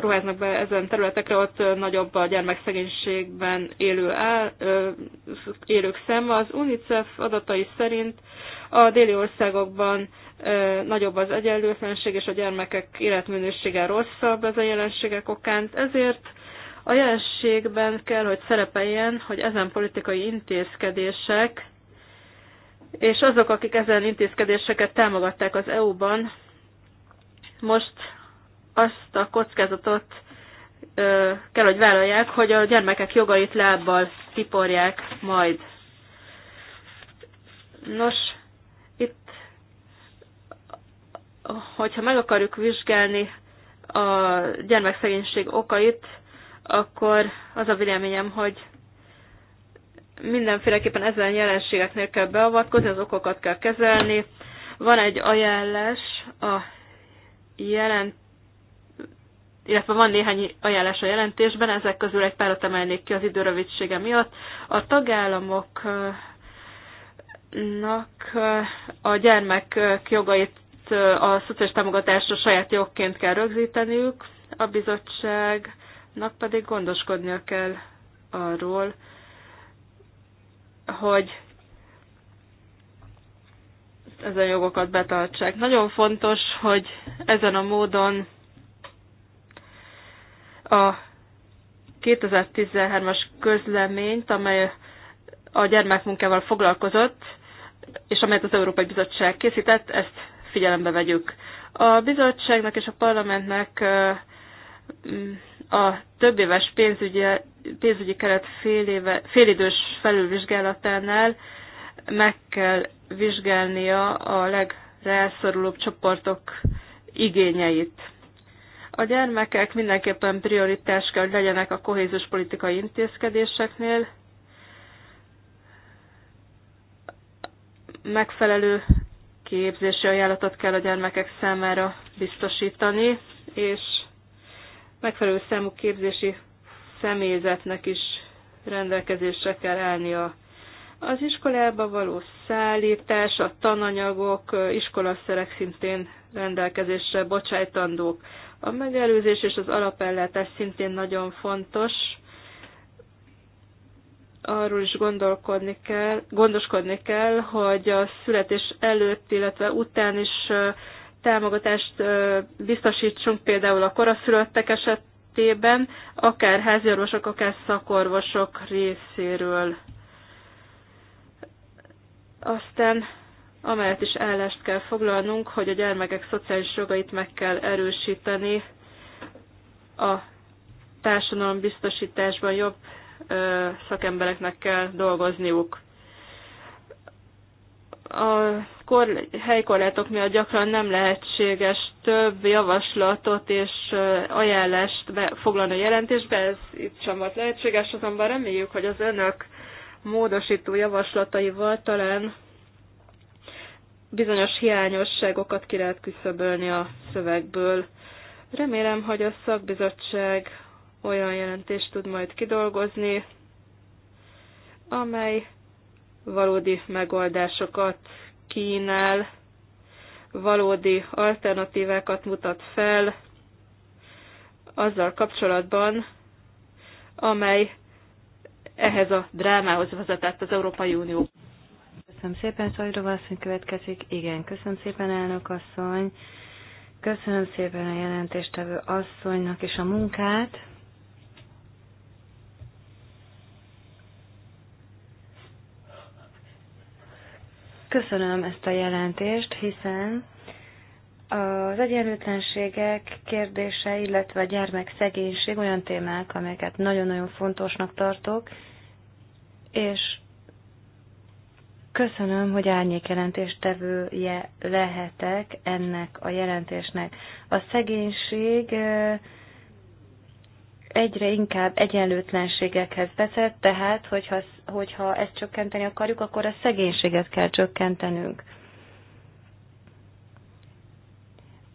ruháznak be ezen területekre, ott nagyobb a gyermekszegénységben élő áll, élők száma. Az UNICEF adatai szerint a déli országokban nagyobb az egyenlőtlenség, és a gyermekek életminősége rosszabb ez a jelenségek okán. Ezért a jelenségben kell, hogy szerepeljen, hogy ezen politikai intézkedések, és azok, akik ezen intézkedéseket támogatták az EU-ban, most azt a kockázatot ö, kell, hogy vállalják, hogy a gyermekek jogait lábbal tiporják majd. Nos, hogyha meg akarjuk vizsgálni a gyermekszegénység okait, akkor az a véleményem, hogy mindenféleképpen ezen jelenségeknél kell beavatkozni, az okokat kell kezelni. Van egy ajánlás a jelent illetve van néhány ajánlás a jelentésben, ezek közül egy párat emelnék ki az időrövidsége miatt. A tagállamoknak a gyermek jogait a szociális támogatásra saját jogként kell rögzíteniük, a bizottságnak pedig gondoskodnia kell arról, hogy ezen jogokat betartsák. Nagyon fontos, hogy ezen a módon a 2013-as közleményt, amely a gyermekmunkával foglalkozott, és amelyet az Európai Bizottság készített, ezt figyelembe vegyük. A bizottságnak és a parlamentnek mm, a több éves pénzügyi, pénzügyi keret fél éve, félidős felülvizsgálatánál meg kell vizsgálnia a legrászorulóbb csoportok igényeit. A gyermekek mindenképpen prioritás kell, hogy legyenek a kohézus politikai intézkedéseknél. Megfelelő képzési ajánlatot kell a gyermekek számára biztosítani, és megfelelő számú képzési személyzetnek is rendelkezésre kell állnia. Az iskolába való szállítás, a tananyagok, iskolaszerek szintén rendelkezésre bocsájtandók. A megelőzés és az alapellátás szintén nagyon fontos, arról is gondolkodni kell, gondoskodni kell, hogy a születés előtt, illetve után is támogatást biztosítsunk például a koraszülöttek esetében, akár háziorvosok, akár szakorvosok részéről. Aztán amelyet is állást kell foglalnunk, hogy a gyermekek szociális jogait meg kell erősíteni a társadalombiztosításban jobb szakembereknek kell dolgozniuk. A kor, helykorlátok miatt gyakran nem lehetséges több javaslatot és ajánlást foglalni a jelentésbe, ez itt sem volt lehetséges, azonban reméljük, hogy az önök módosító javaslataival talán bizonyos hiányosságokat ki lehet küszöbölni a szövegből. Remélem, hogy a szakbizottság olyan jelentést tud majd kidolgozni, amely valódi megoldásokat kínál, valódi alternatívákat mutat fel azzal kapcsolatban, amely ehhez a drámához vezetett az Európai Unió. Köszönöm szépen, Szajdrova asszony következik. Igen, köszönöm szépen, elnök asszony. Köszönöm szépen a jelentéstevő asszonynak és a munkát. Köszönöm ezt a jelentést, hiszen az egyenlőtlenségek kérdése, illetve a szegénység olyan témák, amelyeket nagyon-nagyon fontosnak tartok, és köszönöm, hogy tevője lehetek ennek a jelentésnek. A szegénység egyre inkább egyenlőtlenségekhez vezet, tehát hogyha hogyha ezt csökkenteni akarjuk, akkor a szegénységet kell csökkentenünk.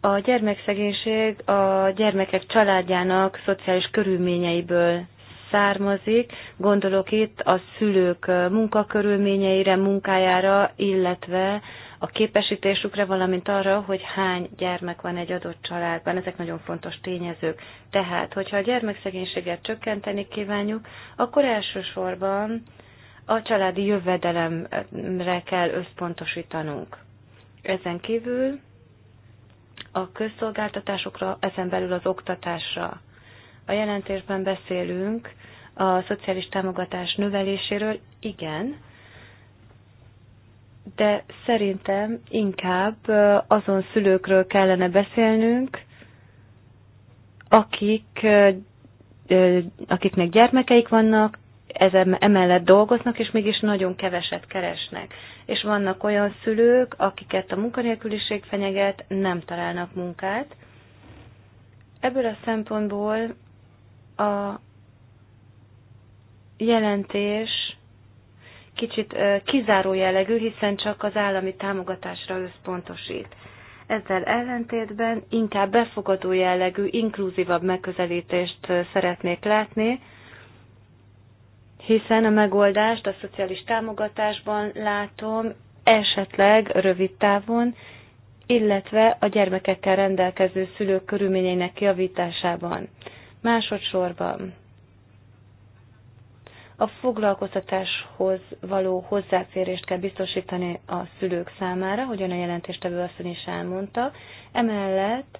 A gyermekszegénység a gyermekek családjának szociális körülményeiből származik. Gondolok itt a szülők munkakörülményeire, munkájára, illetve a képesítésükre, valamint arra, hogy hány gyermek van egy adott családban. Ezek nagyon fontos tényezők. Tehát, hogyha a gyermekszegénységet csökkenteni kívánjuk, akkor elsősorban a családi jövedelemre kell összpontosítanunk. Ezen kívül a közszolgáltatásokra, ezen belül az oktatásra. A jelentésben beszélünk a szociális támogatás növeléséről, igen, de szerintem inkább azon szülőkről kellene beszélnünk, akik, akiknek gyermekeik vannak, ezen emellett dolgoznak, és mégis nagyon keveset keresnek. És vannak olyan szülők, akiket a munkanélküliség fenyeget, nem találnak munkát. Ebből a szempontból a jelentés kicsit kizáró jellegű, hiszen csak az állami támogatásra összpontosít. Ezzel ellentétben inkább befogadó jellegű, inkluzívabb megközelítést szeretnék látni, hiszen a megoldást a szociális támogatásban látom, esetleg rövid távon, illetve a gyermekekkel rendelkező szülők körülményeinek javításában. Másodszorban a foglalkoztatáshoz való hozzáférést kell biztosítani a szülők számára, hogyan a jelentéstevő asszony is elmondta. Emellett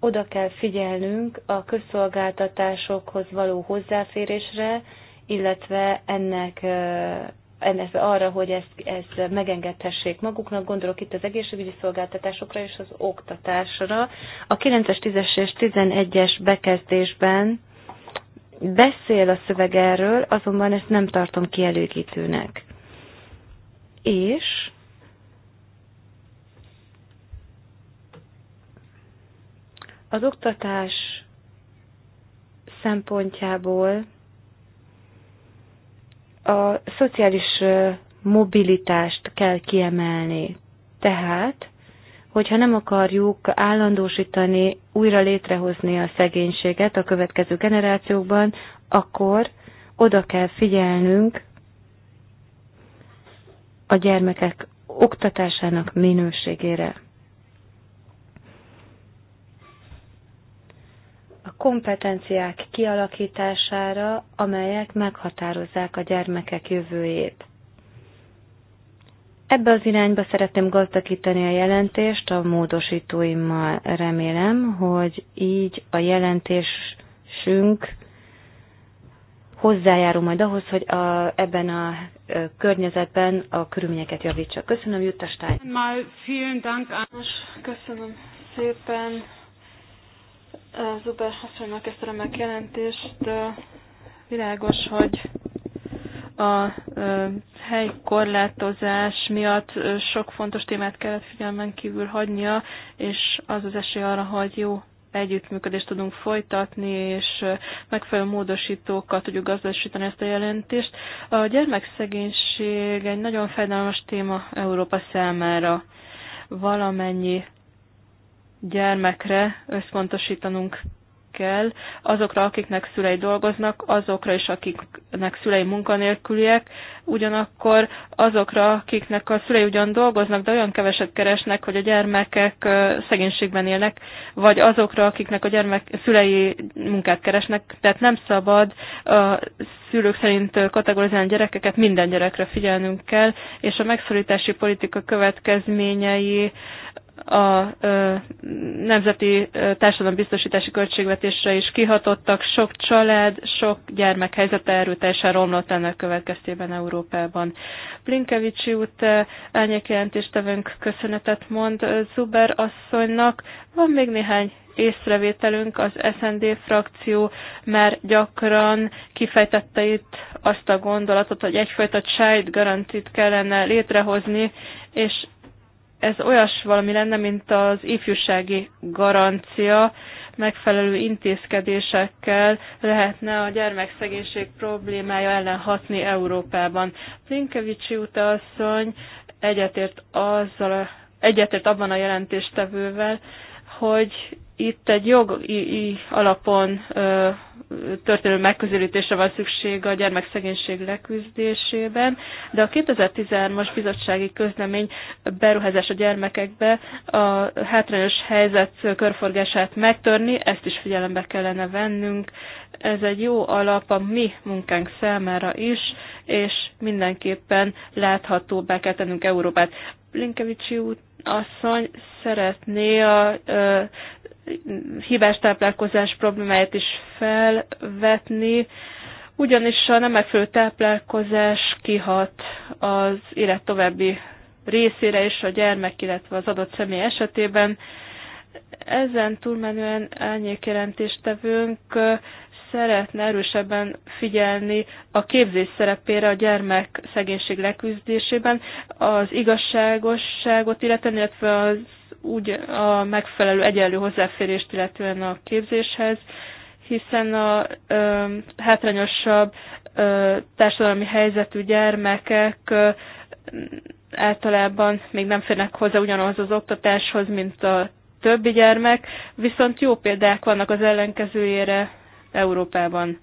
oda kell figyelnünk a közszolgáltatásokhoz való hozzáférésre, illetve ennek ennek arra, hogy ezt, ezt megengedhessék maguknak, gondolok itt az egészségügyi szolgáltatásokra és az oktatásra. A 9-es, 10-es és 11-es bekezdésben beszél a szöveg erről, azonban ezt nem tartom kielégítőnek. És Az oktatás szempontjából a szociális mobilitást kell kiemelni. Tehát, hogyha nem akarjuk állandósítani, újra létrehozni a szegénységet a következő generációkban, akkor oda kell figyelnünk a gyermekek oktatásának minőségére. kompetenciák kialakítására, amelyek meghatározzák a gyermekek jövőjét. Ebbe az irányba szeretném gazdagítani a jelentést a módosítóimmal. Remélem, hogy így a jelentésünk hozzájárul majd ahhoz, hogy a, ebben a környezetben a körülményeket javítsa. Köszönöm, Jutta Stein. Köszönöm szépen Zuber asszonynak ezt a remek jelentést. Világos, hogy a helykorlátozás korlátozás miatt sok fontos témát kellett figyelmen kívül hagynia, és az az esély arra, hogy jó együttműködést tudunk folytatni, és megfelelő módosítókkal tudjuk gazdasítani ezt a jelentést. A gyermekszegénység egy nagyon fájdalmas téma Európa számára. Valamennyi gyermekre összpontosítanunk kell, azokra, akiknek szülei dolgoznak, azokra is, akiknek szülei munkanélküliek, ugyanakkor azokra, akiknek a szülei ugyan dolgoznak, de olyan keveset keresnek, hogy a gyermekek szegénységben élnek, vagy azokra, akiknek a gyermek szülei munkát keresnek, tehát nem szabad a szülők szerint kategorizálni gyerekeket, minden gyerekre figyelnünk kell, és a megszorítási politika következményei a nemzeti társadalombiztosítási költségvetésre is kihatottak. Sok család, sok gyermek helyzete erőteljesen romlott ennek következtében Európában. Blinkevicsi út jelentéstevőnk köszönetet mond Zuber asszonynak. Van még néhány észrevételünk, az SND frakció már gyakran kifejtette itt azt a gondolatot, hogy egyfajta child garantit kellene létrehozni, és ez olyas valami lenne, mint az ifjúsági garancia, megfelelő intézkedésekkel lehetne a gyermekszegénység problémája ellen hatni Európában. Plinkevicsi utasszony egyetért, azzal, egyetért abban a jelentéstevővel, hogy itt egy jogi alapon történő megközelítésre van szükség a gyermekszegénység leküzdésében, de a 2013-as bizottsági közlemény beruházás a gyermekekbe a hátrányos helyzet körforgását megtörni, ezt is figyelembe kellene vennünk. Ez egy jó alap a mi munkánk számára is, és mindenképpen láthatóbbá kell tennünk Európát. Linkevicsi út asszony szeretné a ö, hibás táplálkozás problémáját is felvetni, ugyanis a nem megfelelő táplálkozás kihat az élet további részére és a gyermek, illetve az adott személy esetében. Ezen túlmenően elnyék jelentéstevőnk szeretne erősebben figyelni a képzés szerepére a gyermek szegénység leküzdésében, az igazságosságot illetően, illetve az úgy a megfelelő egyenlő hozzáférést illetően a képzéshez, hiszen a ö, hátrányosabb ö, társadalmi helyzetű gyermekek ö, általában még nem férnek hozzá ugyanaz az oktatáshoz, mint a többi gyermek, viszont jó példák vannak az ellenkezőjére Európában.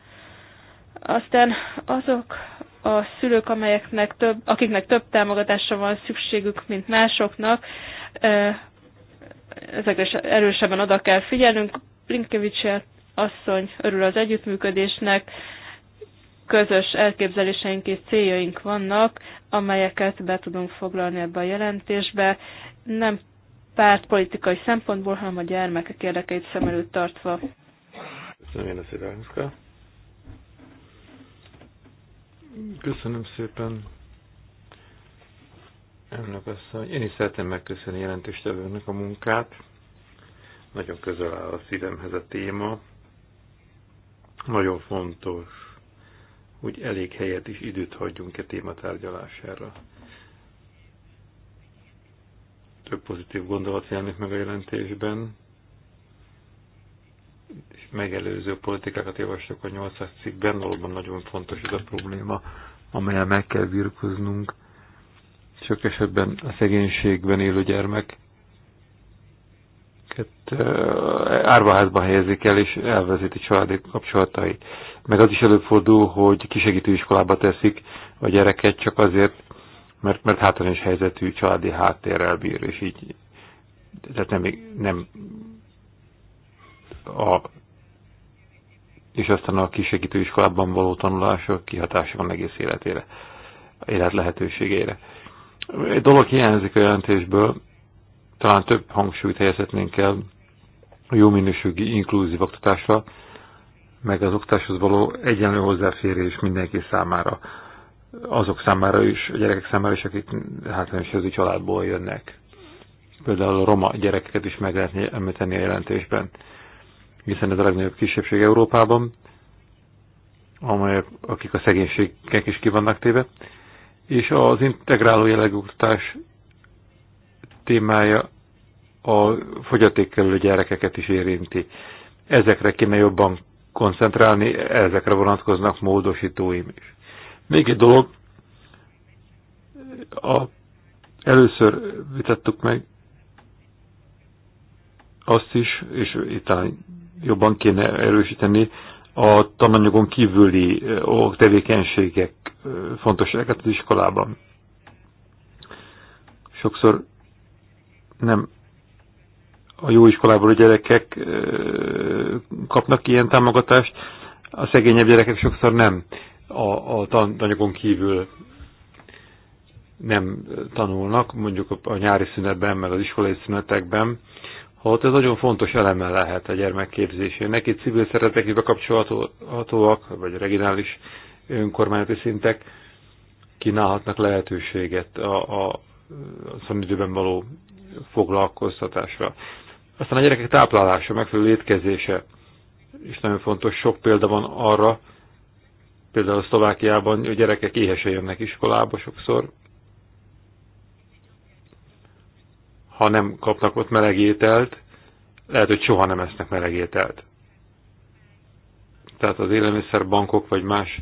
Aztán azok a szülők, amelyeknek több, akiknek több támogatásra van szükségük, mint másoknak, ezekre erősebben oda kell figyelnünk. Blinkevics asszony örül az együttműködésnek, közös elképzeléseink és céljaink vannak, amelyeket be tudunk foglalni ebbe a jelentésbe, nem pártpolitikai szempontból, hanem a gyermekek érdekeit szem előtt tartva. Köszönöm én a szépen, Köszönöm szépen. ennek asszony, én is szeretném megköszönni jelentéstevőnek a munkát. Nagyon közel áll a szívemhez a téma. Nagyon fontos, hogy elég helyet is időt hagyjunk a e téma tárgyalására. Több pozitív gondolat jelenik meg a jelentésben megelőző politikákat javaslok a 800 cikkben, valóban nagyon fontos ez a probléma, amelyel meg kell birkoznunk. Sok esetben a szegénységben élő gyermek hát, árvaházba helyezik el, és elvezeti családi kapcsolatait. Meg az is előfordul, hogy kisegítő iskolába teszik a gyereket csak azért, mert, mert hátrányos helyzetű családi háttérrel bír, és így tehát nem, nem a és aztán a kisegítő iskolában való tanulások kihatása van egész életére, élet lehetőségére. Egy dolog hiányzik a jelentésből, talán több hangsúlyt helyezhetnénk el a jó minőségű inkluzív oktatásra, meg az oktatáshoz való egyenlő hozzáférés mindenki számára. Azok számára is, a gyerekek számára is, akik hátrányos családból jönnek. Például a roma gyerekeket is meg lehetne említeni a jelentésben hiszen ez a legnagyobb kisebbség Európában, amelyek, akik a szegénységek is kivannak téve, és az integráló jellegű oktatás témája a fogyatékkelő gyerekeket is érinti. Ezekre kéne jobban koncentrálni, ezekre vonatkoznak módosítóim is. Még egy dolog, a, először vitattuk meg azt is, és talán jobban kéne erősíteni a tananyagon kívüli tevékenységek fontosságát az iskolában. Sokszor nem a jó iskolából a gyerekek kapnak ilyen támogatást, a szegényebb gyerekek sokszor nem a, a tananyagon kívül nem tanulnak, mondjuk a nyári szünetben, mert az iskolai szünetekben, ott ez nagyon fontos eleme lehet a gyermekképzésének. Itt civil szeretekébe bekapcsolhatóak, vagy regionális önkormányzati szintek kínálhatnak lehetőséget a, a a időben való foglalkoztatásra. Aztán a gyerekek táplálása, megfelelő étkezése is nagyon fontos. Sok példa van arra, például a Szlovákiában, hogy gyerekek éhesen jönnek iskolába sokszor, ha nem kapnak ott melegételt, lehet, hogy soha nem esznek melegételt. Tehát az élelmiszerbankok vagy más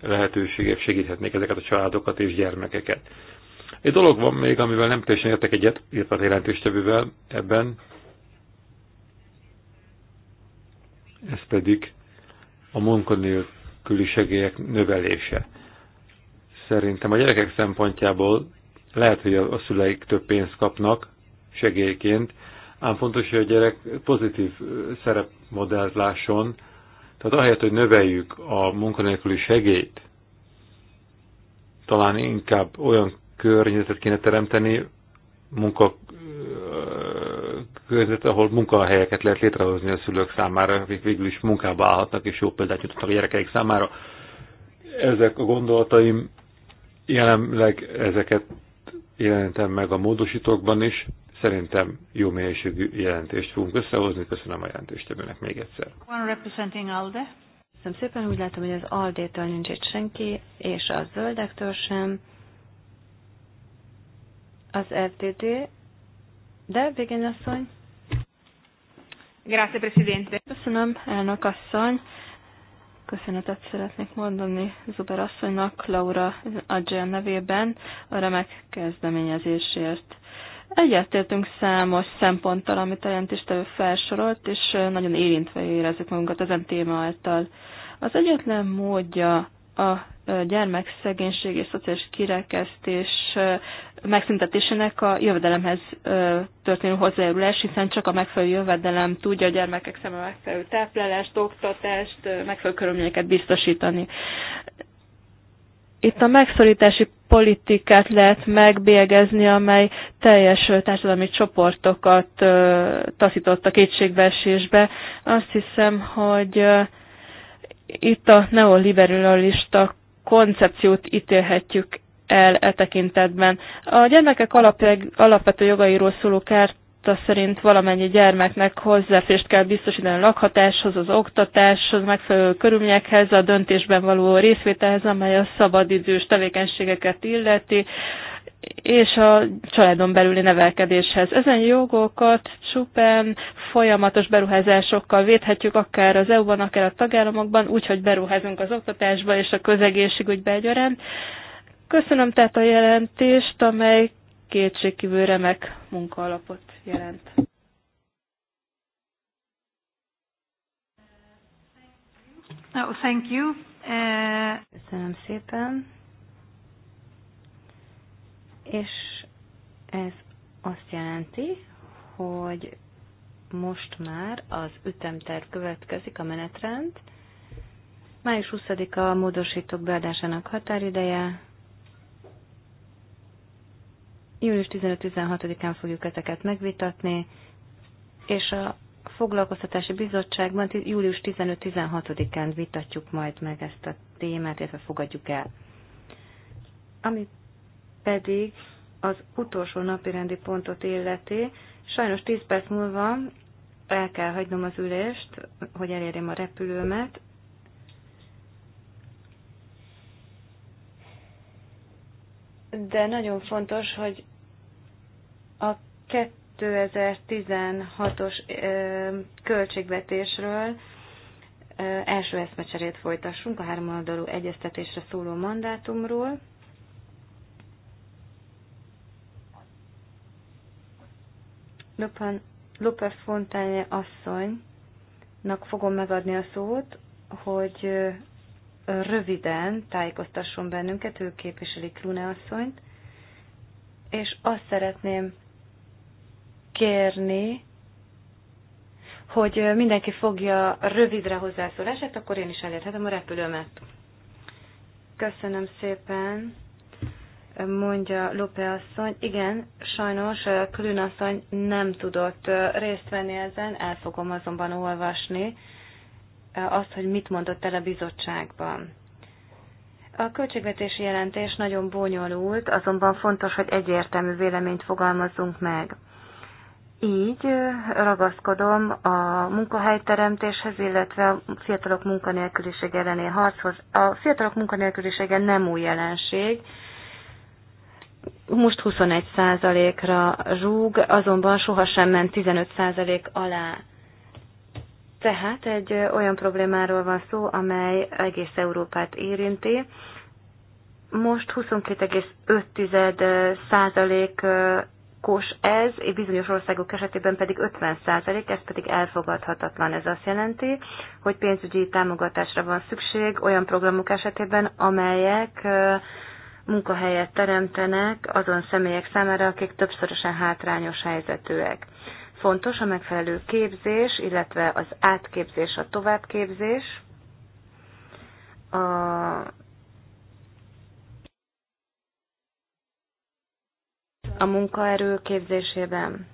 lehetőségek segíthetnék ezeket a családokat és gyermekeket. Egy dolog van még, amivel nem teljesen értek egyet, illetve az jelentéstevővel ebben, ez pedig a munkanélküli segélyek növelése. Szerintem a gyerekek szempontjából lehet, hogy a szüleik több pénzt kapnak, segélyként, ám fontos, hogy a gyerek pozitív szerepmodellt lásson, tehát ahelyett, hogy növeljük a munkanélküli segélyt, talán inkább olyan környezetet kéne teremteni, munka környezet, ahol munkahelyeket lehet létrehozni a szülők számára, akik végül is munkába állhatnak, és jó példát nyújtottak a gyerekeik számára. Ezek a gondolataim jelenleg ezeket jelentem meg a módosítókban is, Szerintem jó mélységű jelentést fogunk összehozni. Köszönöm a jelentést, jelentéstevőnek még egyszer. representing ALDE. Köszönöm szépen, úgy látom, hogy az alde nincs itt senki, és a zöldektől sem. Az FDD, de végén asszony. Grazie, Presidente. Köszönöm, elnök asszony. Köszönetet szeretnék mondani Zuber asszonynak, Laura Adjel nevében a remek kezdeményezésért. Egyetértünk számos szemponttal, amit a jelentéstevő felsorolt, és nagyon érintve érezzük magunkat ezen téma által. Az egyetlen módja a gyermekszegénység és szociális kirekesztés megszüntetésének a jövedelemhez történő hozzájárulás, hiszen csak a megfelelő jövedelem tudja a gyermekek szeme megfelelő táplálást, oktatást, megfelelő körülményeket biztosítani. Itt a megszorítási politikát lehet megbélyegezni, amely teljes társadalmi csoportokat taszított a kétségbeesésbe. Azt hiszem, hogy itt a neoliberalista koncepciót ítélhetjük el e tekintetben. A gyermekek alapvető jogairól szóló kárt akta szerint valamennyi gyermeknek hozzáférést kell biztosítani a lakhatáshoz, az oktatáshoz, megfelelő körülményekhez, a döntésben való részvételhez, amely a szabadidős tevékenységeket illeti, és a családon belüli nevelkedéshez. Ezen jogokat csupán folyamatos beruházásokkal védhetjük akár az EU-ban, akár a tagállamokban, úgyhogy beruházunk az oktatásba és a közegészségügybe egyaránt. Köszönöm tehát a jelentést, amely kétségkívül remek munkaalapot jelent. Oh, thank you. Uh... Köszönöm szépen. És ez azt jelenti, hogy most már az ütemterv következik, a menetrend. Május 20-a a módosítók beadásának határideje, Július 15-16-án fogjuk ezeket megvitatni, és a foglalkoztatási bizottságban július 15-16-án vitatjuk majd meg ezt a témát, illetve fogadjuk el. Ami pedig az utolsó napi rendi pontot illeti, sajnos 10 perc múlva el kell hagynom az ülést, hogy elérjem a repülőmet, de nagyon fontos, hogy a 2016-os költségvetésről első eszmecserét folytassunk a háromoldalú egyeztetésre szóló mandátumról. Lopan, Lope Fontány asszonynak fogom megadni a szót, hogy röviden tájékoztasson bennünket, ő képviseli Klune asszonyt, és azt szeretném kérni, hogy mindenki fogja rövidre hozzászólását, akkor én is elérhetem a repülőmet. Köszönöm szépen, mondja Lópe asszony. Igen, sajnos Klün asszony nem tudott részt venni ezen, el fogom azonban olvasni azt, hogy mit mondott el a bizottságban. A költségvetési jelentés nagyon bonyolult, azonban fontos, hogy egyértelmű véleményt fogalmazzunk meg így ragaszkodom a munkahelyteremtéshez, illetve a fiatalok munkanélküliség elleni harchoz. A fiatalok munkanélkülisége nem új jelenség, most 21%-ra rúg, azonban sohasem ment 15% alá. Tehát egy olyan problémáról van szó, amely egész Európát érinti. Most 22,5% kos ez, és bizonyos országok esetében pedig 50 százalék, ez pedig elfogadhatatlan. Ez azt jelenti, hogy pénzügyi támogatásra van szükség olyan programok esetében, amelyek munkahelyet teremtenek azon személyek számára, akik többszörösen hátrányos helyzetűek. Fontos a megfelelő képzés, illetve az átképzés, a továbbképzés, a a munkaerő képzésében.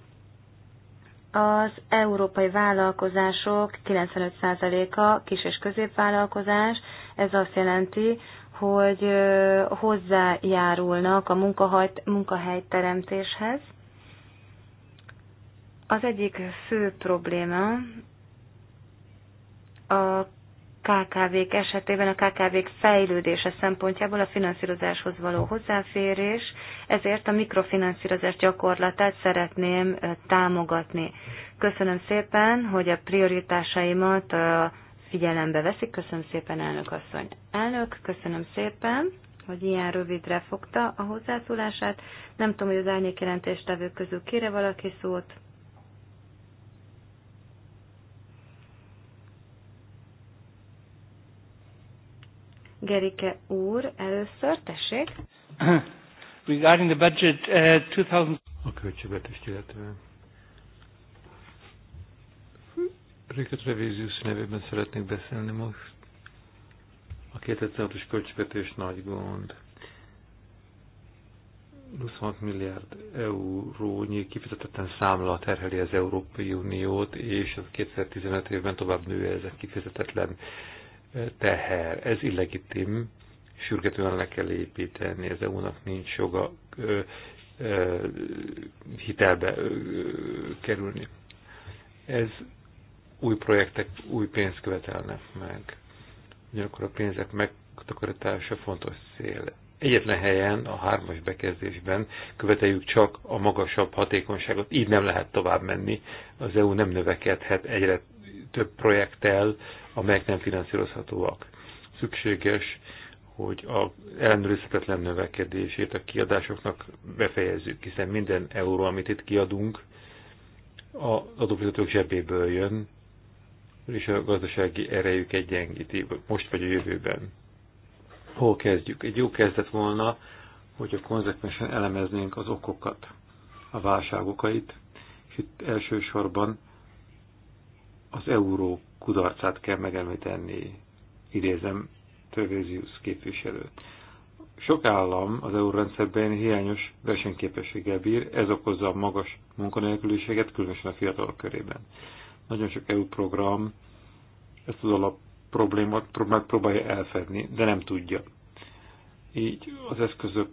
Az európai vállalkozások 95%-a kis- és középvállalkozás, ez azt jelenti, hogy hozzájárulnak a munkahelyteremtéshez. Az egyik fő probléma a KKV-k esetében a KKV-k fejlődése szempontjából a finanszírozáshoz való hozzáférés, ezért a mikrofinanszírozás gyakorlatát szeretném támogatni. Köszönöm szépen, hogy a prioritásaimat figyelembe veszik. Köszönöm szépen, elnök asszony. Elnök, köszönöm szépen, hogy ilyen rövidre fogta a hozzászólását. Nem tudom, hogy az árnyék jelentéstevők közül kére valaki szót. Gerike úr, először tessék. Regarding the budget uh, 2000... A költségvetést illetően. Riket Revézius nevében szeretnék beszélni most. A 2006-os költségvetés nagy gond. 26 milliárd eurónyi kifizetetten számla terheli az Európai Uniót, és az 2015 évben tovább nő ezek kifizetetlen teher. Ez illegitim, sürgetően le kell építeni, az EU-nak nincs joga ö, ö, hitelbe ö, kerülni. Ez új projektek, új pénzt követelnek meg. Ugyanakkor a pénzek megtakarítása fontos cél. Egyetlen helyen, a hármas bekezdésben követeljük csak a magasabb hatékonyságot, így nem lehet tovább menni. Az EU nem növekedhet egyre több projekttel, amelyek nem finanszírozhatóak. Szükséges, hogy a ellenőrizhetetlen növekedését a kiadásoknak befejezzük, hiszen minden euró, amit itt kiadunk, az adófizetők zsebéből jön, és a gazdasági erejük egyengíti, most vagy a jövőben. Hol kezdjük? Egy jó kezdet volna, hogyha konzekvensen elemeznénk az okokat, a válságokait, és itt elsősorban az euró kudarcát kell megemlíteni, idézem Tövézius képviselőt. Sok állam az eurórendszerben hiányos versenyképességgel bír, ez okozza a magas munkanélküliséget, különösen a fiatalok körében. Nagyon sok EU program ezt az alap problémát megpróbálja elfedni, de nem tudja. Így az eszközök,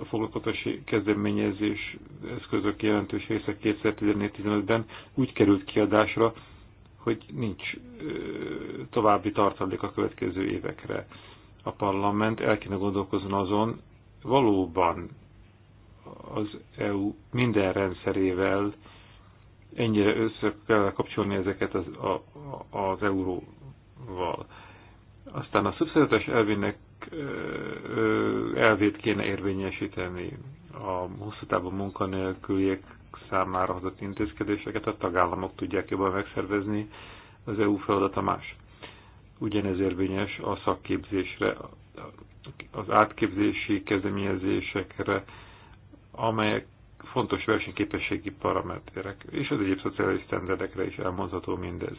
a foglalkoztatási kezdeményezés eszközök jelentős része 2014-15-ben úgy került kiadásra, hogy nincs további tartalék a következő évekre. A parlament el kéne gondolkozni azon, valóban az EU minden rendszerével ennyire össze kell kapcsolni ezeket az, a, az euróval. Aztán a szubszeretes elvének elvét kéne érvényesíteni a hosszú távú munkanélküliek számára hozott intézkedéseket a tagállamok tudják jobban megszervezni, az EU feladata más. Ugyanez érvényes a szakképzésre, az átképzési kezdeményezésekre, amelyek fontos versenyképességi paraméterek, és az egyéb szociális standardekre is elmondható mindez.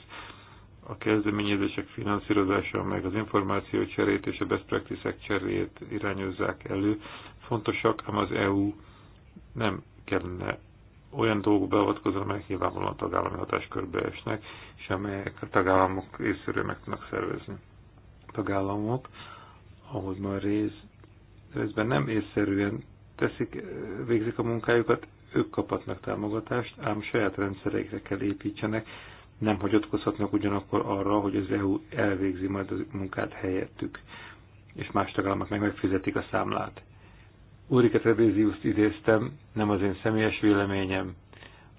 A kezdeményezések finanszírozása, meg az információ cserét és a best practices cserét irányozzák elő. Fontosak, ám az EU nem kellene olyan dolgok beavatkozva, amelyek nyilvánvalóan a tagállami hatáskörbe esnek, és amelyek a tagállamok részéről meg tudnak szervezni. A tagállamok, ahogy már rész, részben nem észszerűen teszik, végzik a munkájukat, ők kaphatnak támogatást, ám saját rendszereikre kell építsenek, nem hagyatkozhatnak ugyanakkor arra, hogy az EU elvégzi majd a munkát helyettük, és más tagállamok meg megfizetik a számlát. Ulrike Trebéziuszt idéztem, nem az én személyes véleményem,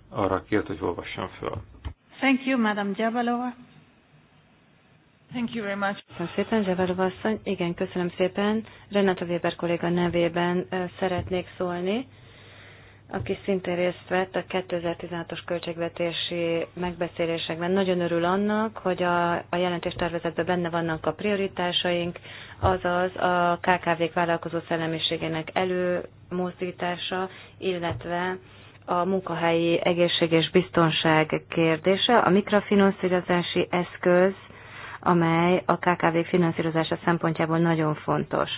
arra kért, hogy olvassam föl. Thank you, Madam Jabalova. Thank you very much. Köszönöm szépen, Javalova asszony. Igen, köszönöm szépen. Renata Weber kolléga nevében szeretnék szólni aki szintén részt vett a 2016-os költségvetési megbeszélésekben. Nagyon örül annak, hogy a, a jelentéstervezetben benne vannak a prioritásaink, azaz a KKV-k vállalkozó szellemiségének előmozdítása, illetve a munkahelyi egészség és biztonság kérdése, a mikrofinanszírozási eszköz, amely a KKV finanszírozása szempontjából nagyon fontos.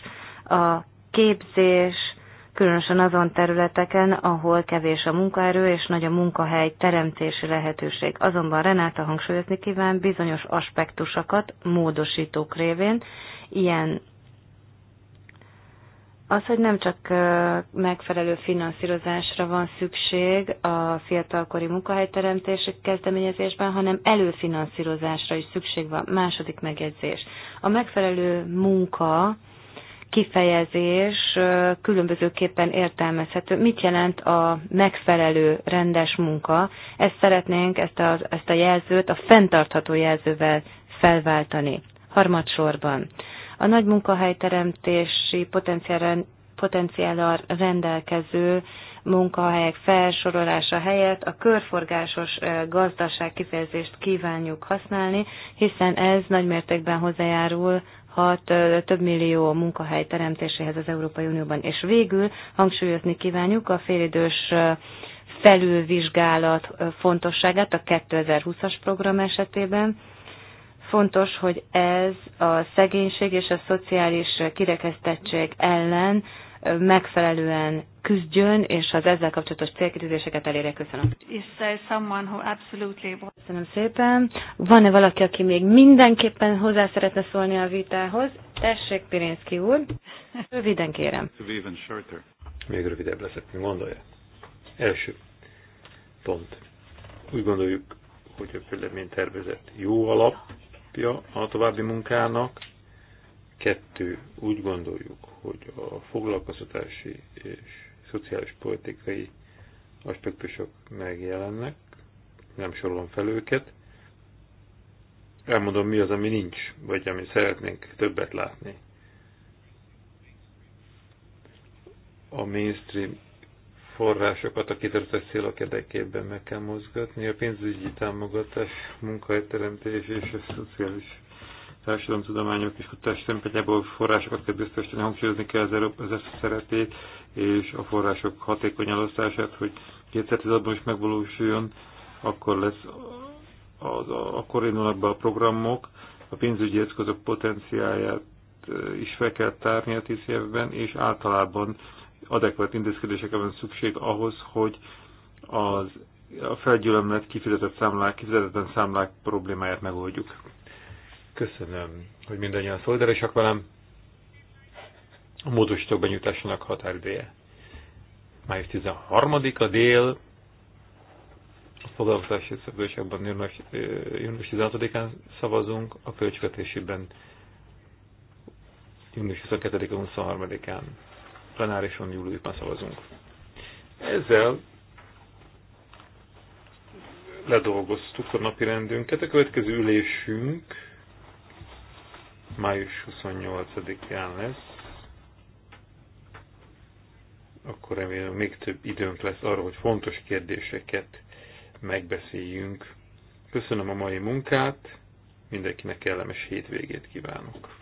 A képzés, különösen azon területeken, ahol kevés a munkaerő és nagy a munkahely teremtési lehetőség. Azonban Renáta hangsúlyozni kíván bizonyos aspektusokat módosítók révén, ilyen az, hogy nem csak megfelelő finanszírozásra van szükség a fiatalkori munkahelyteremtési kezdeményezésben, hanem előfinanszírozásra is szükség van. Második megjegyzés. A megfelelő munka kifejezés különbözőképpen értelmezhető. Mit jelent a megfelelő rendes munka? Ezt szeretnénk, ezt a, ezt a jelzőt a fenntartható jelzővel felváltani. Harmadsorban. A nagy munkahelyteremtési potenciállal rendelkező munkahelyek felsorolása helyett a körforgásos gazdaság kifejezést kívánjuk használni, hiszen ez nagymértékben hozzájárul hat több millió munkahely teremtéséhez az Európai Unióban. És végül hangsúlyozni kívánjuk a félidős felülvizsgálat fontosságát a 2020-as program esetében. Fontos, hogy ez a szegénység és a szociális kirekesztettség ellen megfelelően küzdjön, és az ezzel kapcsolatos célkitűzéseket elérje. Köszönöm. Is someone who absolutely... Köszönöm szépen. Van-e valaki, aki még mindenképpen hozzá szeretne szólni a vitához? Tessék, Pirinszki úr. Röviden kérem. Még rövidebb leszek, mi gondolja? Első pont. Úgy gondoljuk, hogy a véleménytervezet jó alapja a további munkának, Kettő, úgy gondoljuk, hogy a foglalkoztatási és szociális politikai aspektusok megjelennek, nem sorolom fel őket. Elmondom, mi az, ami nincs, vagy ami szeretnénk többet látni. A mainstream forrásokat a kitartás célok érdekében meg kell mozgatni, a pénzügyi támogatás, munkahelyteremtés és a szociális társadalomtudományok és kutatás szempontjából forrásokat kell biztosítani, hangsúlyozni kell az, Európa, az ESZA és a források hatékony elosztását, hogy 2016-ban is megvalósuljon, akkor lesz az, a, akkor indulnak be a programok, a pénzügyi eszközök potenciáját eh, is fel kell tárni a TCF-ben, és általában adekvát intézkedésekre van szükség ahhoz, hogy az a felgyűlömlet kifizetett számlák, kifizetetlen számlák problémáját megoldjuk. Köszönöm, hogy mindannyian szolidárisak velem. A módosítók benyújtásának határideje. Május 13-a dél, a foglalkozási szabadságban június 16-án szavazunk, a költségvetésében június 22 23-án. Plenárison júliusban szavazunk. Ezzel ledolgoztuk a napi rendünket. A következő ülésünk május 28-án lesz, akkor remélem még több időnk lesz arra, hogy fontos kérdéseket megbeszéljünk. Köszönöm a mai munkát, mindenkinek kellemes hétvégét kívánok!